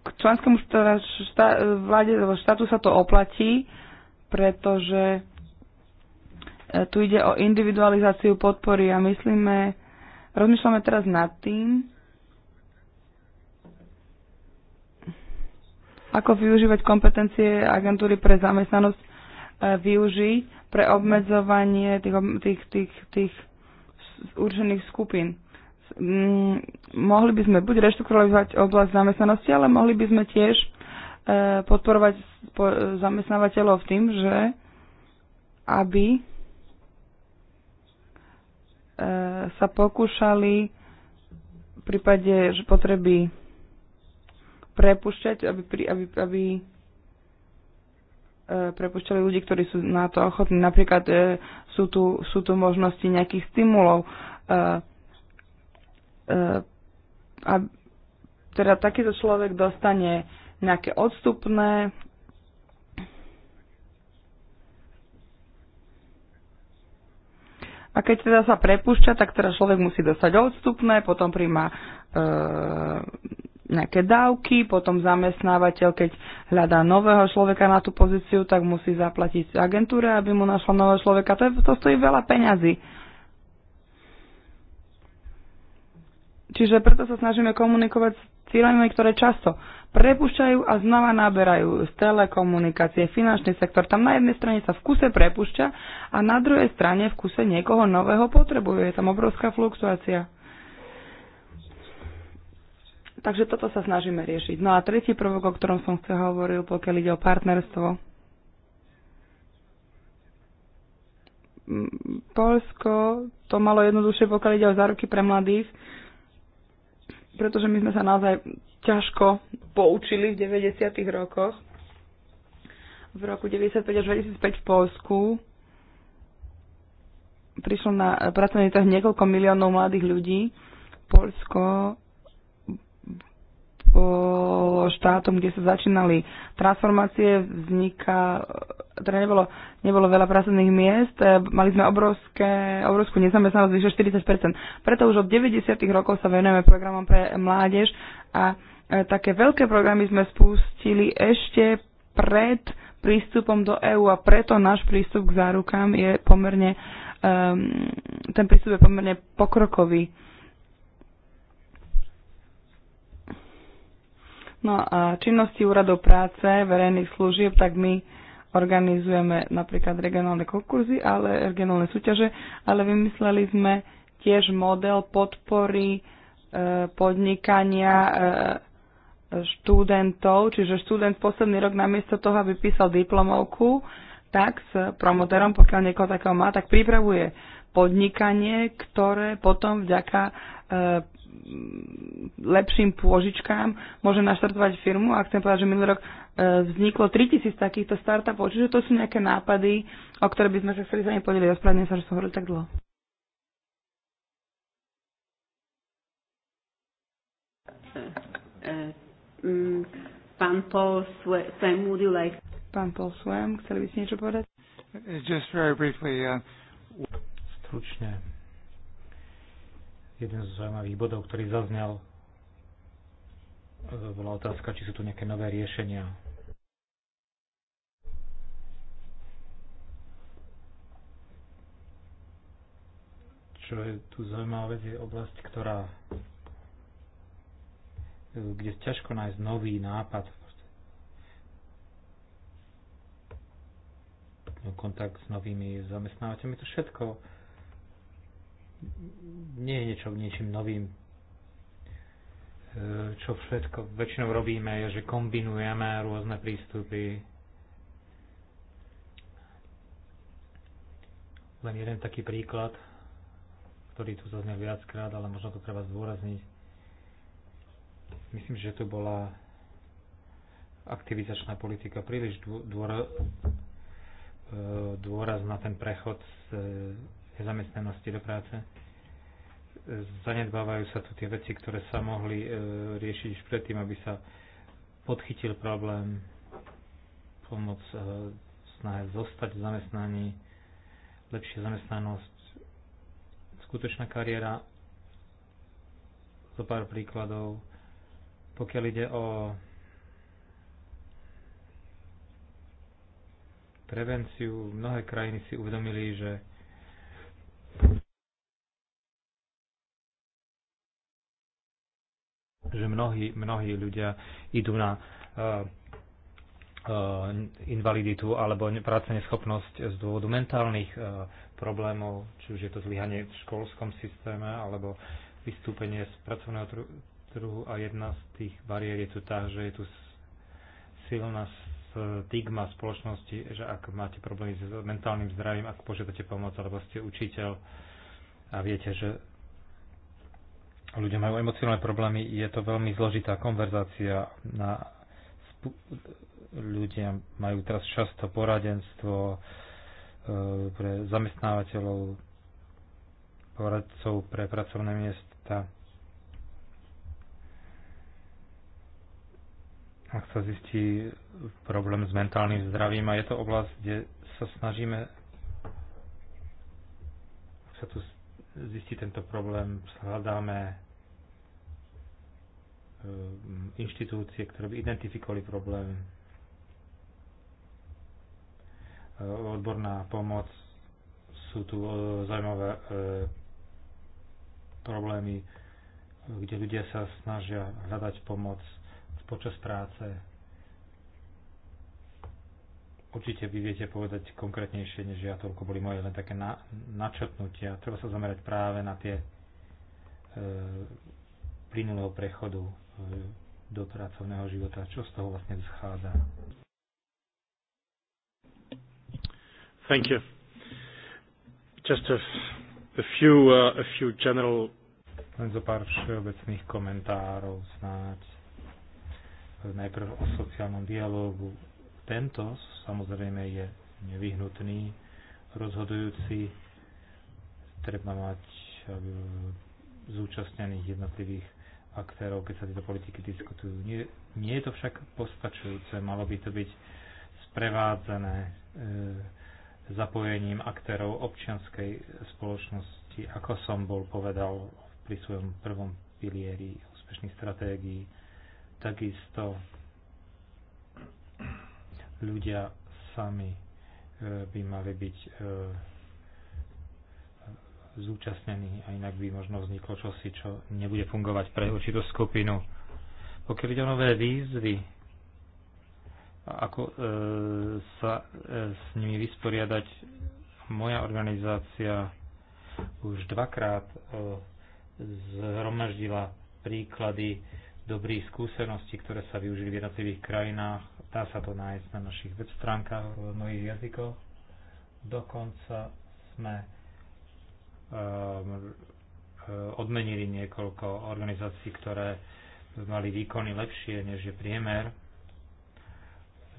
A: k členskému štá, štá, vláde, štátu sa to oplatí, pretože e, tu ide o individualizáciu podpory a myslíme, rozmýšľame teraz nad tým, ako využívať kompetencie agentúry pre zamestnanosť e, využí pre obmedzovanie tých, tých, tých, tých určených skupín. Mm, mohli by sme buď reštrukturalizovať oblasť zamestnanosti, ale mohli by sme tiež e, podporovať zamestnávateľov v tým, že aby e, sa pokúšali v prípade že potreby prepušťať, aby, pri, aby, aby e, prepušťali ľudí, ktorí sú na to ochotní. Napríklad e, sú, tu, sú tu možnosti nejakých stimulov. E, e, a teda takýto človek dostane nejaké odstupné. A keď teda sa prepúšťa, tak teda človek musí dostať odstupné, potom príjma e, nejaké dávky, potom zamestnávateľ, keď hľadá nového človeka na tú pozíciu, tak musí zaplatiť agentúre, aby mu našla nového človeka. To, je, to stojí veľa peňazí. Čiže preto sa snažíme komunikovať s firmami, ktoré často prepušťajú a znova naberajú z telekomunikácie, finančný sektor. Tam na jednej strane sa v kuse prepušťa a na druhej strane v kuse niekoho nového potrebuje. Je tam obrovská fluktuácia. Takže toto sa snažíme riešiť. No a tretí prvok, o ktorom som chce hovoril, pokiaľ ide o partnerstvo. Polsko to malo jednoduchšie, pokiaľ ide o záruky pre mladých, pretože my sme sa naozaj ťažko poučili v 90. rokoch. V roku 95 až 2005 v Polsku prišlo na pracovný trh niekoľko miliónov mladých ľudí. Polsko štátom, kde sa začínali transformácie, vzniká, teda nebolo, nebolo veľa pracovných miest, e, mali sme obrovské, obrovskú nezamestnanosť, vyše 40%. Preto už od 90. rokov sa venujeme programom pre mládež a e, také veľké programy sme spustili ešte pred prístupom do EÚ a preto náš prístup k zárukám je pomerne, um, ten prístup je pomerne pokrokový No a činnosti úradov práce, verejných služieb, tak my organizujeme napríklad regionálne konkurzy, ale regionálne súťaže, ale vymysleli sme tiež model podpory e, podnikania e, študentov, čiže študent posledný rok namiesto toho, aby písal diplomovku, tak s promotérom, pokiaľ niekoho takého má, tak pripravuje podnikanie, ktoré potom vďaka e, lepším pôžičkám môže naštartovať firmu. A chcem povedať, že minulý rok e, vzniklo 3000 takýchto startupov, čiže to sú nejaké nápady, o ktoré by sme sa chceli sa nimi podeliť. Ospravedlňujem sa, že som hovoril tak dlho. E, e, mm, pán Paul Swem, would you like... Pán Paul Swem, chceli by si niečo povedať?
B: Just very briefly, uh... Stručne Jeden z zaujímavých bodov, ktorý zaznel, bola otázka, či sú tu nejaké nové riešenia. Čo je tu zaujímavá vec, je oblasť, ktorá kde ťažko nájsť nový nápad, no, kontakt s novými zamestnávateľmi, to všetko nie je niečo, niečím novým. E, čo všetko väčšinou robíme, je, že kombinujeme rôzne prístupy. Len jeden taký príklad, ktorý tu zaznel viackrát, ale možno to treba zdôrazniť. Myslím, že tu bola aktivizačná politika príliš dôra, e, dôraz na ten prechod z zamestnanosti do práce. E, zanedbávajú sa tu tie veci, ktoré sa mohli e, riešiť už predtým, aby sa podchytil problém, pomoc e, snahe zostať v zamestnaní, lepšia zamestnanosť, skutočná kariéra. Zo pár príkladov. Pokiaľ ide o prevenciu, mnohé krajiny si uvedomili, že že mnohí, mnohí ľudia idú na uh, invaliditu alebo práce neschopnosť z dôvodu mentálnych uh, problémov, či už je to zlyhanie v školskom systéme alebo vystúpenie z pracovného trhu a jedna z tých bariér je tu tá, že je tu silná stigma spoločnosti, že ak máte problémy s mentálnym zdravím, ak požiadate pomoc alebo ste učiteľ a viete, že ľudia majú emocionálne problémy, je to veľmi zložitá konverzácia. Na, ľudia majú teraz často poradenstvo e, pre zamestnávateľov, poradcov pre pracovné miesta. Ak sa zistí problém s mentálnym zdravím a je to oblasť, kde sa snažíme sa tu zistiť tento problém, hľadáme e, inštitúcie, ktoré by identifikovali problém. E, odborná pomoc, sú tu e, zaujímavé problémy, kde ľudia sa snažia hľadať pomoc počas práce, Určite vy viete povedať konkrétnejšie, než ja toľko boli moje len také na, načrtnutia. Treba sa zamerať práve na tie e, plynulého prechodu e, do pracovného života. Čo z toho vlastne vzchádza? Thank you. Just a, a few, uh, a few general... Len zo pár všeobecných komentárov snáď. E, najprv o sociálnom dialogu, tento samozrejme je nevyhnutný, rozhodujúci. Treba mať zúčastnených jednotlivých aktérov, keď sa tieto politiky diskutujú. Nie, nie je to však postačujúce, malo by to byť sprevádzané e, zapojením aktérov občianskej spoločnosti, ako som bol povedal pri svojom prvom pilieri úspešných stratégií. Takisto ľudia sami e, by mali byť e, zúčastnení a inak by možno vzniklo čosi, čo nebude fungovať pre určitú skupinu. Pokiaľ ide o nové výzvy, ako e, sa e, s nimi vysporiadať, moja organizácia už dvakrát e, zhromaždila príklady dobrých skúseností, ktoré sa využili v jednotlivých krajinách. Dá sa to nájsť na našich web stránkach v mnohých jazykoch. Dokonca sme um, odmenili niekoľko organizácií, ktoré mali výkony lepšie, než je priemer.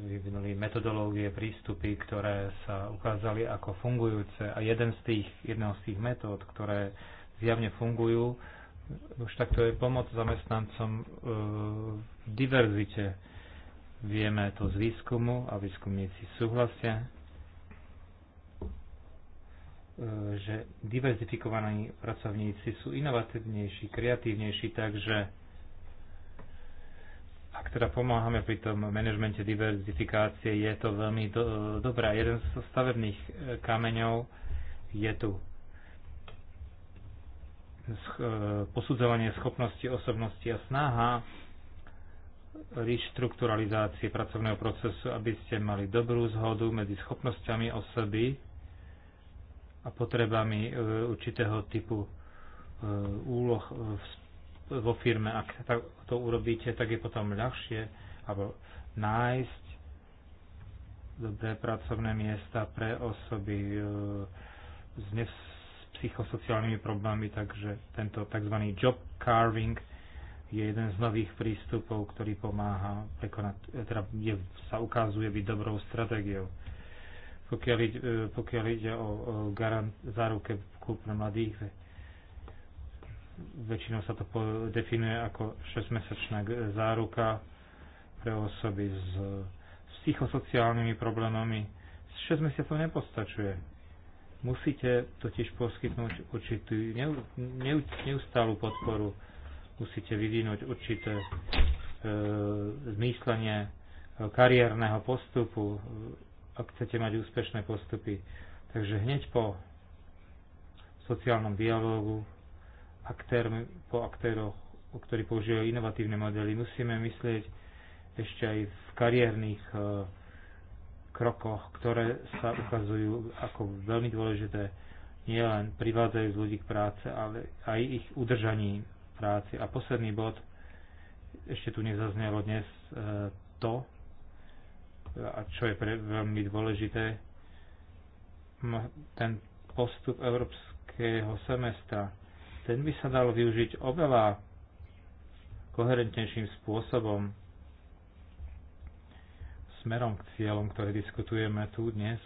B: Vyvinuli metodológie, prístupy, ktoré sa ukázali ako fungujúce a jeden z tých, jedného z tých metód, ktoré zjavne fungujú, už takto je pomoc zamestnancom e, v diverzite. Vieme to z výskumu a výskumníci súhlasia, e, že diverzifikovaní pracovníci sú inovatívnejší, kreatívnejší, takže ak teda pomáhame pri tom manažmente diverzifikácie, je to veľmi do, e, dobré. Jeden z stavebných kameňov je tu E, posudzovanie schopnosti osobnosti a snaha reštrukturalizácie pracovného procesu, aby ste mali dobrú zhodu medzi schopnosťami osoby a potrebami e, určitého typu e, úloh vo firme. Ak to urobíte, tak je potom ľahšie alebo nájsť dobré pracovné miesta pre osoby s psychosociálnymi problémami, takže tento tzv. job carving je jeden z nových prístupov, ktorý pomáha prekonať, e, teda je, sa ukazuje byť dobrou stratégiou. Pokiaľ ide, e, pokiaľ ide o, o garant, záruke kúp mladých, väčšinou sa to definuje ako 6-mesačná záruka pre osoby s, e, s psychosociálnymi problémami. 6 mesiacov nepostačuje Musíte totiž poskytnúť určitú neustálu podporu, musíte vyvinúť určité e, zmýšľanie e, kariérneho postupu, e, ak chcete mať úspešné postupy. Takže hneď po sociálnom dialógu, aktér, po aktéroch, ktorí používajú inovatívne modely, musíme myslieť ešte aj v kariérnych e, krokoch, ktoré sa ukazujú ako veľmi dôležité, nielen privádzajú ľudí k práce, ale aj ich udržaní práci. A posledný bod, ešte tu nezaznelo dnes e, to, a čo je pre, veľmi dôležité, ten postup európskeho semestra, ten by sa dal využiť oveľa koherentnejším spôsobom smerom k cieľom, ktoré diskutujeme tu dnes,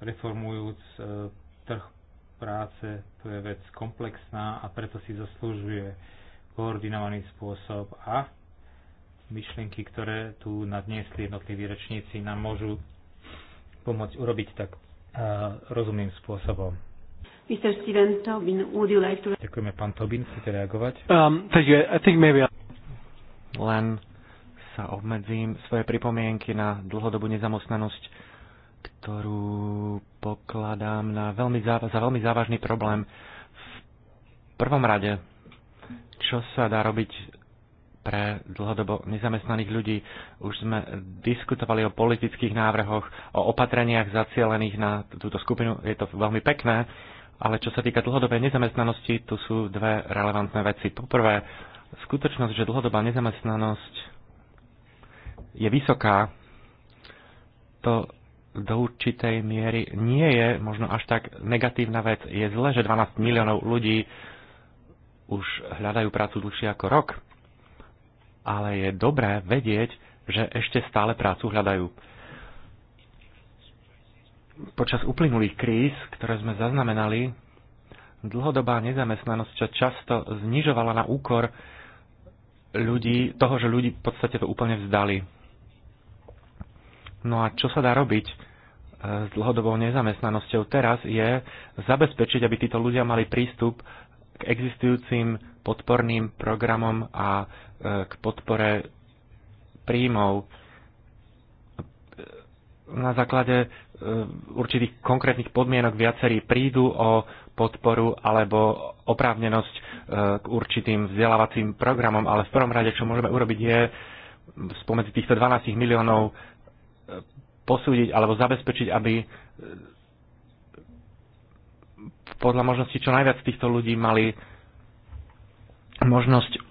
B: reformujúc e, trh práce, to je vec komplexná a preto si zaslúžuje koordinovaný spôsob a myšlienky, ktoré tu nadniesli jednotliví rečníci, nám môžu pomôcť urobiť tak e, rozumným spôsobom. Mr. Steven Tobin, would you like to... Ďakujeme, pán Tobin, chcete reagovať?
C: Um, thank you. I think maybe... Len sa obmedzím svoje pripomienky na dlhodobú nezamestnanosť, ktorú pokladám na veľmi záva- za veľmi závažný problém. V prvom rade, čo sa dá robiť pre dlhodobo nezamestnaných ľudí. Už sme diskutovali o politických návrhoch, o opatreniach zacielených na túto skupinu. Je to veľmi pekné, ale čo sa týka dlhodobej nezamestnanosti, tu sú dve relevantné veci. Poprvé, skutočnosť, že dlhodobá nezamestnanosť je vysoká, to do určitej miery nie je možno až tak negatívna vec. Je zle, že 12 miliónov ľudí už hľadajú prácu dlhšie ako rok, ale je dobré vedieť, že ešte stále prácu hľadajú. Počas uplynulých kríz, ktoré sme zaznamenali, dlhodobá nezamestnanosť sa často znižovala na úkor ľudí, toho, že ľudí v podstate to úplne vzdali No a čo sa dá robiť e, s dlhodobou nezamestnanosťou teraz je zabezpečiť, aby títo ľudia mali prístup k existujúcim podporným programom a e, k podpore príjmov na základe e, určitých konkrétnych podmienok viacerí prídu o podporu alebo oprávnenosť k určitým vzdelávacím programom, ale v prvom rade, čo môžeme urobiť, je spomedzi týchto 12 miliónov posúdiť alebo zabezpečiť, aby e, podľa možnosti čo najviac týchto ľudí mali možnosť,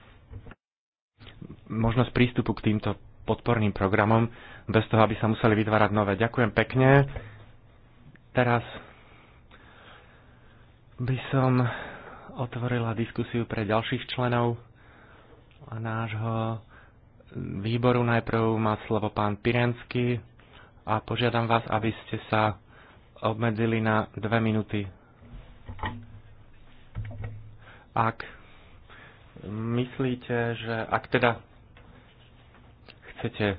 C: možnosť prístupu k týmto podporným programom bez toho, aby sa museli vytvárať nové. Ďakujem pekne. Teraz by som otvorila diskusiu pre ďalších členov nášho výboru. Najprv má slovo pán Pirenský a požiadam vás, aby ste sa obmedzili na dve minúty. Ak myslíte, že ak teda chcete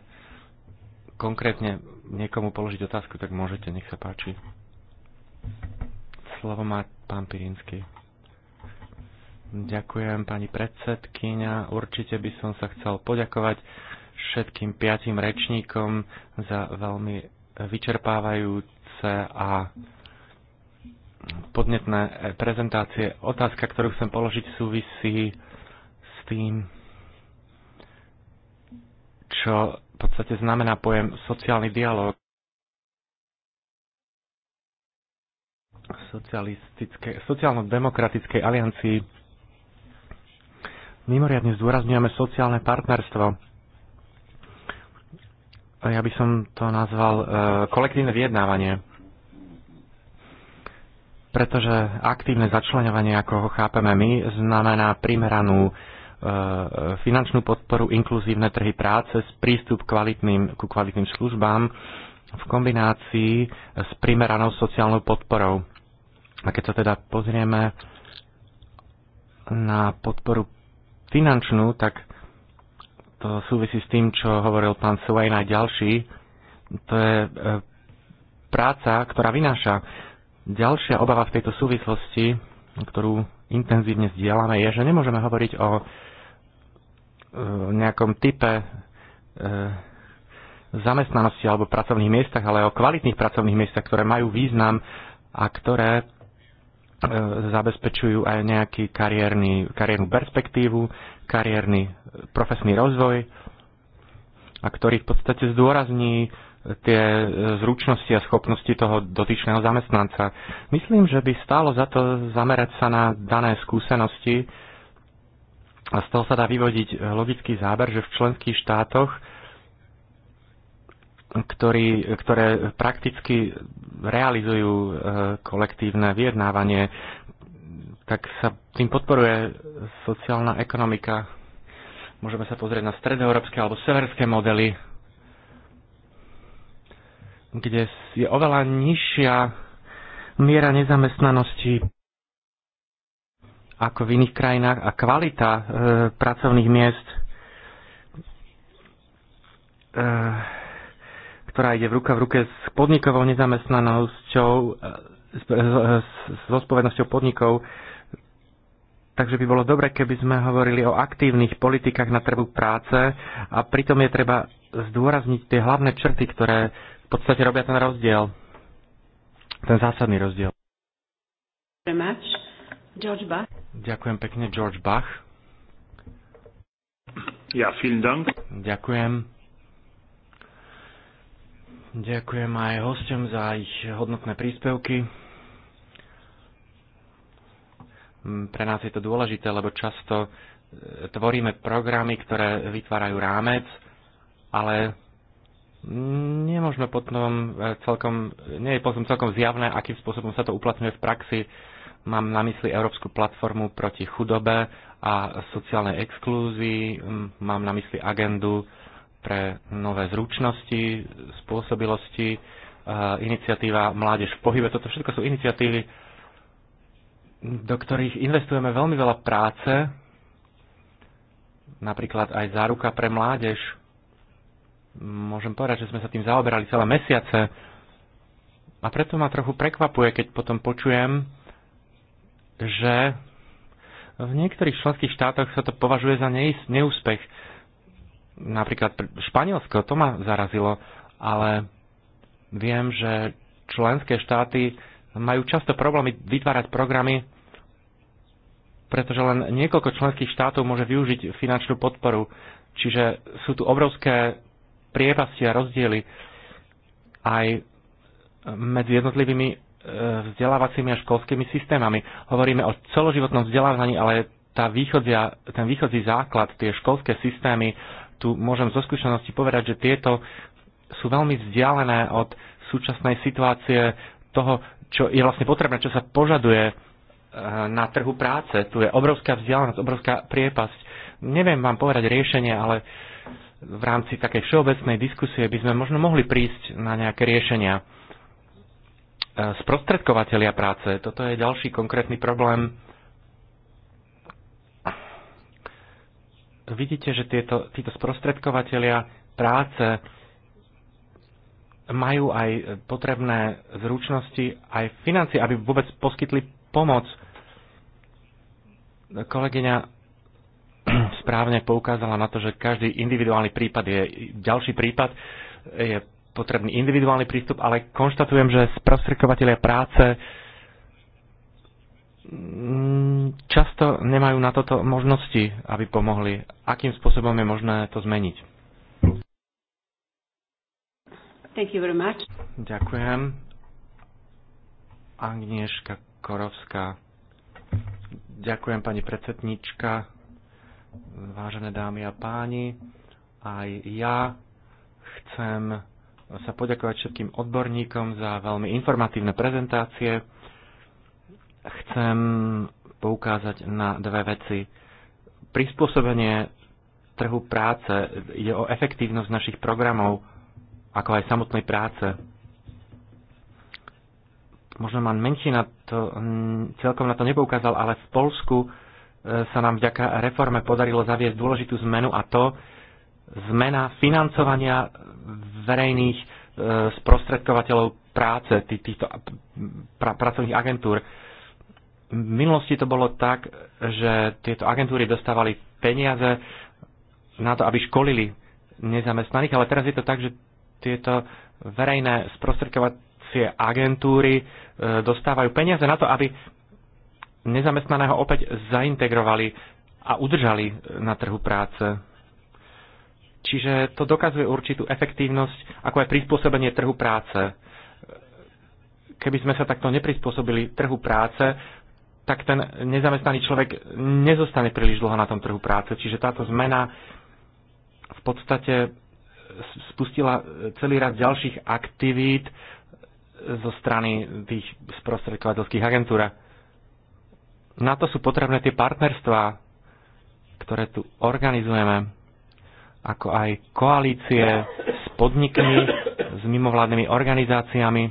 C: konkrétne niekomu položiť otázku, tak môžete, nech sa páči. Slovo má pán Pirinsky. Ďakujem, pani predsedkyňa. Určite by som sa chcel poďakovať všetkým piatim rečníkom za veľmi vyčerpávajúce a podnetné prezentácie. Otázka, ktorú chcem položiť, súvisí s tým, čo v podstate znamená pojem sociálny dialog. sociálno-demokratickej aliancii mimoriadne zdôrazňujeme sociálne partnerstvo ja by som to nazval e, kolektívne vyjednávanie. Pretože aktívne začlenovanie, ako ho chápeme my, znamená primeranú e, finančnú podporu, inkluzívne trhy práce, prístup kvalitným, ku kvalitným službám v kombinácii s primeranou sociálnou podporou. A keď sa teda pozrieme na podporu finančnú, tak to súvisí s tým, čo hovoril pán Swain a ďalší. To je e, práca, ktorá vynáša. Ďalšia obava v tejto súvislosti, ktorú intenzívne vzdielame, je, že nemôžeme hovoriť o e, nejakom type e, zamestnanosti alebo pracovných miestach, ale o kvalitných pracovných miestach, ktoré majú význam a ktoré zabezpečujú aj nejakú kariérnu perspektívu kariérny e, profesný rozvoj a ktorý v podstate zdôrazní e, tie e, zručnosti a schopnosti toho dotyčného zamestnanca. Myslím, že by stálo za to zamerať sa na dané skúsenosti a z toho sa dá vyvodiť logický záber, že v členských štátoch, ktorý, ktoré prakticky realizujú kolektívne vyjednávanie, tak sa tým podporuje sociálna ekonomika. Môžeme sa pozrieť na stredoeurópske alebo severské modely, kde je oveľa nižšia miera nezamestnanosti ako v iných krajinách a kvalita e, pracovných miest, e, ktorá ide v ruka v ruke s podnikovou nezamestnanosťou, e, s, e, s, s zodpovednosťou podnikov, e, Takže by bolo dobre, keby sme hovorili o aktívnych politikách na trhu práce a pritom je treba zdôrazniť tie hlavné črty, ktoré v podstate robia ten rozdiel. Ten zásadný rozdiel. Ďakujem pekne, George Bach. Ja, vielen Dank. Ďakujem. Ďakujem aj hostom za ich hodnotné príspevky. Mm, pre nás je to dôležité, lebo často e, tvoríme programy, ktoré vytvárajú rámec, ale nemôžeme potom e, celkom, nie je potom celkom zjavné, akým spôsobom sa to uplatňuje v praxi. Mám na mysli Európsku platformu proti chudobe a sociálnej exklúzii, mám na mysli agendu pre nové zručnosti, spôsobilosti, e, iniciatíva Mládež v pohybe. Toto všetko sú iniciatívy, do ktorých investujeme veľmi veľa práce, napríklad aj záruka pre mládež. Môžem povedať, že sme sa tým zaoberali celé mesiace a preto ma trochu prekvapuje, keď potom počujem, že v niektorých členských štátoch sa to považuje za neúspech. Napríklad Španielsko, to ma zarazilo, ale viem, že členské štáty majú často problémy vytvárať programy, pretože len niekoľko členských štátov môže využiť finančnú podporu. Čiže sú tu obrovské priepasti a rozdiely aj medzi jednotlivými e, vzdelávacími a školskými systémami. Hovoríme o celoživotnom vzdelávaní, ale tá východzia, ten východzí základ, tie školské systémy, tu môžem zo skúsenosti povedať, že tieto sú veľmi vzdialené od súčasnej situácie toho, čo je vlastne potrebné, čo sa požaduje eh, na trhu práce. Tu je obrovská vzdialenosť, obrovská priepasť. Neviem vám povedať riešenie, ale v rámci takej všeobecnej diskusie by sme možno mohli prísť na nejaké riešenia. Eh, sprostredkovateľia práce, toto je ďalší konkrétny problém. Vidíte, že tieto, títo sprostredkovateľia práce majú aj potrebné zručnosti, aj financie, aby vôbec poskytli pomoc. Kolegyňa správne poukázala na to, že každý individuálny prípad je ďalší prípad, je potrebný individuálny prístup, ale konštatujem, že sprostredkovateľia práce mm, často nemajú na toto možnosti, aby pomohli. Akým spôsobom je možné to zmeniť?
A: Thank you very much.
C: Ďakujem. Agnieszka Korovská. Ďakujem pani predsednička, vážené dámy a páni. Aj ja chcem sa poďakovať všetkým odborníkom za veľmi informatívne prezentácie. Chcem poukázať na dve veci. Prispôsobenie trhu práce, je o efektívnosť našich programov ako aj samotnej práce. Možno mám menší na to, celkom na to nepoukázal, ale v Polsku e, sa nám vďaka reforme podarilo zaviesť dôležitú zmenu a to zmena financovania verejných e, sprostredkovateľov práce, týchto pra, pracovných agentúr. V minulosti to bolo tak, že tieto agentúry dostávali peniaze na to, aby školili nezamestnaných, ale teraz je to tak, že tieto verejné sprostredkovacie agentúry e, dostávajú peniaze na to, aby nezamestnaného opäť zaintegrovali a udržali na trhu práce. Čiže to dokazuje určitú efektívnosť, ako aj prispôsobenie trhu práce. Keby sme sa takto neprispôsobili trhu práce, tak ten nezamestnaný človek nezostane príliš dlho na tom trhu práce. Čiže táto zmena v podstate spustila celý rad ďalších aktivít zo strany tých sprostredkovateľských agentúr. Na to sú potrebné tie partnerstvá, ktoré tu organizujeme, ako aj koalície s podnikmi, s mimovládnymi organizáciami.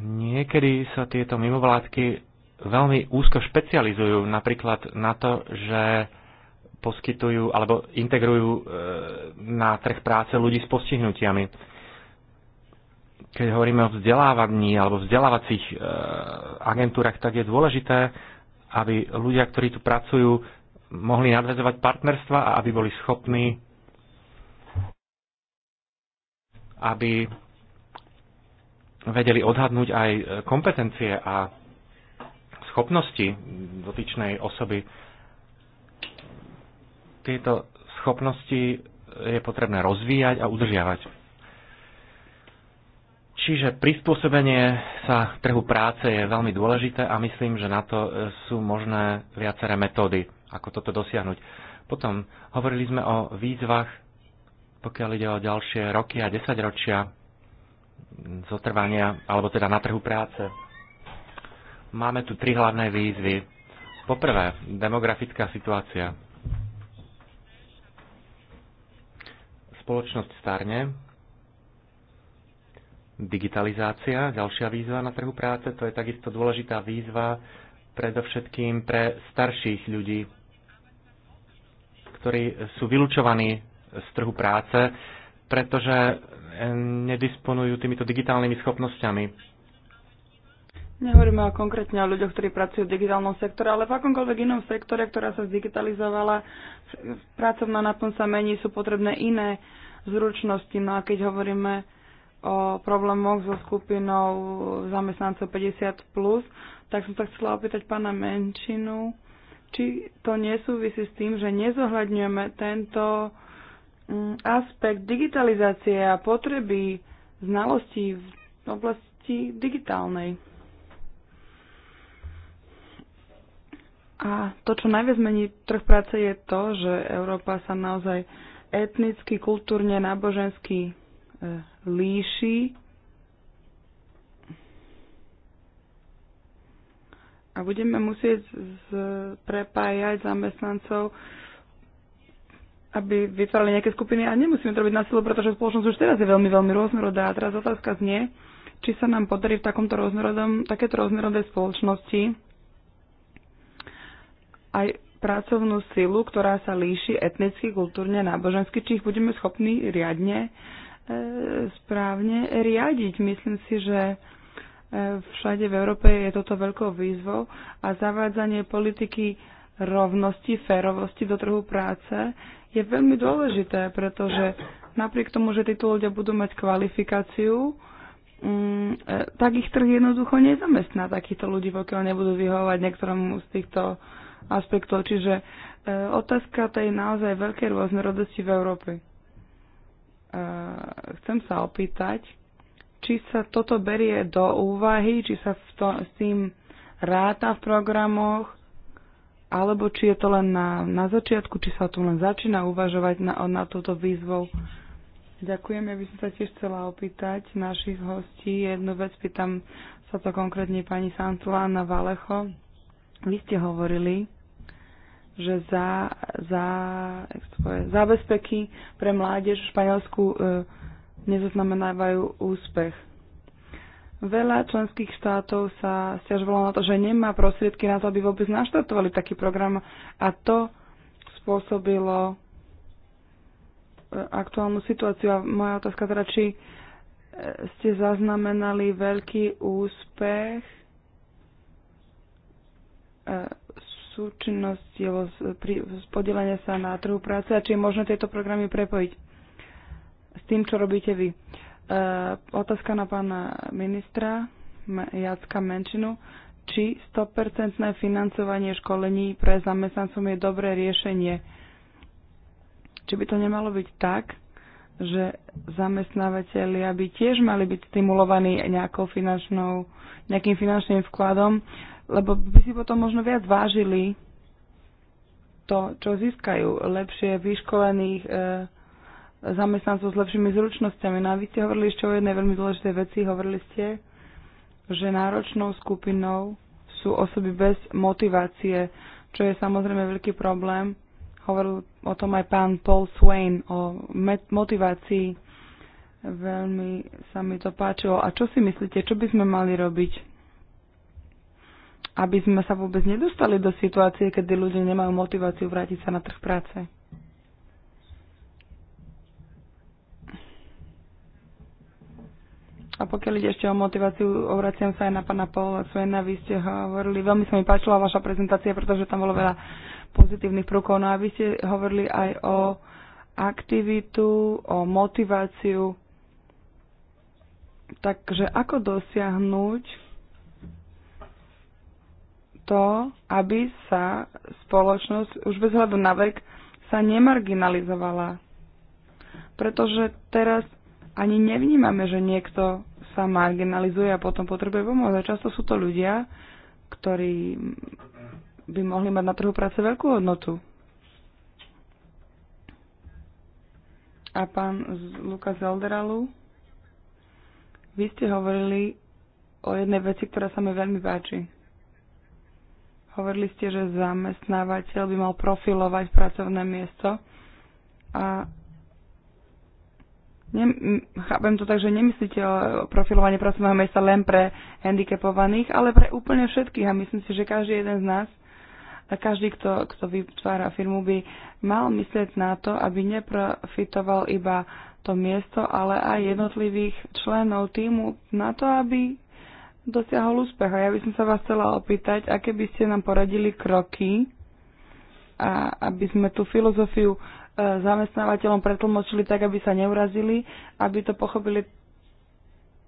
C: Niekedy sa tieto mimovládky veľmi úzko špecializujú napríklad na to, že poskytujú alebo integrujú e, na trh práce ľudí s postihnutiami. Keď hovoríme o vzdelávaní alebo vzdelávacích e, agentúrach, tak je dôležité, aby ľudia, ktorí tu pracujú, mohli nadvezovať partnerstva a aby boli schopní aby vedeli odhadnúť aj kompetencie a schopnosti dotyčnej osoby tieto schopnosti je potrebné rozvíjať a udržiavať. Čiže prispôsobenie sa trhu práce je veľmi dôležité a myslím, že na to sú možné viaceré metódy, ako toto dosiahnuť. Potom hovorili sme o výzvach, pokiaľ ide o ďalšie roky a desaťročia zotrvania, alebo teda na trhu práce. Máme tu tri hlavné výzvy. Poprvé, demografická situácia spoločnosť starne, digitalizácia, ďalšia výzva na trhu práce, to je takisto dôležitá výzva predovšetkým pre starších ľudí, ktorí sú vylúčovaní z trhu práce, pretože eh, nedisponujú týmito digitálnymi schopnosťami.
A: Nehovoríme o konkrétne o ľuďoch, ktorí pracujú v digitálnom sektore, ale v akomkoľvek inom sektore, ktorá sa zdigitalizovala, pracovná tom sa mení, sú potrebné iné zručnosti. No a keď hovoríme o problémoch so skupinou zamestnancov 50+, plus, tak som sa chcela opýtať pána Menšinu, či to nesúvisí s tým, že nezohľadňujeme tento mm, aspekt digitalizácie a potreby znalostí v oblasti digitálnej. A to, čo najviac mení trh práce, je to, že Európa sa naozaj etnicky, kultúrne, nábožensky e, líši. A budeme musieť z, prepájať zamestnancov, aby vytvárali nejaké skupiny. A nemusíme to robiť na silu, pretože spoločnosť už teraz je veľmi, veľmi rôznorodá. A teraz otázka znie, či sa nám podarí v takomto rôznorodom, takéto rôznorodé spoločnosti aj pracovnú silu, ktorá sa líši etnicky, kultúrne, nábožensky, či ich budeme schopní riadne, e, správne riadiť. Myslím si, že e, všade v Európe je toto veľkou výzvou a zavádzanie politiky rovnosti, férovosti do trhu práce je veľmi dôležité, pretože napriek tomu, že títo ľudia budú mať kvalifikáciu, mm, e, tak ich trh jednoducho nezamestná takýchto ľudí, pokiaľ nebudú vyhovovať niektorému z týchto aspektov. Čiže e, otázka tej naozaj veľkej rôznorodosti v Európe. E, chcem sa opýtať, či sa toto berie do úvahy, či sa v to, s tým ráta v programoch, alebo či je to len na, na začiatku, či sa o tom len začína uvažovať na, na túto výzvou. Ďakujem, ja by som sa tiež chcela opýtať našich hostí. Jednu vec pýtam sa to konkrétne pani Santulána Valecho. Vy ste hovorili, že za, za, bezpeky pre mládež v Španielsku e, nezaznamenávajú úspech. Veľa členských štátov sa stiažovalo na to, že nemá prostriedky na to, aby vôbec naštartovali taký program a to spôsobilo e, aktuálnu situáciu. A moja otázka teda, či e, ste zaznamenali veľký úspech súčinnosť podelenia sa na trhu práce a či je možné tieto programy prepojiť s tým, čo robíte vy. E, otázka na pána ministra Jacka Menšinu. Či 100% financovanie školení pre zamestnancov je dobré riešenie? Či by to nemalo byť tak, že zamestnávateľia by tiež mali byť stimulovaní nejakou finančnou, nejakým finančným vkladom lebo by si potom možno viac vážili to, čo získajú. Lepšie vyškolených e, zamestnancov s lepšími zručnosťami. No a vy ste hovorili ešte o jednej veľmi dôležitej veci. Hovorili ste, že náročnou skupinou sú osoby bez motivácie, čo je samozrejme veľký problém. Hovoril o tom aj pán Paul Swain, o motivácii. Veľmi sa mi to páčilo. A čo si myslíte, čo by sme mali robiť? aby sme sa vôbec nedostali do situácie, kedy ľudia nemajú motiváciu vrátiť sa na trh práce. A pokiaľ ide ešte o motiváciu, obraciam sa aj na pána Paula Svena. Vy ste hovorili, veľmi sa mi páčila vaša prezentácia, pretože tam bolo veľa pozitívnych prúkov. No a vy ste hovorili aj o aktivitu, o motiváciu. Takže ako dosiahnuť to, aby sa spoločnosť už bez hľadu na vek sa nemarginalizovala. Pretože teraz ani nevnímame, že niekto sa marginalizuje a potom potrebuje pomoc. A často sú to ľudia, ktorí by mohli mať na trhu práce veľkú hodnotu. A pán Lukas Zelderalu, vy ste hovorili o jednej veci, ktorá sa mi veľmi páči. Hovorili ste, že zamestnávateľ by mal profilovať pracovné miesto a ne, chápem to tak, že nemyslíte o profilovanie pracovného miesta len pre handicapovaných, ale pre úplne všetkých a myslím si, že každý jeden z nás a každý, kto, kto vytvára firmu, by mal myslieť na to, aby neprofitoval iba to miesto, ale aj jednotlivých členov týmu na to, aby dosiahol úspech. A ja by som sa vás chcela opýtať, aké by ste nám poradili kroky, a aby sme tú filozofiu e, zamestnávateľom pretlmočili tak, aby sa neurazili, aby to pochopili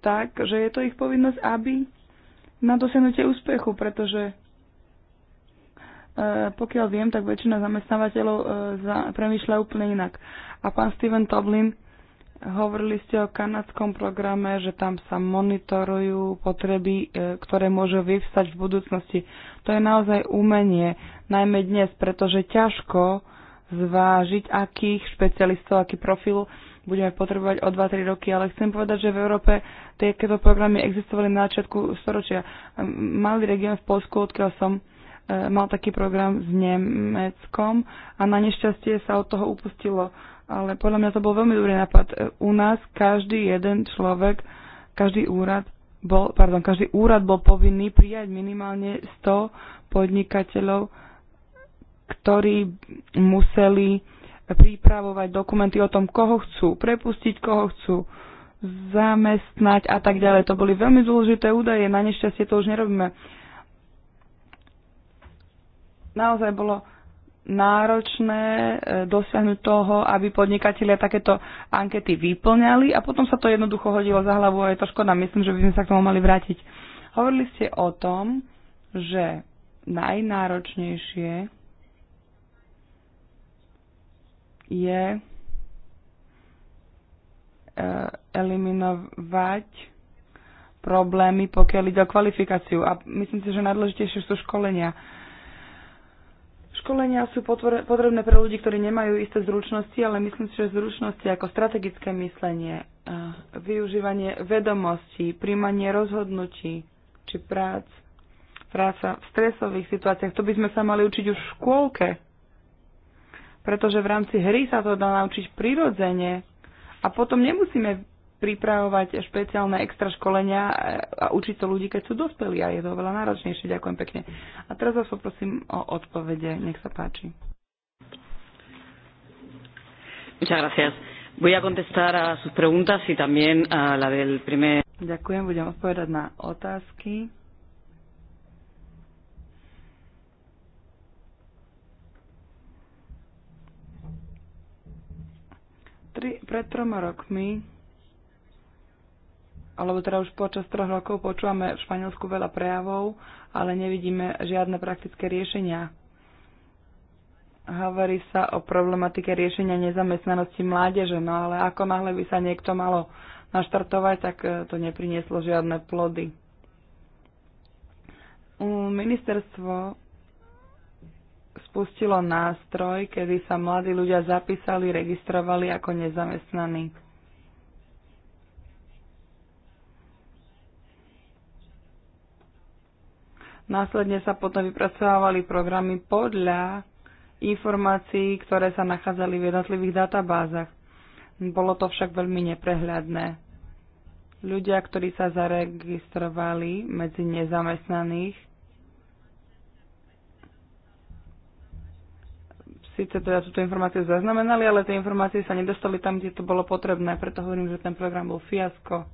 A: tak, že je to ich povinnosť, aby na dosiahnutie úspechu, pretože e, pokiaľ viem, tak väčšina zamestnávateľov e, premýšľa úplne inak. A pán Steven Toblin Hovorili ste o kanadskom programe, že tam sa monitorujú potreby, e, ktoré môžu vyvstať v budúcnosti. To je naozaj umenie, najmä dnes, pretože ťažko zvážiť, akých špecialistov, aký profil budeme potrebovať o 2-3 roky, ale chcem povedať, že v Európe takéto programy existovali na začiatku storočia. Malý región v Polsku, odkiaľ som, e, mal taký program s Nemeckom a na nešťastie sa od toho upustilo ale podľa mňa to bol veľmi dobrý nápad. E, u nás každý jeden človek, každý úrad bol, pardon, každý úrad bol povinný prijať minimálne 100 podnikateľov, ktorí museli pripravovať dokumenty o tom, koho chcú, prepustiť, koho chcú, zamestnať a tak ďalej. To boli veľmi dôležité údaje, na nešťastie to už nerobíme. Naozaj bolo náročné e, dosiahnuť toho, aby podnikatelia takéto ankety vyplňali a potom sa to jednoducho hodilo za hlavu a je to škoda. Myslím, že by sme sa k tomu mali vrátiť. Hovorili ste o tom, že najnáročnejšie je e, eliminovať problémy, pokiaľ ide o kvalifikáciu. A myslím si, že najdôležitejšie sú školenia Školenia sú potrebné pre ľudí, ktorí nemajú isté zručnosti, ale myslím si, že zručnosti ako strategické myslenie, eh, využívanie vedomostí, príjmanie rozhodnutí či prác, práca v stresových situáciách, to by sme sa mali učiť už v škôlke. Pretože v rámci hry sa to dá naučiť prirodzene a potom nemusíme pripravovať špeciálne extra školenia e, a učiť to ľudí, keď sú dospelí a je to oveľa náročnejšie. Ďakujem pekne. A teraz vás poprosím o odpovede. Nech sa páči. Muchas gracias. Voy a contestar a sus preguntas y también a la del primer. Ďakujem, budem odpovedať na otázky. Tri, pred troma rokmi alebo teda už počas troch rokov počúvame v Španielsku veľa prejavov, ale nevidíme žiadne praktické riešenia. Hovorí sa o problematike riešenia nezamestnanosti mládeže, no ale ako náhle by sa niekto malo naštartovať, tak e, to neprinieslo žiadne plody. Ministerstvo spustilo nástroj, kedy sa mladí ľudia zapísali, registrovali ako nezamestnaní. Následne sa potom vypracovávali programy podľa informácií, ktoré sa nachádzali v jednotlivých databázach. Bolo to však veľmi neprehľadné. Ľudia, ktorí sa zaregistrovali medzi nezamestnaných, síce teda túto informáciu zaznamenali, ale tie informácie sa nedostali tam, kde to bolo potrebné. Preto hovorím, že ten program bol fiasko.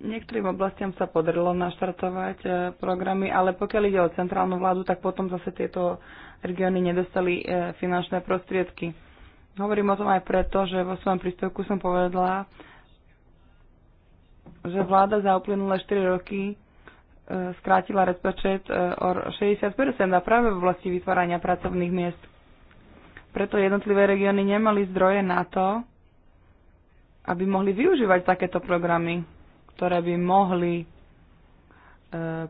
A: Niektorým oblastiam sa podarilo naštartovať e, programy, ale pokiaľ ide o centrálnu vládu, tak potom zase tieto regióny nedostali e, finančné prostriedky. Hovorím o tom aj preto, že vo svojom príspevku som povedala, že vláda za uplynulé 4 roky e, skrátila rozpočet o 60 a práve v oblasti vytvárania pracovných miest. Preto jednotlivé regióny nemali zdroje na to, aby mohli využívať takéto programy ktoré by mohli e,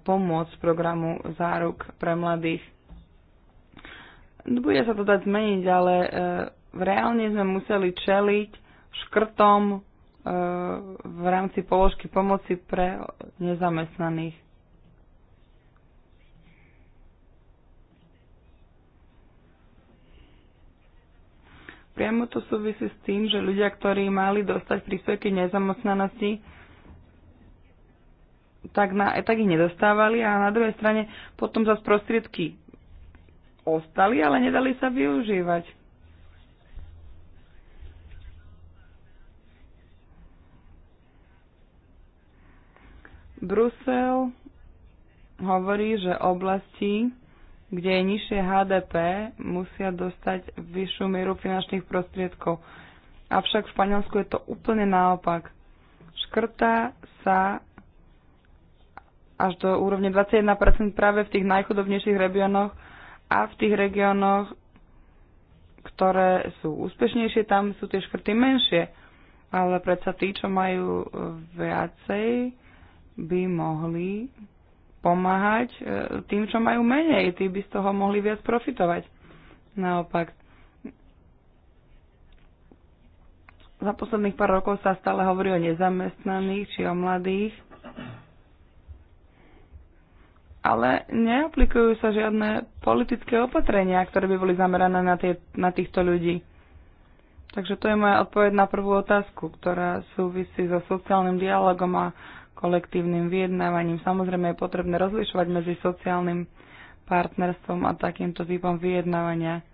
A: pomôcť programu záruk pre mladých. Bude sa to dať zmeniť, ale e, reálne sme museli čeliť škrtom e, v rámci položky pomoci pre nezamestnaných. Priamo to súvisí s tým, že ľudia, ktorí mali dostať príspevky nezamestnanosti, tak, na, tak ich nedostávali a na druhej strane potom zase prostriedky ostali, ale nedali sa využívať. Brusel hovorí, že oblasti, kde je nižšie HDP, musia dostať vyššiu mieru finančných prostriedkov. Avšak v Španielsku je to úplne naopak. Škrta sa až do úrovne 21% práve v tých najchudobnejších regiónoch a v tých regiónoch, ktoré sú úspešnejšie, tam sú tie škrty menšie. Ale predsa tí, čo majú viacej, by mohli pomáhať e, tým, čo majú menej. Tí by z toho mohli viac profitovať. Naopak. Za posledných pár rokov sa stále hovorí o nezamestnaných či o mladých ale neaplikujú sa žiadne politické opatrenia, ktoré by boli zamerané na, tie, na týchto ľudí. Takže to je moja odpoveď na prvú otázku, ktorá súvisí so sociálnym dialogom a kolektívnym vyjednávaním. Samozrejme je potrebné rozlišovať medzi sociálnym partnerstvom a takýmto typom vyjednávania.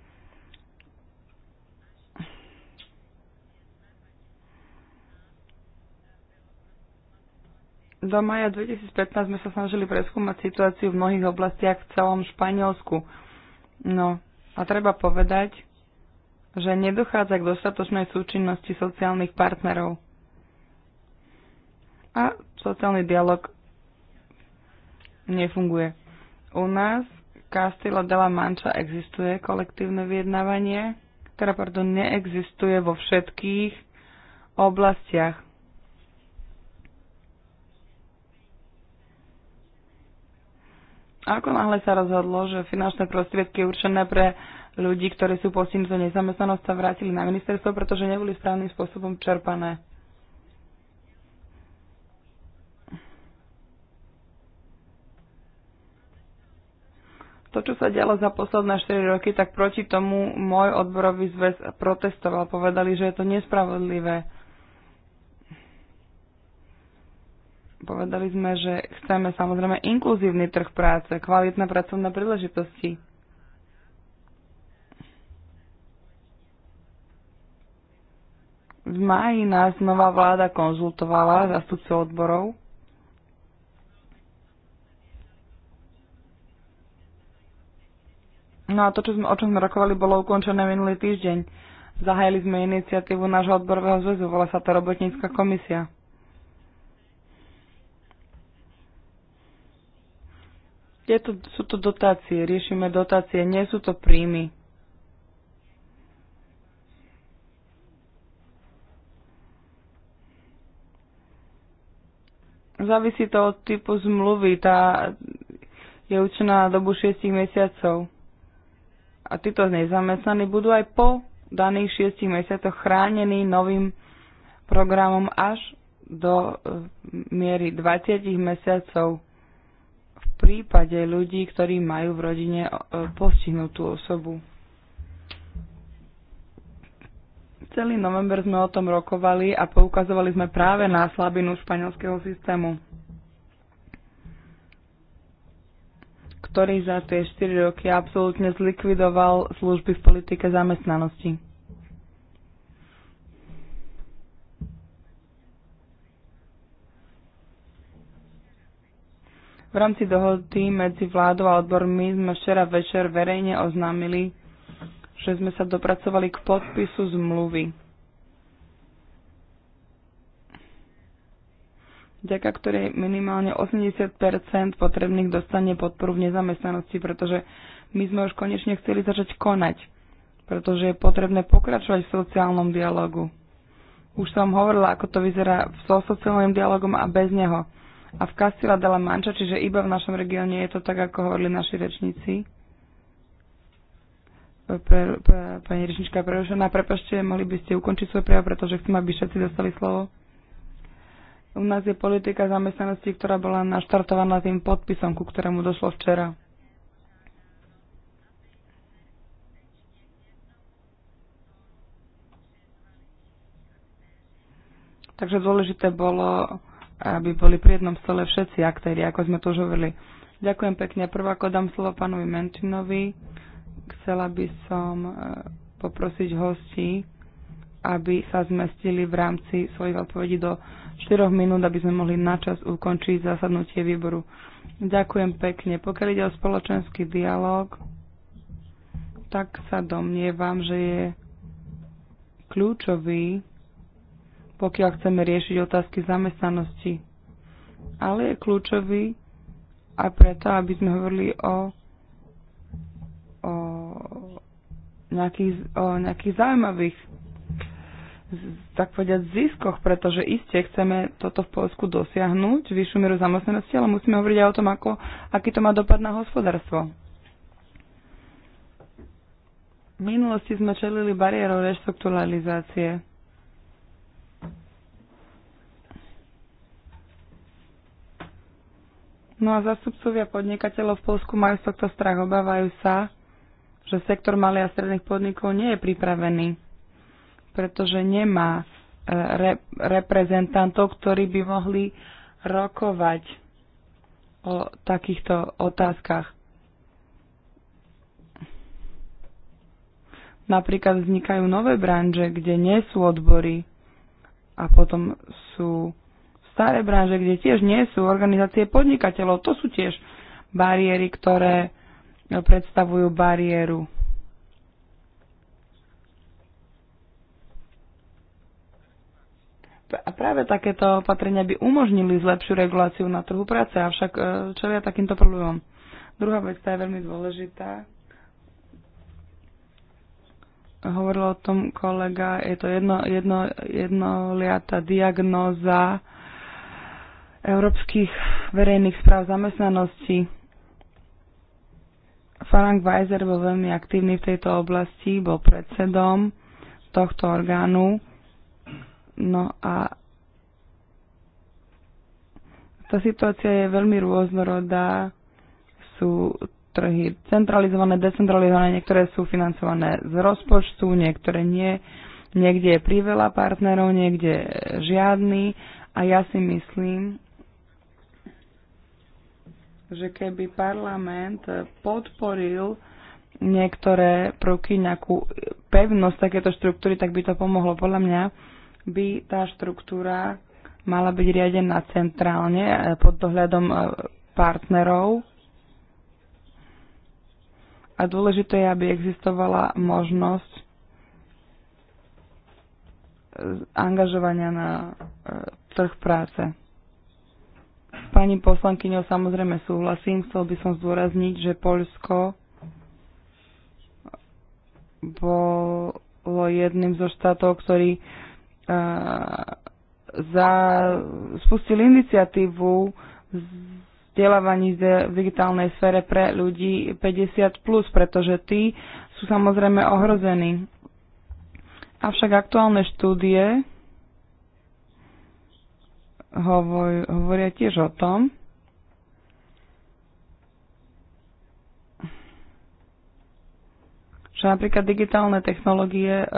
A: Do maja 2015 sme sa snažili preskúmať situáciu v mnohých oblastiach v celom Španielsku. No a treba povedať, že nedochádza k dostatočnej súčinnosti sociálnych partnerov. A sociálny dialog nefunguje. U nás Castilla de la Mancha existuje kolektívne vyjednávanie, ktoré pardon, neexistuje vo všetkých oblastiach. Ako náhle sa rozhodlo, že finančné prostriedky určené pre ľudí, ktorí sú postihnutí nezamestnanosť, sa vrátili na ministerstvo, pretože neboli správnym spôsobom čerpané. to, čo sa dialo za posledné 4 roky, tak proti tomu môj odborový zväz protestoval. Povedali, že je to nespravodlivé. Povedali sme, že chceme samozrejme inkluzívny trh práce, kvalitné pracovné príležitosti. V máji nás nová vláda konzultovala zastupcov odborov. No a to, čo sme, o čom sme rokovali, bolo ukončené minulý týždeň. Zahajili sme iniciatívu nášho odborového zväzu, volá sa to Robotnícka komisia. Je to, sú to dotácie, riešime dotácie, nie sú to príjmy. Závisí to od typu zmluvy. Tá je určená na dobu 6 mesiacov. A títo nezamestnaní budú aj po daných 6 mesiacoch chránení novým programom až do e, miery 20 mesiacov prípade ľudí, ktorí majú v rodine e, postihnutú osobu. Celý november sme o tom rokovali a poukazovali sme práve na slabinu španielského systému, ktorý za tie 4 roky absolútne zlikvidoval služby v politike zamestnanosti. V rámci dohody medzi vládou a odbormi sme včera večer verejne oznámili, že sme sa dopracovali k podpisu zmluvy. ďaka, ktorej minimálne 80 potrebných dostane podporu v nezamestnanosti, pretože my sme už konečne chceli začať konať, pretože je potrebné pokračovať v sociálnom dialogu. Už som hovorila, ako to vyzerá so sociálnym dialogom a bez neho a v Castilla de la Mancha, čiže iba v našom regióne je to tak, ako hovorili naši rečníci. Pre, pre, pani rečnička prerušená, prepašte, mohli by ste ukončiť svoj prejav, pretože chcem, aby všetci dostali slovo. U nás je politika zamestnanosti, ktorá bola naštartovaná tým podpisom, ku ktorému došlo včera. Takže dôležité bolo aby boli pri jednom stole všetci aktéri, ako sme to už hovorili. Ďakujem pekne. Prvá, ako dám slovo pánovi Menčinovi, chcela by som e, poprosiť hostí, aby sa zmestili v rámci svojich odpovedí do 4 minút, aby sme mohli načas ukončiť zasadnutie výboru. Ďakujem pekne. Pokiaľ ide o spoločenský dialog, tak sa domnievam, že je kľúčový pokiaľ chceme riešiť otázky zamestnanosti. Ale je kľúčový aj preto, aby sme hovorili o, o, nejakých, o nejakých zaujímavých tak povedať, ziskoch, pretože iste chceme toto v Polsku dosiahnuť, vyššiu mieru zamestnanosti, ale musíme hovoriť aj o tom, ako, aký to má dopad na hospodárstvo. V minulosti sme čelili bariérou reštrukturalizácie No a zastupcovia podnikateľov v Polsku majú z tohto strach, obávajú sa, že sektor malých a stredných podnikov nie je pripravený, pretože nemá e, re, reprezentantov, ktorí by mohli rokovať o takýchto otázkach. Napríklad vznikajú nové branže, kde nie sú odbory a potom sú staré branže, kde tiež nie sú organizácie podnikateľov. To sú tiež bariéry, ktoré predstavujú bariéru. A práve takéto opatrenia by umožnili zlepšiu reguláciu na trhu práce, avšak e, čo ja takýmto problémom. Druhá vec, tá je veľmi dôležitá. Hovoril o tom kolega, je to jedno, jedno, jednoliatá diagnóza európskych verejných správ zamestnanosti. Frank Weiser bol veľmi aktívny v tejto oblasti, bol predsedom tohto orgánu. No a tá situácia je veľmi rôznorodá. Sú trhy centralizované, decentralizované, niektoré sú financované z rozpočtu, niektoré nie. Niekde je priveľa partnerov, niekde žiadny. A ja si myslím, že keby parlament podporil niektoré prvky, nejakú pevnosť takéto štruktúry, tak by to pomohlo. Podľa mňa by tá štruktúra mala byť riadená centrálne eh, pod dohľadom eh, partnerov. A dôležité je, aby existovala možnosť eh, angažovania na trh práce pani poslankyňou samozrejme súhlasím. Chcel by som zdôrazniť, že Poľsko bolo jedným zo štátov, ktorý e, za, spustil iniciatívu vzdelávaní v digitálnej sfére pre ľudí 50+, plus, pretože tí sú samozrejme ohrození. Avšak aktuálne štúdie hovor, hovoria tiež o tom, že napríklad digitálne technológie e,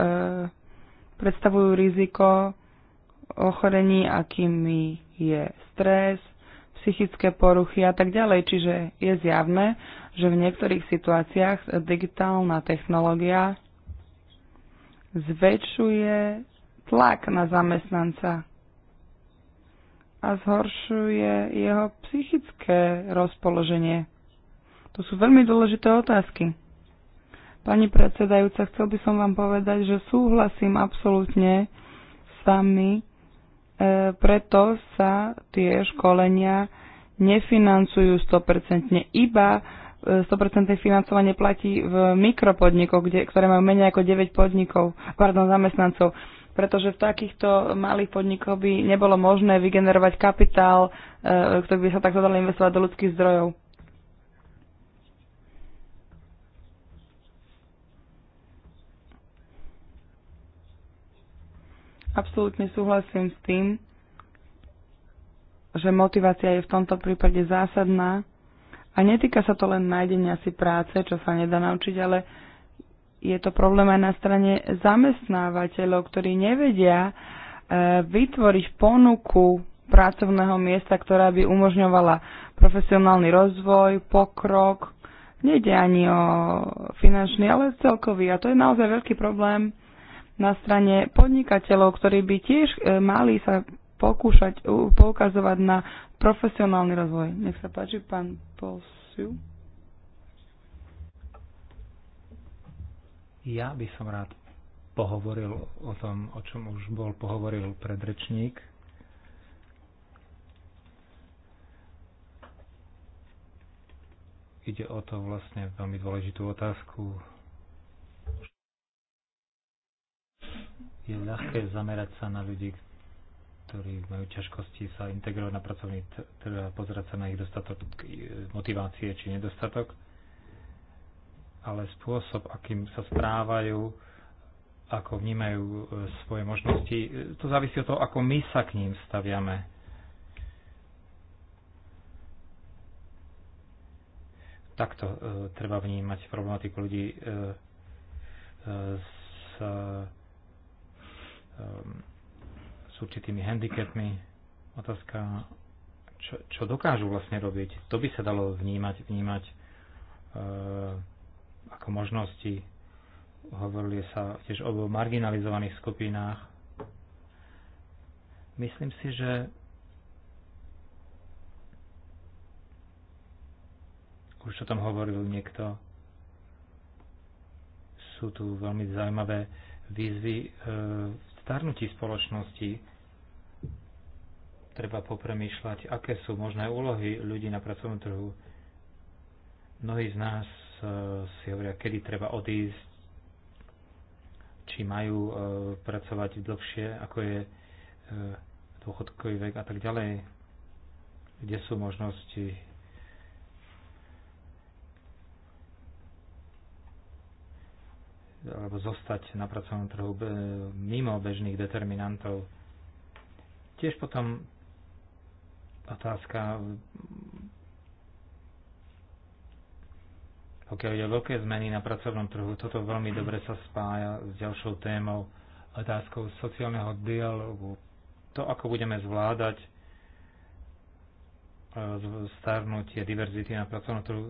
A: predstavujú riziko ochorení, akými je stres, psychické poruchy a tak ďalej. Čiže je zjavné, že v niektorých situáciách digitálna technológia zväčšuje tlak na zamestnanca a zhoršuje jeho psychické rozpoloženie? To sú veľmi dôležité otázky. Pani predsedajúca, chcel by som vám povedať, že súhlasím absolútne s vami, e, preto sa tie školenia nefinancujú 100%, iba 100% e, financovanie platí v mikropodnikoch, kde, ktoré majú menej ako 9 podnikov, pardon, zamestnancov pretože v takýchto malých podnikoch by nebolo možné vygenerovať kapitál, e, ktorý by sa takto dal investovať do ľudských zdrojov. Absolútne súhlasím s tým, že motivácia je v tomto prípade zásadná a netýka sa to len nájdenia si práce, čo sa nedá naučiť, ale je to problém aj na strane zamestnávateľov, ktorí nevedia e, vytvoriť ponuku pracovného miesta, ktorá by umožňovala profesionálny rozvoj, pokrok. Nejde ani o finančný, ale celkový. A to je naozaj veľký problém na strane podnikateľov, ktorí by tiež e, mali sa pokúšať poukazovať na profesionálny rozvoj. Nech sa páči, pán Polsiu.
B: Ja by som rád pohovoril o tom, o čom už bol pohovoril predrečník. Ide o to vlastne veľmi dôležitú otázku. Je ľahké zamerať sa na ľudí, ktorí majú ťažkosti sa integrovať na pracovný trh a pozerať sa na ich dostatok eh, motivácie či nedostatok ale spôsob, akým sa správajú, ako vnímajú e, svoje možnosti, e, to závisí od toho, ako my sa k ním staviame. Takto e, treba vnímať problematiku ľudí e, e, s, e, s určitými handicapmi. Otázka, čo, čo dokážu vlastne robiť, to by sa dalo vnímať, vnímať e, ako možnosti. Hovorili sa tiež o marginalizovaných skupinách. Myslím si, že už o tom hovoril niekto. Sú tu veľmi zaujímavé výzvy e, v starnutí spoločnosti. Treba popremýšľať, aké sú možné úlohy ľudí na pracovnom trhu. Mnohí z nás E, si hovoria, kedy treba odísť, či majú e, pracovať dlhšie, ako je e, dôchodkový vek a tak ďalej, kde sú možnosti alebo zostať na pracovnom trhu mimo bežných determinantov. Tiež potom otázka Pokiaľ ide veľké zmeny na pracovnom trhu, toto veľmi dobre sa spája s ďalšou témou, otázkou sociálneho dialogu. To, ako budeme zvládať e, starnutie diverzity na pracovnom trhu,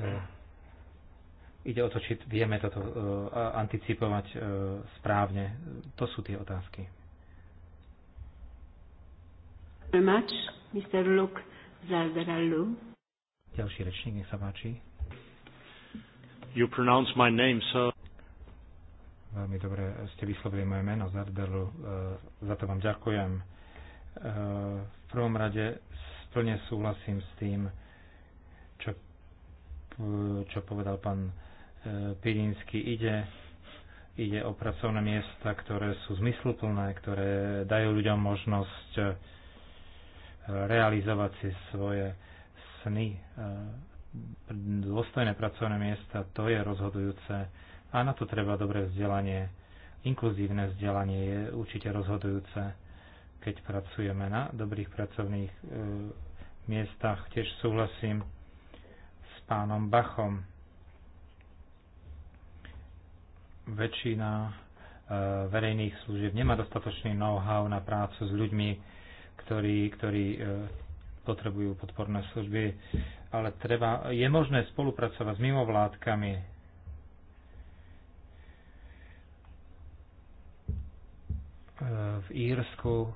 B: e, ide o to, či vieme toto e, anticipovať správne. To sú tie otázky much,
A: Mr. Luke
B: Ďalší rečník, nech sa páči. You pronounce my name, sir. Veľmi dobre eh, ste vyslovili moje meno, Zardalu. Eh, za to vám ďakujem. Eh, v prvom rade plne súhlasím s tým, čo, čo povedal pán Pirinsky. Ide, ide o pracovné miesta, ktoré sú zmysluplné, ktoré dajú ľuďom možnosť realizovať si svoje sny. E, dôstojné pracovné miesta, to je rozhodujúce a na to treba dobré vzdelanie. Inkluzívne vzdelanie je určite rozhodujúce, keď pracujeme na dobrých pracovných e, miestach. Tiež súhlasím s pánom Bachom. Väčšina e, verejných služieb nemá dostatočný know-how na prácu s ľuďmi, ktorí, ktorí e, potrebujú podporné služby, ale treba, je možné spolupracovať s mimovládkami. E, v Írsku e,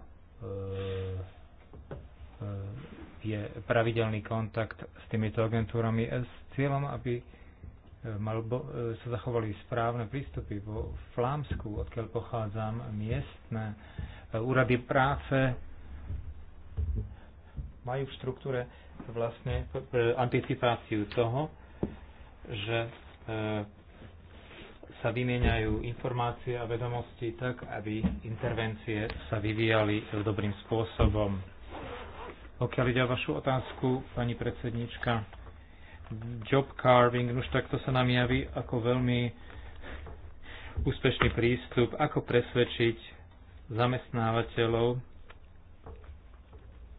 B: je pravidelný kontakt s týmito agentúrami s cieľom, aby mal, sa zachovali správne prístupy. Vo Flámsku, odkiaľ pochádzam, miestne úrady práce majú v štruktúre vlastne anticipáciu toho, že e, sa vymieňajú informácie a vedomosti tak, aby intervencie sa vyvíjali dobrým spôsobom. Pokiaľ ide o vašu otázku, pani predsednička, job carving, už takto sa nám javí ako veľmi úspešný prístup, ako presvedčiť zamestnávateľov,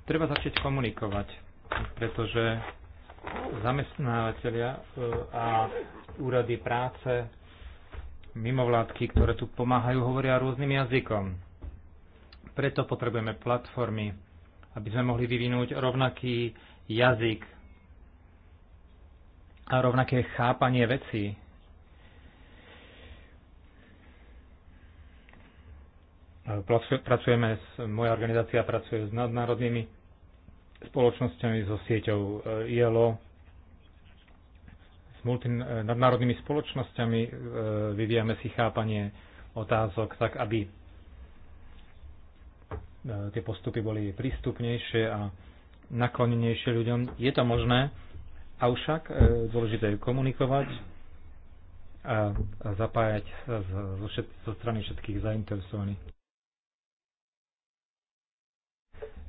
B: Treba začať komunikovať, pretože zamestnávateľia e, a úrady práce, mimovládky, ktoré tu pomáhajú, hovoria rôznym jazykom. Preto potrebujeme platformy, aby sme mohli vyvinúť rovnaký jazyk a rovnaké chápanie vecí, Pracujeme, moja organizácia pracuje s nadnárodnými spoločnosťami, so sieťou e, ILO, s e, nadnárodnými spoločnosťami e, vyvíjame si chápanie otázok tak, aby tie postupy boli prístupnejšie a naklonenejšie ľuďom. Je to možné, avšak dôležité je komunikovať a zapájať sa zo strany všetkých zainteresovaných.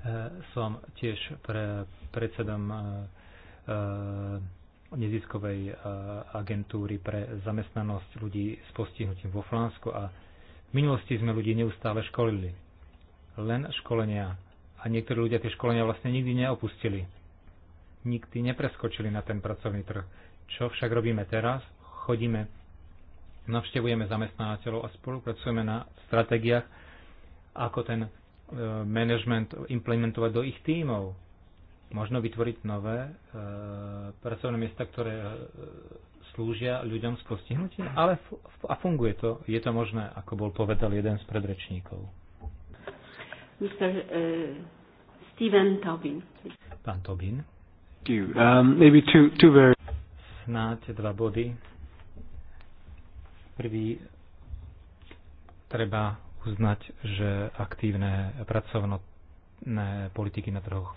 B: Eh, som tiež pre, predsedom eh, eh, neziskovej agentúry pre zamestnanosť ľudí s postihnutím vo Flánsku a v minulosti sme ľudí neustále školili. Len školenia. A niektorí ľudia tie školenia vlastne nikdy neopustili. Nikdy nepreskočili na ten pracovný trh. Čo však robíme teraz? Chodíme, navštevujeme zamestnávateľov a spolupracujeme na stratégiách, ako ten Eh, management implementovať do ich tímov. Možno vytvoriť nové eh, pracovné miesta, ktoré eh, slúžia ľuďom s postihnutím, ale a funguje to. Je to možné, ako bol povedal jeden z predrečníkov. Mr. Steven Tobin. Pán Tobin. Um, maybe two, two very... Snáď dva body. Prvý, treba uznať, že aktívne pracovné politiky na trhoch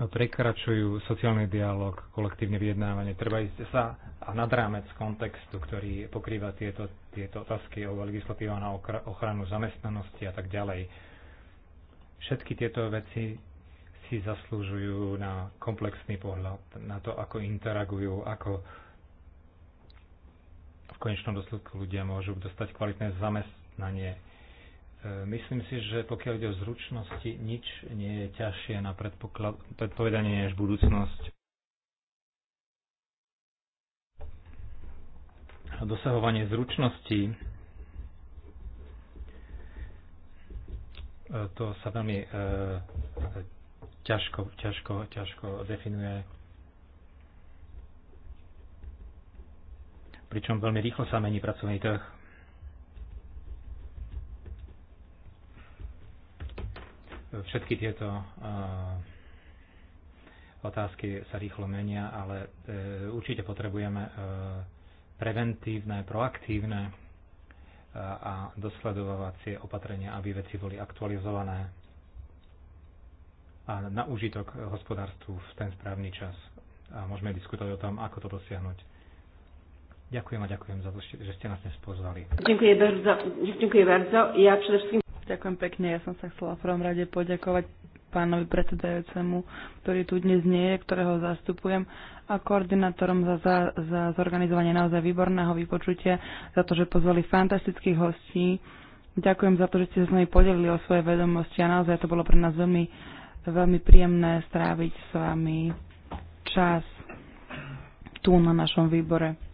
B: prekračujú sociálny dialog, kolektívne vyjednávanie. Treba ísť sa a nad rámec kontextu, ktorý pokrýva tieto, tieto otázky o legislatíva na ochranu zamestnanosti a tak ďalej. Všetky tieto veci si zaslúžujú na komplexný pohľad, na to, ako interagujú, ako v konečnom dôsledku ľudia môžu dostať kvalitné zamestnanie. E, myslím si, že pokiaľ ide o zručnosti, nič nie je ťažšie na predpovedanie než budúcnosť. A dosahovanie zručností e, to sa veľmi e, ťažko, ťažko, ťažko definuje pričom veľmi rýchlo sa mení pracovný trh. Všetky tieto e, otázky sa rýchlo menia, ale e, určite potrebujeme e, preventívne, proaktívne a dosledovacie opatrenia, aby veci boli aktualizované a na úžitok hospodárstvu v ten správny čas. A môžeme diskutovať o tom, ako to dosiahnuť. Ďakujem a ďakujem za to, že ste nás dnes pozvali.
A: Ďakujem bardzo. Ďakujem bardzo. Ja všetkým... Ďakujem pekne. Ja som sa chcela v prvom rade poďakovať pánovi predsedajúcemu, ktorý tu dnes nie je, ktorého zastupujem, a koordinátorom za, za, za zorganizovanie naozaj výborného vypočutia, za to, že pozvali fantastických hostí. Ďakujem za to, že ste sa s nami podelili o svoje vedomosti a naozaj to bolo pre nás veľmi, veľmi príjemné stráviť s vami čas tu na našom výbore.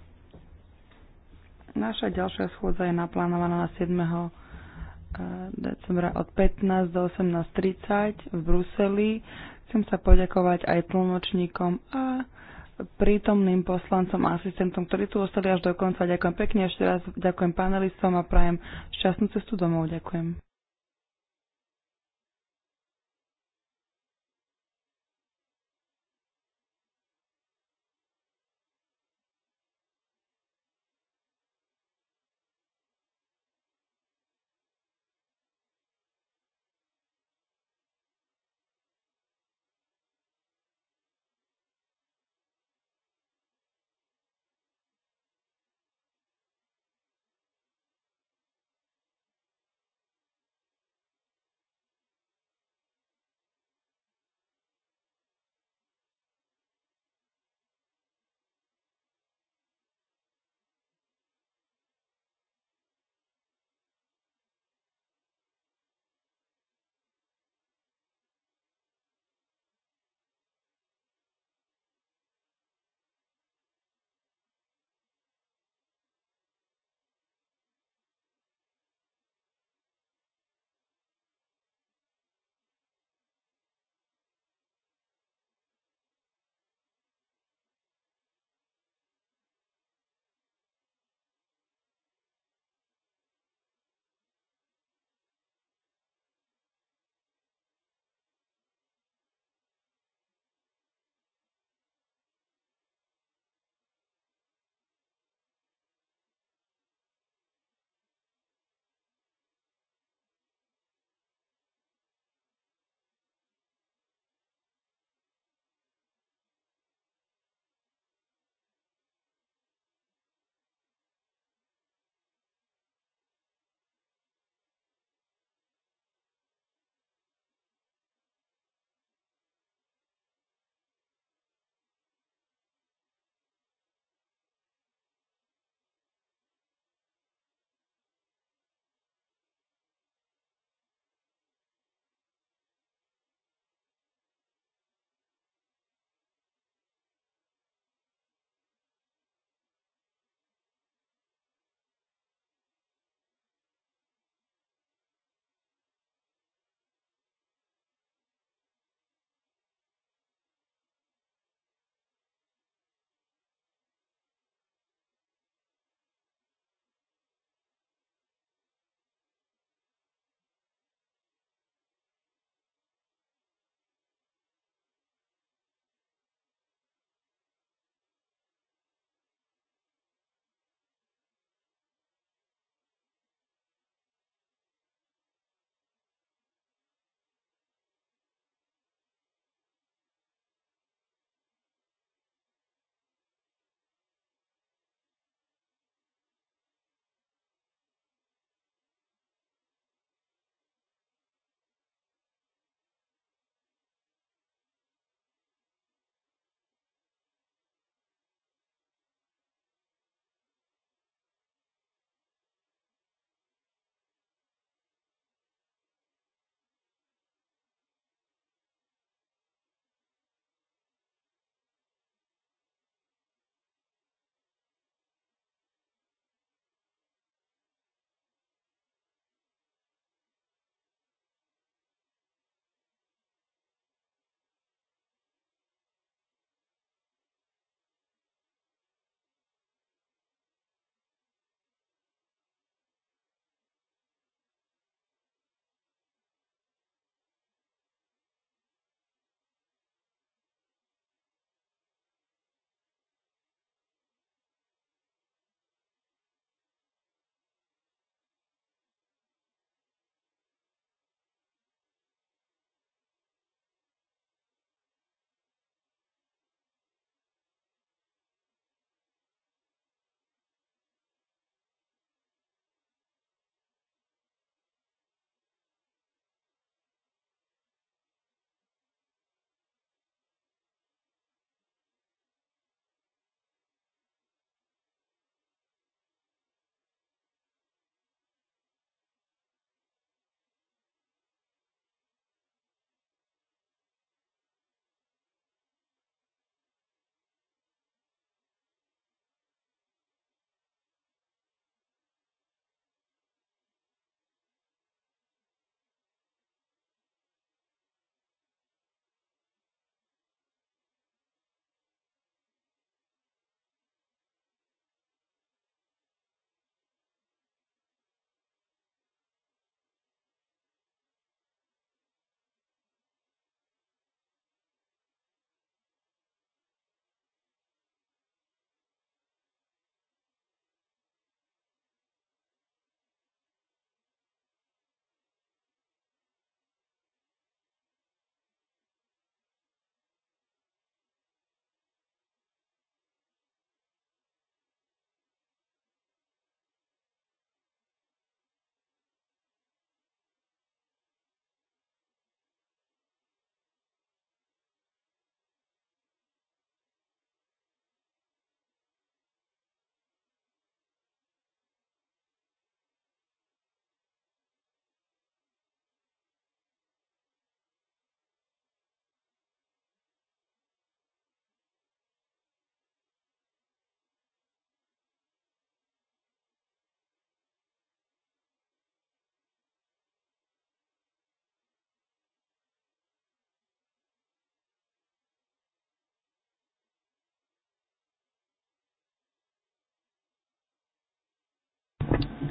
A: Naša ďalšia schôdza je naplánovaná na 7. Eh, decembra od 15 do 18.30 v Bruseli. Chcem sa poďakovať aj tlmočníkom a prítomným poslancom a asistentom, ktorí tu ostali až do konca. Ďakujem pekne ešte raz, ďakujem panelistom a prajem šťastnú cestu domov. Ďakujem.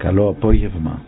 B: Καλό απόγευμα.